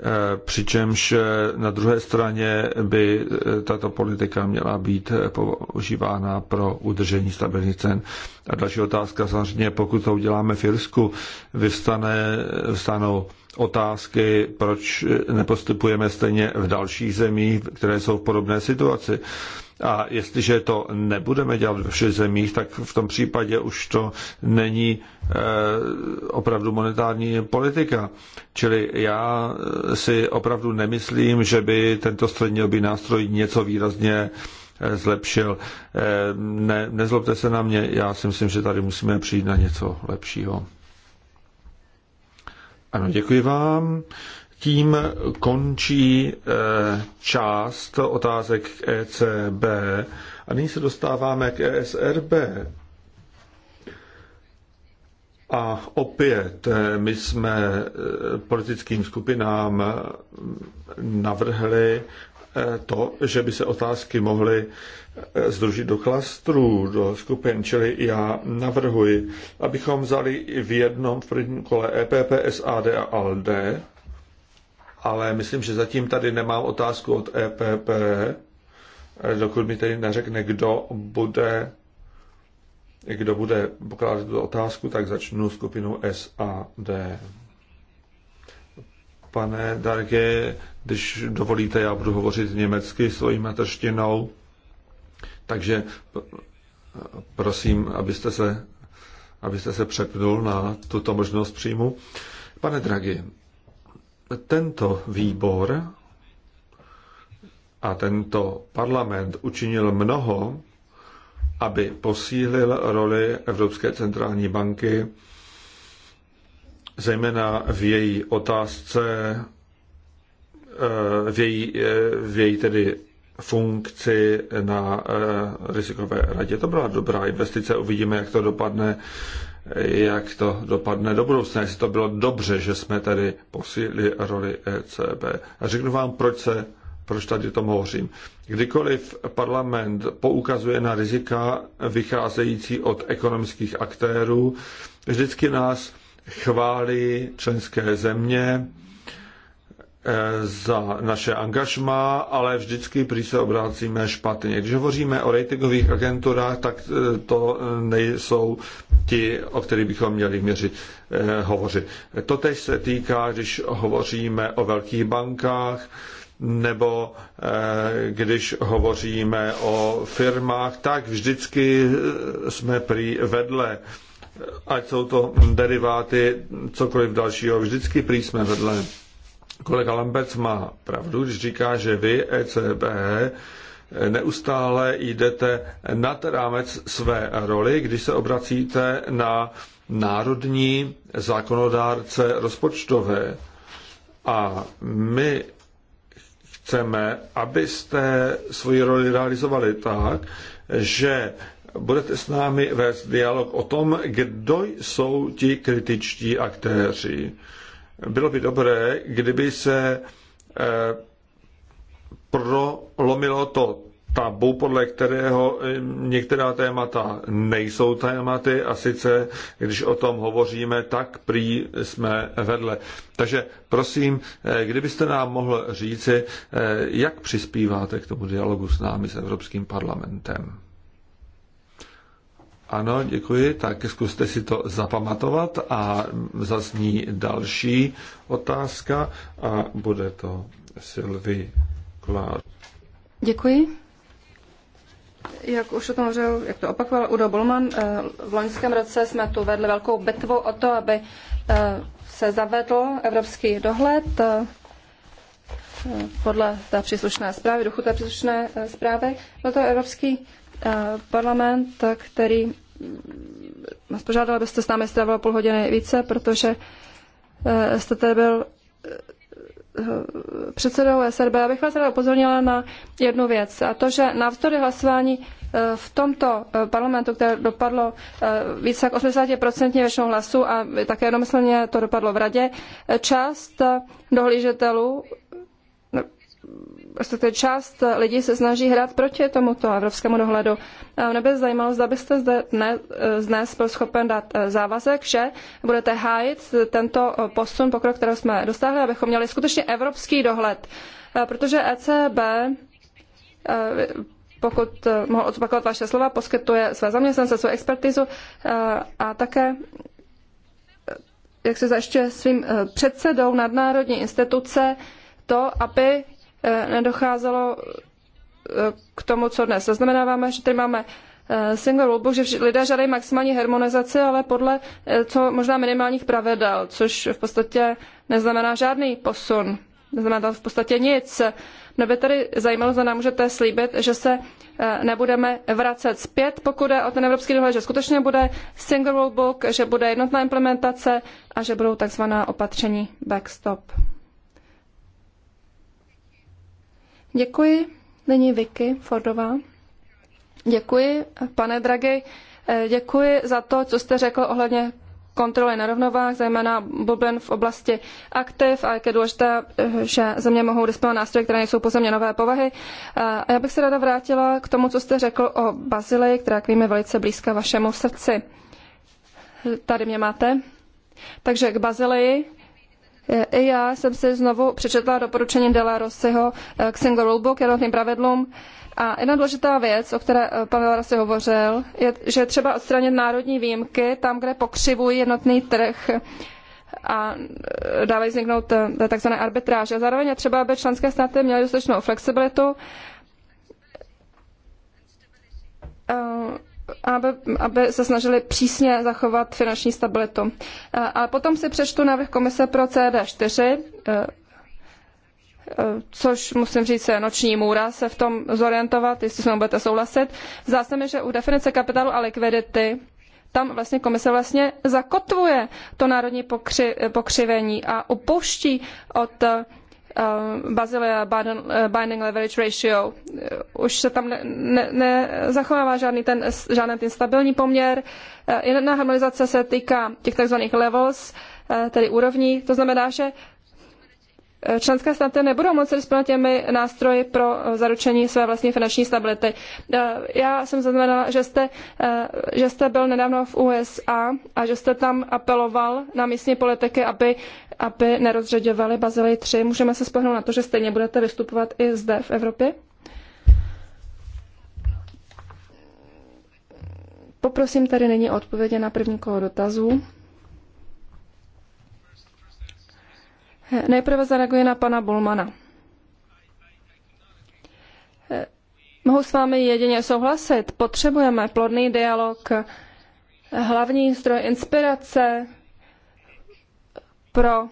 Eh, přičemž eh, na druhé straně by eh, tato politika měla být používána pro udržení stabilních cen. A další otázka samozřejmě, pokud to uděláme v Irsku, vystane, vstanou otázky, proč nepostupujeme stejně v dalších zemích, které jsou v podobné situaci. A jestliže to nebudeme dělat ve všech zemích, tak v tom případě už to není eh, opravdu monetární politika. Čili já eh, si opravdu nemyslím, že by tento střednědobý nástroj něco výrazně eh, zlepšil. Ne, nezlobte se na mě, já si myslím, že tady musíme přijít na něco lepšího. Ano, děkuji vám tím končí eh, část otázek k ECB a nyní se dostáváme k ESRB. A opět eh, my jsme eh, politickým skupinám navrhli to, že by se otázky mohly združit do klastrů, do skupin, čili já navrhuji, abychom vzali v jednom v prvním kole EPP, SAD a ALDE ale myslím, že zatím tady nemám otázku od EPP, eh, dokud mi tedy neřekne, kdo bude, kdo bude pokládat tu otázku, tak začnu skupinou SAD. Pane Darge, když dovolíte, já budu hovořit německy svojí mateřštinou, takže prosím, abyste se, abyste se přepnul na tuto možnost příjmu. Pane Dragi, tento výbor a tento parlament učinil mnoho, aby posílil roli Evropské centrální banky, zejména v její otázce, eh, v její, eh, v její tedy funkci na eh, rizikové radě. To byla dobrá investice, uvidíme, jak to dopadne jak to dopadne do budoucna, jestli to bylo dobře, že jsme tady posílili roli ECB. A řeknu vám, proč, se, proč tady to hovořím. Kdykoliv parlament poukazuje na rizika vycházející od ekonomických aktérů, vždycky nás chválí členské země, Eh, za naše angažma, ale vždycky prý se obrácíme špatně. Když hovoříme o ratingových agenturách, tak eh, to eh, nejsou ti, o kterých bychom měli měřit, hovořit. To tež se týká, když hovoříme o velkých bankách, nebo když hovoříme o firmách, tak vždycky jsme prý vedle ať jsou to deriváty, cokoliv dalšího, vždycky prý jsme vedle. Kolega Lambert má pravdu, když říká, že vy, ECB, neustále jdete nad rámec své roli, když se obracíte na národní zákonodárce rozpočtové. A my chceme, abyste svoji roli realizovali tak, že budete s námi vést dialog o tom, kdo jsou ti kritičtí aktéři. Bylo by dobré, kdyby se eh, prolomilo to tabu, podle kterého eh, některá témata nejsou tématy a sice, když o tom hovoříme, tak prý jsme vedle. Takže prosím, eh, kdybyste nám mohl říci, jak přispíváte k tomu dialogu s námi, s Evropským parlamentem. Ano, děkuji. Tak zkuste si to zapamatovat a zazní další otázka a bude to Silvi Klár. Děkuji. Jak už o tom hovořil, jak to opakoval Udo Bulman, eh, v loňském roce jsme tu vedli velkou bitvu o to, aby eh, se zavedl evropský dohled eh, podle té příslušné zprávy, duchu té příslušné zprávy. Byl to evropský Eh, parlament, který vás požádal, abyste s námi strávil půl hodiny více, protože eh, jste tady byl eh, předsedou SRB. Já bych vás ráda upozornila na jednu věc a to, že navzdory hlasování v tomto parlamentu, které dopadlo více jak 80% většinou hlasů a také jednomyslně to dopadlo v radě, část dohlížitelů respektive prostě část lidí se snaží hrát proti tomuto evropskému dohledu. Mě by zajímalo, zda byste zde eh, dnes, byl schopen dát eh, závazek, že budete hájit tento eh, posun, pokrok, kterého jsme dosáhli, abychom měli skutečně evropský dohled. Protože ECB pokud mohl odpakovat vaše slova, poskytuje své zaměstnance, svou expertizu a také jak se zajišťuje svým předsedou nadnárodní instituce to, aby Eh, nedocházelo eh, k tomu, co dnes zaznamenáváme, že tady máme eh, single rulebook, že lidé žádají maximální harmonizaci, ale podle co možná minimálních pravidel, což v podstatě neznamená žádný posun. Neznamená to v podstatě nic. Mě by tady zajímalo, za nám můžete slíbit, že se nebudeme vracet zpět, pokud je o ten evropský dohled, že skutečně bude single rulebook, že bude jednotná implementace a že budou takzvaná opatření backstop. Děkuji. není Vicky Fordová. Děkuji, pane Dragej. Eh, děkuji za to, co jste řekl ohledně kontroly na rovnovách, zejména bublin v oblasti aktiv a jak je důležité, eh, že země mohou disponovat nástroje, které nejsou nové povahy. Eh, a já bych se ráda vrátila k tomu, co jste řekl o Bazilii, která, k víme, velice blízka vašemu srdci. Tady mě máte. Takže k Bazilii. E, I já jsem si znovu přečetla doporučení Dela Rossiho e, k Single Rulebook, jednotným pravidlům. A jedna důležitá věc, o které e, pan Dela Rossi hovořil, je, že třeba odstranit národní výjimky tam, kde pokřivují jednotný trh a dávají vzniknout tzv. arbitráže. Zároveň je třeba, aby členské státy měly dostatečnou flexibilitu aby, aby se snažili přísně zachovat finanční stabilitu. Eh, a potom si přečtu návrh komise pro CD4, eh, eh, což musím říct je noční můra se v tom zorientovat, jestli s mnou budete souhlasit. Zdá se mi, že u definice kapitálu a likvidity tam vlastně komise vlastně zakotvuje to národní pokři, pokřivení a upouští od Eh, Bazilia eh, Binding Leverage Ratio. Eh, už se tam nezachovává ne, ne žádný ten, žádný ten stabilní poměr. Jedna harmonizace se týká těch tzv. levels, tedy úrovní. To znamená, že Eh, členské státy nebudou moci disponovat těmi nástroji pro eh, zaručení své vlastní finanční stability. Eh, já jsem zaznamenala, že jste, že jste byl nedávno v USA a že jste tam apeloval na místní politiky, aby, aby nerozředěvali Bazilej 3. Můžeme se spolehnout na to, že stejně budete vystupovat i zde v Evropě? Poprosím tady nyní odpovědi na první kolo dotazů. Nejprve zareaguji na pana Bulmana. Mohu s vámi jedině souhlasit. Potřebujeme plodný dialog, hlavní zdroj inspirace pro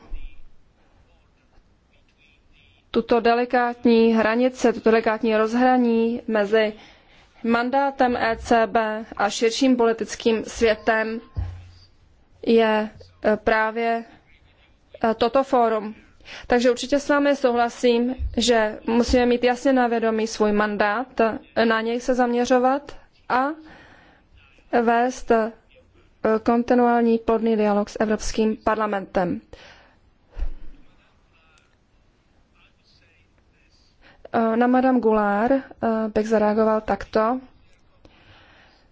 tuto delikátní hranice, tuto delikátní rozhraní mezi mandátem ECB a širším politickým světem je e, právě Eh, toto fórum. Takže určitě s vámi souhlasím, že musíme mít jasně na vědomí svůj mandát, eh, na něj se zaměřovat a vést eh, kontinuální plodný dialog s Evropským parlamentem. Na Madame Goulard bych zareagoval takto.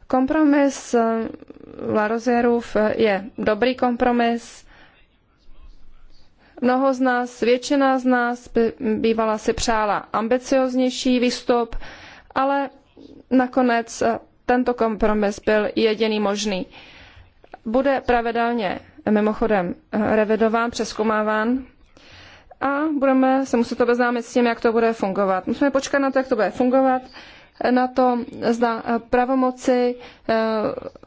Kompromis Larozierův je dobrý kompromis, Mnoho z nás, většina z nás by bývala si přála ambicioznější výstup, ale nakonec eh, tento kompromis byl jediný možný. Bude pravidelně eh, mimochodem eh, revidován, přeskumáván a budeme se muset obeznámit s tím, jak to bude fungovat. Musíme počkat na to, jak to bude fungovat, na to, zda pravomoci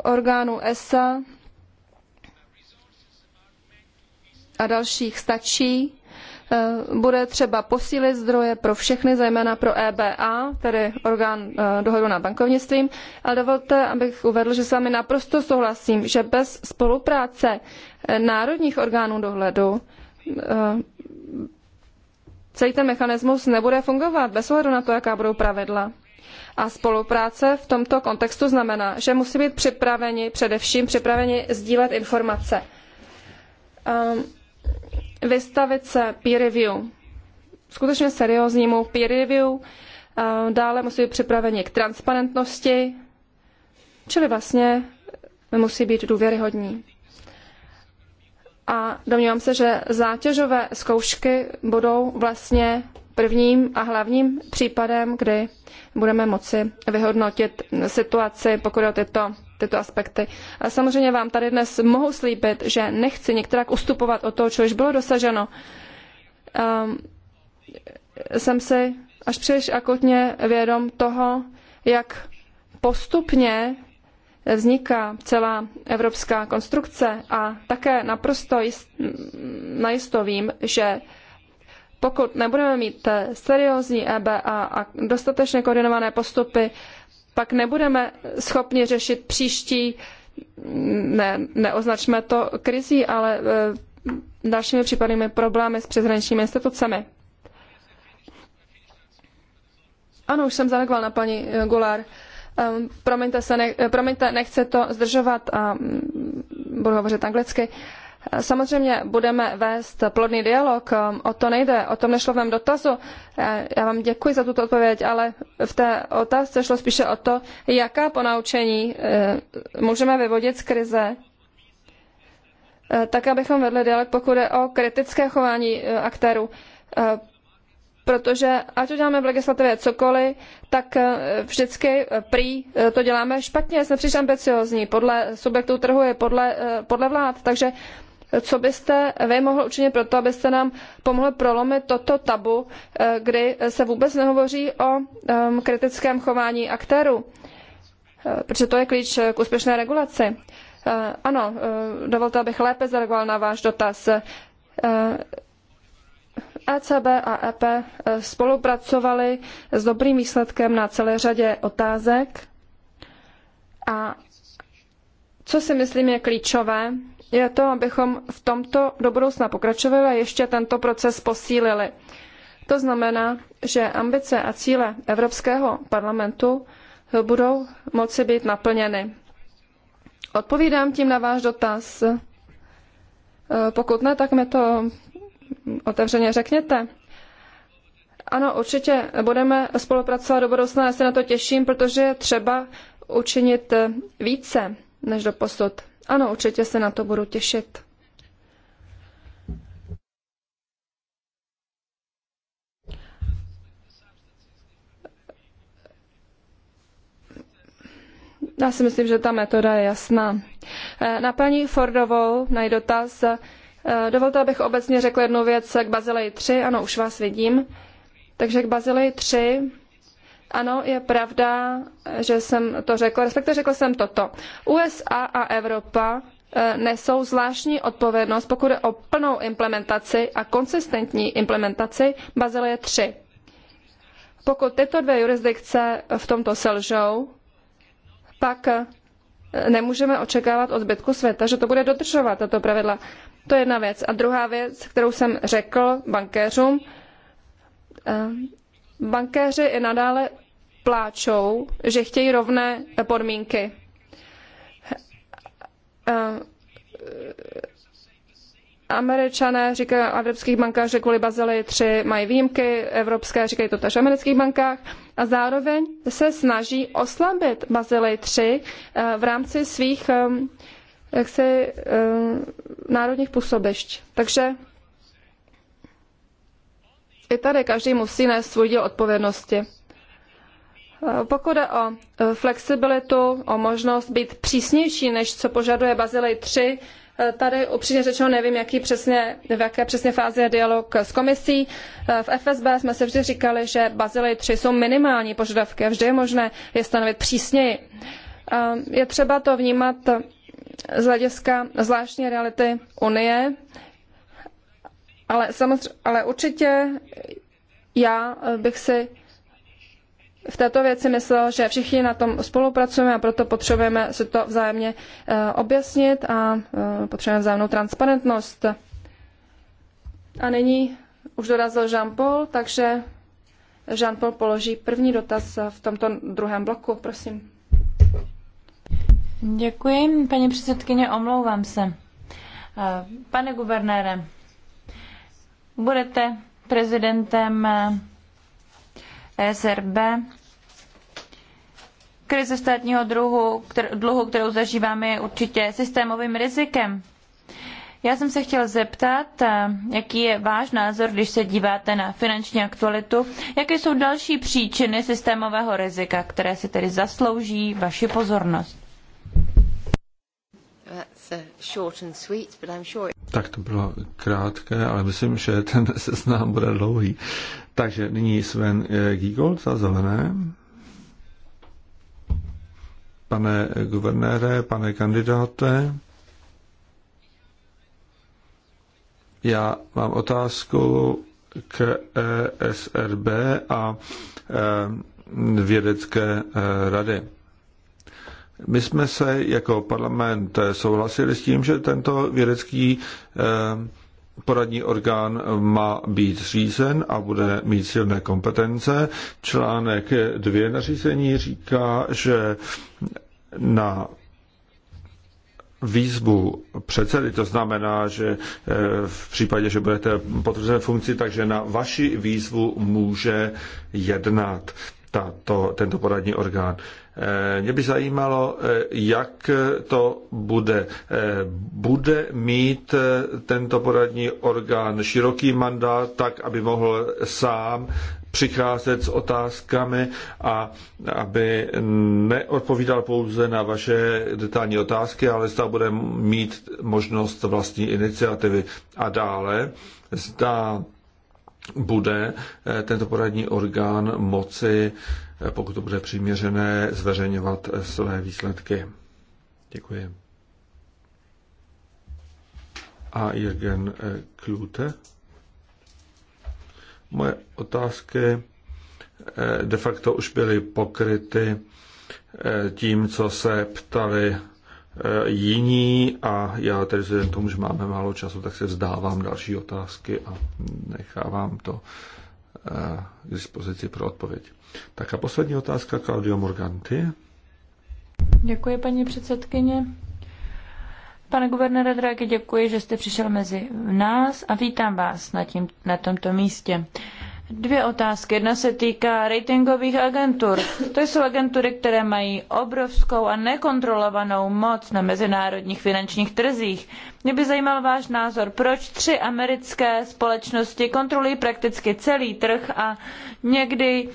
orgánu ESA a dalších stačí. Eh, bude třeba posílit zdroje pro všechny, zejména pro EBA, tedy orgán eh, dohledu nad bankovnictvím. Ale dovolte, abych uvedl, že s vámi naprosto souhlasím, že bez spolupráce eh, národních orgánů dohledu celý ten mechanismus nebude fungovat bez ohledu na to, jaká budou pravidla. A spolupráce v tomto kontextu znamená, že musí být připraveni, především připraveni sdílet informace. Um, vystavit se peer review, skutečně serióznímu peer review, eh, dále musí být připraveni k transparentnosti, čili vlastně musí být důvěryhodní. A domnívám se, že zátěžové zkoušky budou vlastně prvním a hlavním případem, kdy budeme moci vyhodnotit situaci, pokud o tyto tyto aspekty. A samozřejmě vám tady dnes mohu slíbit, že nechci některak ustupovat od toho, co již bylo dosaženo. Um, jsem si až příliš akutně vědom toho, jak postupně vzniká celá evropská konstrukce a také naprosto jist, najisto vím, že pokud nebudeme mít seriózní EBA a dostatečně koordinované postupy pak nebudeme schopni řešit příští, ne, neoznačme to krizí, ale e, dalšími případnými problémy s přeshraničními institucemi. Ano, už jsem zareagoval na paní e, Golár. Um, promiňte, se ne, e, promiňte, nechce to zdržovat a um, budu hovořit anglicky. Uh, Samozřejmě budeme vést plodný dialog, o to nejde, o tom nešlo v mém dotazu. Já vám děkuji za tuto odpověď, ale v té otázce šlo spíše o to, jaká ponaučení eh, můžeme vyvodit z krize, eh, tak abychom vedli dialog, pokud je o kritické chování eh, aktérů. Protože ať uděláme v legislativě cokoliv, tak vždycky prý to děláme špatně, jsme příliš ambiciozní podle subjektů trhu i podle, podle vlád. Takže co byste vy mohl učinit pro to, abyste nám pomohl prolomit toto tabu, eh, kdy se vůbec nehovoří o ehm, kritickém chování aktérů? Eh, protože to je klíč eh, k úspěšné regulaci. Ano, dovolte, abych lépe zareagoval na váš dotaz. ECB e a EP spolupracovali s dobrým výsledkem na celé řadě otázek. A co si myslím je klíčové, je to, abychom v tomto do budoucna pokračovali a ještě tento proces posílili. To znamená, že ambice a cíle Evropského parlamentu budou moci být naplněny. Odpovídám tím na váš dotaz. Pokud ne, tak mi to otevřeně řekněte. Ano, určitě budeme spolupracovat do budoucna, já se na to těším, protože je třeba učinit více než do posud. Ano, určitě se na to budu těšit. Já si myslím, že ta metoda je jasná. Eh, na paní Fordovou, na její dotaz, eh, dovolte, abych obecně řekl jednu věc k Bazileji 3. Ano, už vás vidím. Takže k Bazileji 3 ano, je pravda, že jsem to řekla, respektive řekla jsem toto. USA a Evropa eh, nesou zvláštní odpovědnost, pokud je o plnou implementaci a konsistentní implementaci Bazilie 3. Pokud tyto dvě jurisdikce v tomto selžou, pak eh, nemůžeme očekávat od zbytku světa, že to bude dodržovat tato pravidla. To je jedna věc. A druhá věc, kterou jsem řekl bankéřům, eh, Bankéři i nadále pláčou, že chtějí rovné podmínky. Eh, eh, Američané říkají o evropských bankách, že kvůli Bazily 3 mají výjimky, evropské říkají to tež o amerických bankách a zároveň se snaží oslabit Bazily 3 eh, v rámci svých jaksi, národních působišť. Takže i tady každý musí nést svůj díl odpovědnosti. Eh, pokud jde o eh, flexibilitu, o možnost být přísnější, než co požaduje Bazilej 3, eh, tady upřímně řečeno nevím, jaký přesně, v jaké přesně fázi je dialog s komisí. V FSB jsme se vždy říkali, že Bazilej 3 jsou minimální požadavky a vždy je možné je stanovit přísněji. Je třeba to vnímat z hlediska zvláštní reality Unie, ale, samozřejmě, ale určitě já eh, bych si v této věci myslel, že všichni na tom spolupracujeme a proto potřebujeme si to vzájemně eh, objasnit a eh, potřebujeme vzájemnou transparentnost. A nyní už dorazil Jean-Paul, takže Jean-Paul položí první dotaz v tomto druhém bloku. Prosím. Děkuji, paní předsedkyně, omlouvám se. Pane guvernére, budete prezidentem eh, SRB. Krize státního druhu, kter, dluhu, kterou zažíváme, je určitě systémovým rizikem. Já jsem se chtěl zeptat, eh, jaký je váš názor, když se díváte na finanční aktualitu, jaké jsou další příčiny systémového rizika, které si tedy zaslouží vaši pozornost. Tak to bylo krátké, ale myslím, že ten seznám bude dlouhý. Takže nyní Sven eh, Giegold za zelené. Pane guvernére, pane kandidáte, já mám otázku k ESRB a eh, vědecké eh, rady. My jsme se jako parlament souhlasili s tím, že tento vědecký eh, poradní orgán má být řízen a bude mít silné kompetence. Článek 2 nařízení říká, že na výzvu předsedy, to znamená, že eh, v případě, že budete potvrzen funkci, takže na vaši výzvu může jednat tato, tento poradní orgán. Eh, mě by zajímalo, eh, jak to bude. Eh, bude mít tento poradní orgán široký mandát, tak aby mohl sám přicházet s otázkami a aby neodpovídal pouze na vaše detailní otázky, ale zda bude mít možnost vlastní iniciativy. A dále, zda bude tento poradní orgán moci eh, Eh, pokud to bude přiměřené, zveřejňovat eh, své výsledky. Děkuji. A Jürgen eh, Klute. Moje otázky de facto už byly pokryty tím, co se ptali jiní a já tedy vzhledem tomu, že máme málo času, tak se vzdávám další otázky a nechávám to k dispozici pro odpověď. Tak a poslední otázka Claudio Morganti. Děkuji, paní předsedkyně. Pane guvernére Draghi, děkuji, že jste přišel mezi nás a vítám vás na, tím, na tomto místě. Dvě otázky. Jedna se týká ratingových agentur. To jsou agentury, které mají obrovskou a nekontrolovanou moc na mezinárodních finančních trzích. Mě by zajímal váš názor, proč tři americké společnosti kontrolují prakticky celý trh a někdy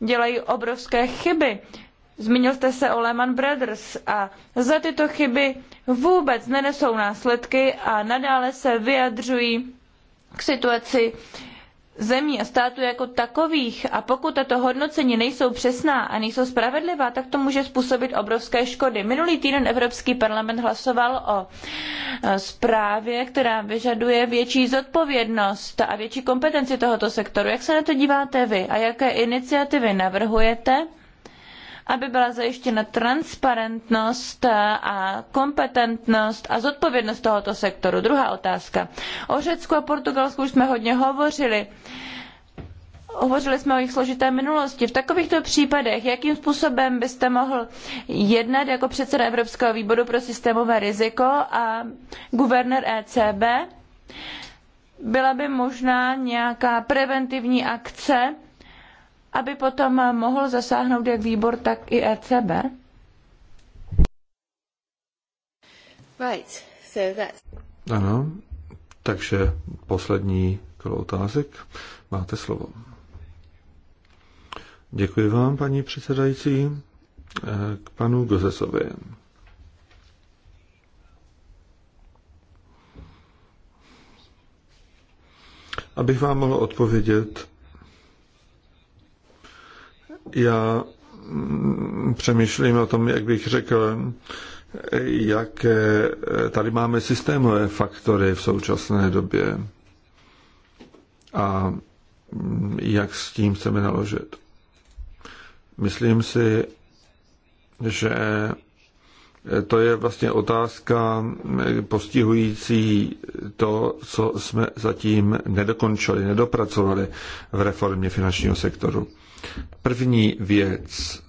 dělají obrovské chyby. Zmínil jste se o Lehman Brothers a za tyto chyby vůbec nenesou následky a nadále se vyjadřují k situaci zemí a států jako takových a pokud tato hodnocení nejsou přesná a nejsou spravedlivá, tak to může způsobit obrovské škody. Minulý týden Evropský parlament hlasoval o e, zprávě, která vyžaduje větší zodpovědnost a větší kompetenci tohoto sektoru. Jak se na to díváte vy a jaké iniciativy navrhujete? aby byla zajištěna transparentnost a kompetentnost a zodpovědnost tohoto sektoru. Druhá otázka. O Řecku a Portugalsku už jsme hodně hovořili. Hovořili jsme o jejich složité minulosti. V takovýchto případech, jakým způsobem byste mohl jednat jako předseda Evropského výboru pro systémové riziko a guvernér ECB? Byla by možná nějaká preventivní akce, aby potom mohl zasáhnout jak výbor, tak i ECB? Right. So that's... Ano, takže poslední kolo otázek. Máte slovo. Děkuji vám, paní předsedající, eh, k panu Gozesovi. Abych vám mohl odpovědět, já mm, přemýšlím o tom, jak bych řekl, jak eh, tady máme systémové faktory v současné době a mm, jak s tím chceme naložit. Myslím si, že eh, to je vlastně otázka eh, postihující to, co jsme zatím nedokončili, nedopracovali v reformě finančního sektoru. První věc,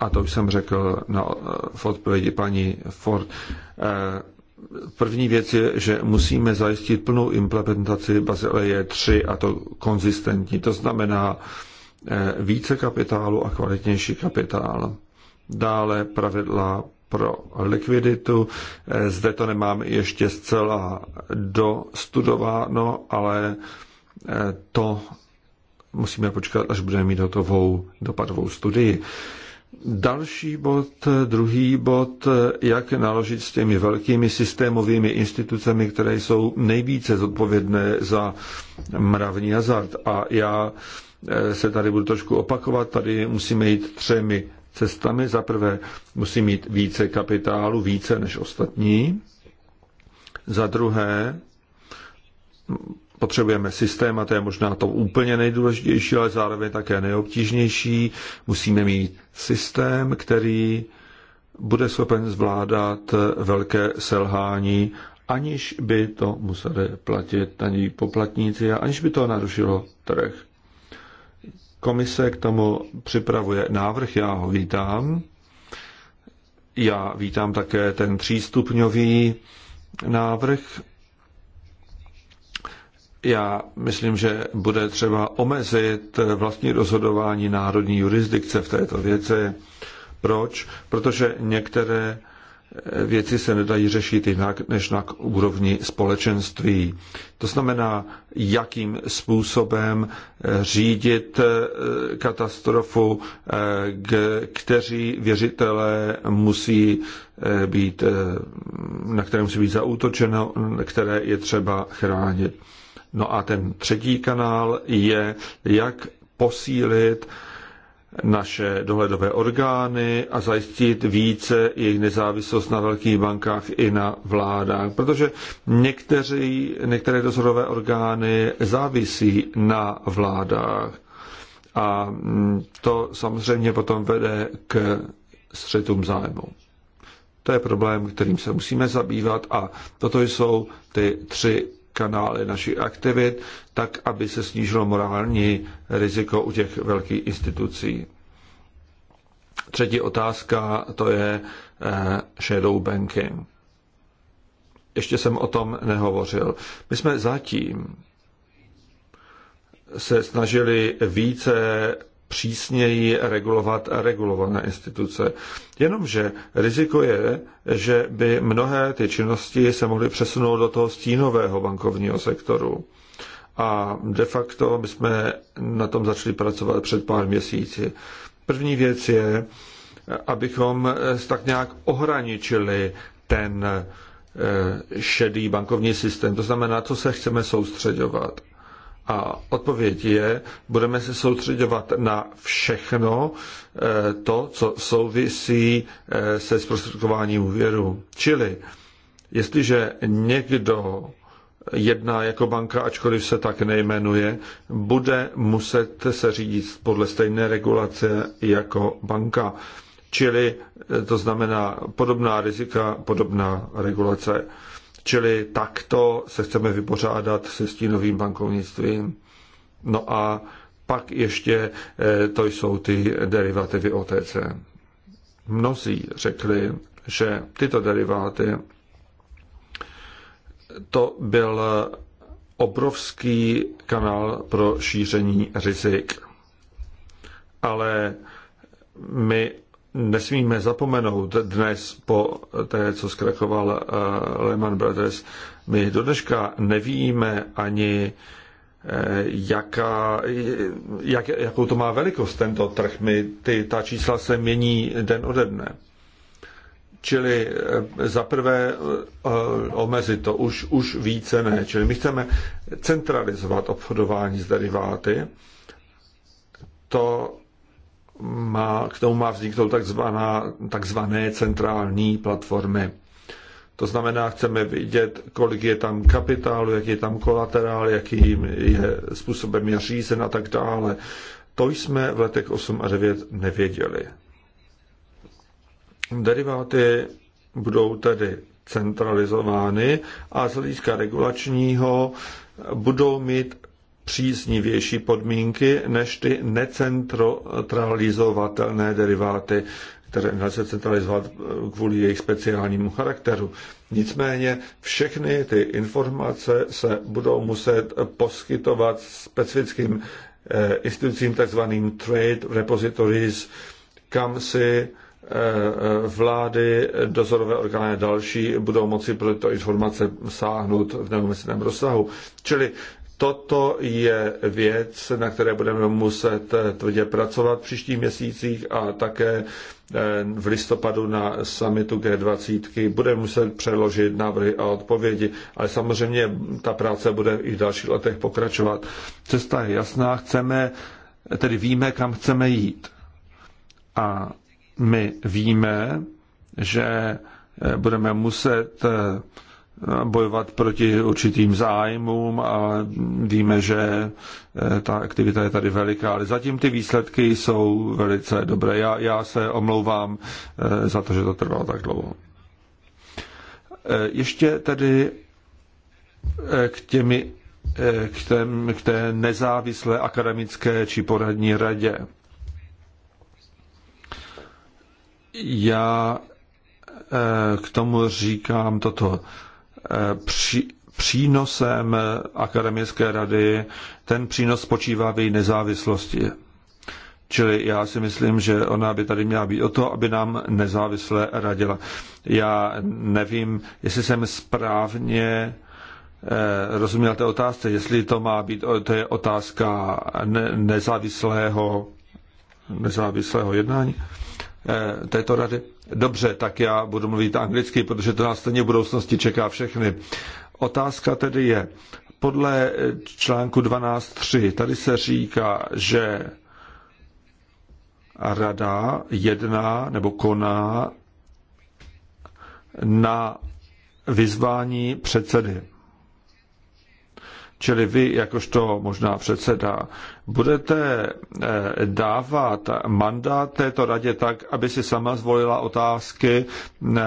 a to jsem řekl na, v odpovědi paní Ford, eh, První věc je, že musíme zajistit plnou implementaci Bazileje 3 e a to konzistentní. To znamená eh, více kapitálu a kvalitnější kapitál. Dále pravidla pro likviditu. Eh, zde to nemám ještě zcela dostudováno, ale to musíme počkat, až budeme mít hotovou dopadovou studii. Další bod, druhý bod, jak naložit s těmi velkými systémovými institucemi, které jsou nejvíce zodpovědné za mravní hazard. A já eh, se tady budu trošku opakovat, tady musíme jít třemi cestami. Za prvé musí mít více kapitálu, více než ostatní. Za druhé potřebujeme systém a to je možná to úplně nejdůležitější, ale zároveň také nejobtížnější. Musíme mít systém, který bude schopen zvládat velké selhání, aniž by to museli platit ani poplatníci a aniž by to narušilo trh. Komise k tomu připravuje návrh, já ho vítám. Já vítám také ten třístupňový návrh, já myslím, že bude třeba omezit vlastní rozhodování národní jurisdikce v této věci. Proč? Protože některé věci se nedají řešit jinak než na úrovni společenství. To znamená, jakým způsobem řídit eh, katastrofu, eh, kteří věřitelé musí eh, být, na které musí být zautočeno, které je třeba chránit. No a ten třetí kanál je, jak posílit naše dohledové orgány a zajistit více jejich nezávislost na velkých bankách i na vládách, protože někteří, některé dozorové orgány závisí na vládách. A to samozřejmě potom vede k střetům zájmu. To je problém, kterým se musíme zabývat a toto jsou ty tři kanály našich aktivit, tak aby se snížilo morální riziko u těch velkých institucí. Třetí otázka to je eh, shadow banking. Ještě jsem o tom nehovořil. My jsme zatím se snažili více přísněji regulovat regulované instituce. Jenomže riziko je, že by mnohé ty činnosti se mohly přesunout do toho stínového bankovního sektoru. A de facto my jsme na tom začali pracovat před pár měsíci. První věc je, abychom tak nějak ohraničili ten eh, šedý bankovní systém. To znamená, co se chceme soustředovat. A odpověď je, budeme se soustředovat na všechno eh, to, co souvisí eh, se zprostředkováním úvěru. Čili, jestliže někdo jedná jako banka, ačkoliv se tak nejmenuje, bude muset se řídit podle stejné regulace jako banka. Čili eh, to znamená podobná rizika, podobná regulace. Čili takto se chceme vypořádat se stínovým bankovnictvím. No a pak ještě eh, to jsou ty derivativy OTC. Mnozí řekli, že tyto deriváty to byl obrovský kanál pro šíření rizik. Ale my nesmíme zapomenout dnes po té, co zkrachoval eh, Lehman Brothers, my do dneška nevíme ani, eh, jaká, jak, jakou to má velikost tento trh. My, ty, ta čísla se mění den ode dne. Čili eh, zaprvé omezit to už, už více ne. Čili my chceme centralizovat obchodování s deriváty. To má, k tomu má vzniknout takzvaná, takzvané centrální platformy. To znamená, chceme vidět, kolik je tam kapitálu, jaký je tam kolaterál, jakým je způsobem je řízen a tak dále. To jsme v letech 8 a 9 nevěděli. Deriváty budou tedy centralizovány a z hlediska regulačního budou mít příznivější podmínky než ty necentralizovatelné deriváty, které nelze centralizovat eh, kvůli jejich speciálnímu charakteru. Nicméně všechny ty informace se budou muset poskytovat specifickým eh, institucím, takzvaným trade repositories, kam si eh, vlády, dozorové orgány a další budou moci pro tyto informace sáhnout v neomezeném rozsahu. Čili Toto je věc, na které budeme muset tvrdě pracovat v příštích měsících a také eh, v listopadu na summitu G20 budeme muset přeložit návrhy a odpovědi, ale samozřejmě ta práce bude i v dalších letech pokračovat. Cesta je jasná, chceme, tedy víme, kam chceme jít. A my víme, že eh, budeme muset eh, bojovat proti určitým zájmům a víme, že eh, ta aktivita je tady veliká, ale zatím ty výsledky jsou velice dobré. Já, já se omlouvám eh, za to, že to trvalo tak dlouho. Eh, ještě tedy k těmi k té, k té nezávislé akademické či poradní radě. Já k tomu říkám toto při, přínosem akademické rady, ten přínos spočívá v její nezávislosti. Čili já si myslím, že ona by tady měla být o to, aby nám nezávisle radila. Já nevím, jestli jsem správně eh, rozuměl té otázce, jestli to má být, to je otázka nezávislého, nezávislého jednání eh, této rady. Dobře, tak já budu mluvit anglicky, protože to nás stejně v budoucnosti čeká všechny. Otázka tedy je, podle článku 12.3 tady se říká, že rada jedná nebo koná na vyzvání předsedy. Čili vy, jakožto možná předseda, budete eh, dávat mandát této radě tak, aby si sama zvolila otázky, eh,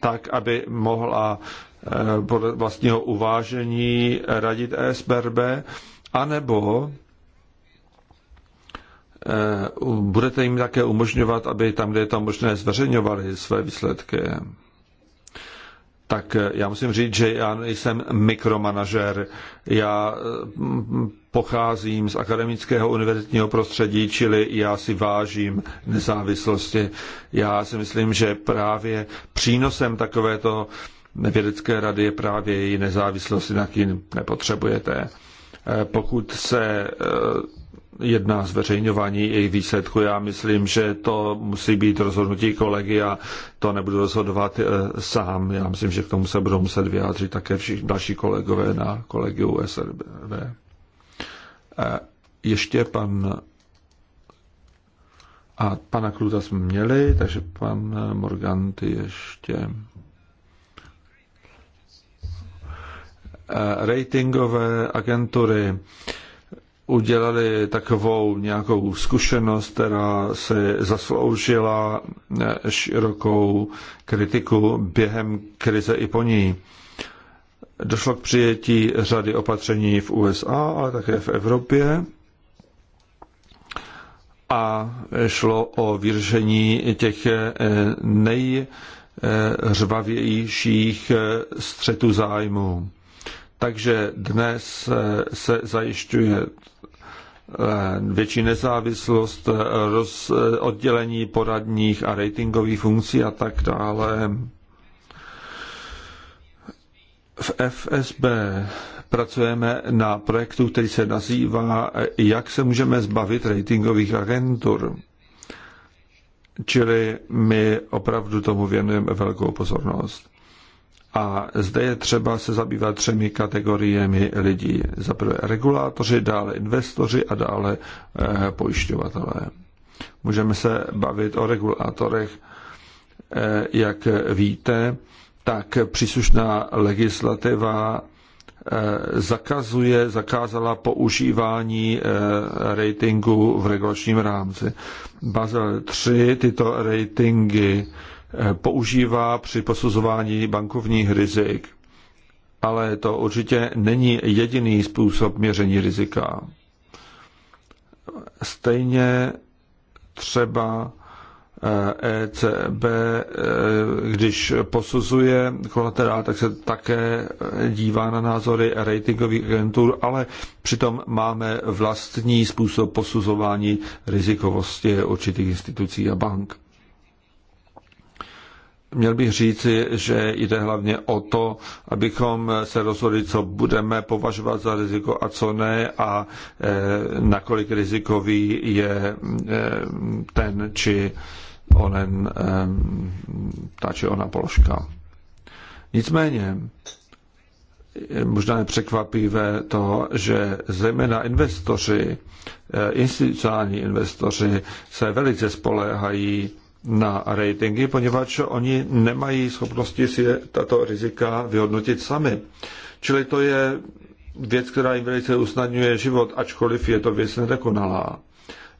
tak, aby mohla eh, podle vlastního uvážení radit ESBRB, anebo budete jim také umožňovat, aby tam, kde je to možné, zveřejňovali své výsledky tak eh, já musím říct, že já nejsem mikromanažer. Já mm, pocházím z akademického univerzitního prostředí, čili já si vážím nezávislosti. Já si myslím, že právě přínosem takovéto vědecké rady je právě její nezávislost, jinak ji nepotřebujete. Eh, pokud se eh, jedná zveřejňování jejich výsledku. Já myslím, že to musí být rozhodnutí kolegy a to nebudu rozhodovat eh, sám. Já myslím, že k tomu se budou muset vyjádřit také všichni další kolegové na kolegiu SRB. Eh, ještě pan a pana Kluta jsme měli, takže pan eh, Morganty ještě. ratingové agentury udělali takovou nějakou zkušenost, která se zasloužila širokou kritiku během krize i po ní. Došlo k přijetí řady opatření v USA, ale také v Evropě a šlo o vyřešení těch eh, nejřvavějších eh, střetů zájmů. Takže dnes eh, se zajišťuje Eh, větší nezávislost, eh, roz, eh, oddělení poradních a ratingových funkcí a tak dále. V FSB pracujeme na projektu, který se nazývá Jak se můžeme zbavit ratingových agentur. Čili my opravdu tomu věnujeme velkou pozornost. A zde je třeba se zabývat třemi kategoriemi lidí. Za prvé regulátoři, dále investoři a dále eh, pojišťovatelé. Můžeme se bavit o regulátorech. Eh, jak víte, tak příslušná legislativa eh, zakazuje, zakázala používání ratingu v regulačním rámci. Basel 3 tyto ratingy Eh, používá při posuzování bankovních rizik. Ale to určitě není jediný způsob měření rizika. Stejně třeba ECB, eh, e eh, když posuzuje kolaterál, tak se také dívá na názory ratingových agentur, ale přitom máme vlastní způsob posuzování rizikovosti určitých institucí a bank. Měl bych říci, že jde hlavně o to, abychom se rozhodli, co budeme považovat za riziko a co ne a e, nakolik rizikový je e, ten či onen, e, ta či ona položka. Nicméně, možná je překvapivé to, že zejména investoři, institucionální investoři se velice spoléhají na ratingy, poněvadž oni nemají schopnosti si tato rizika vyhodnotit sami. Čili to je věc, která jim velice usnadňuje život, ačkoliv je to věc nedokonalá.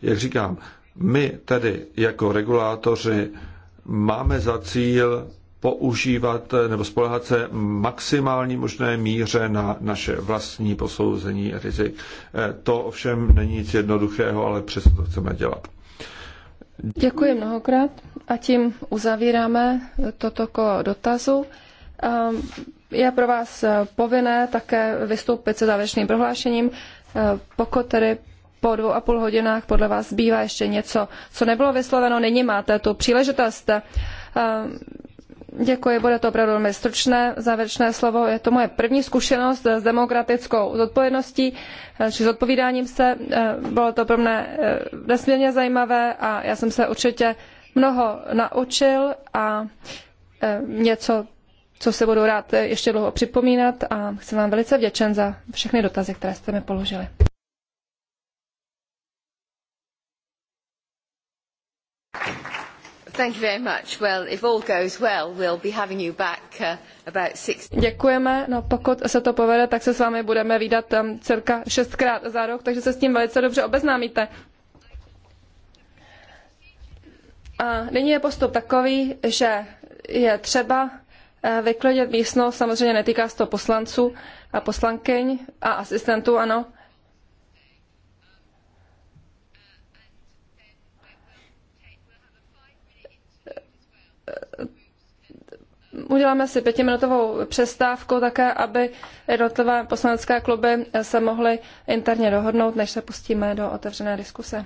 Jak říkám, my tedy jako regulátoři máme za cíl používat nebo spolehat se maximální možné míře na naše vlastní posouzení rizik. To ovšem není nic jednoduchého, ale přesto to chceme dělat. Děkuji mnohokrát a tím uzavíráme toto kolo dotazu. Je pro vás povinné také vystoupit se závěrečným prohlášením, pokud tedy po dvou a půl hodinách podle vás zbývá ještě něco, co nebylo vysloveno, nyní máte tu příležitost. Děkuji, bude to opravdu velmi stručné závěrečné slovo. Je to moje první zkušenost s demokratickou zodpovědností, eh, či zodpovídáním se. Eh, bylo to pro mne eh, nesmírně zajímavé a já jsem se určitě mnoho naučil a něco, co se budu rád ještě dlouho připomínat a jsem vám velice vděčen za všechny dotazy, které jste mi položili. Děkujeme. No, pokud se to povede, tak se s vámi budeme výdat um, cirka šestkrát za rok, takže se s tím velice dobře obeznámíte. A nyní je postup takový, že je třeba eh, vyklidit místnost, samozřejmě netýká se to poslanců a poslankyň a asistentů, ano, Uděláme si pětiminutovou přestávku také, aby jednotlivé poslanecké kluby se mohly interně dohodnout, než se pustíme do otevřené diskuse.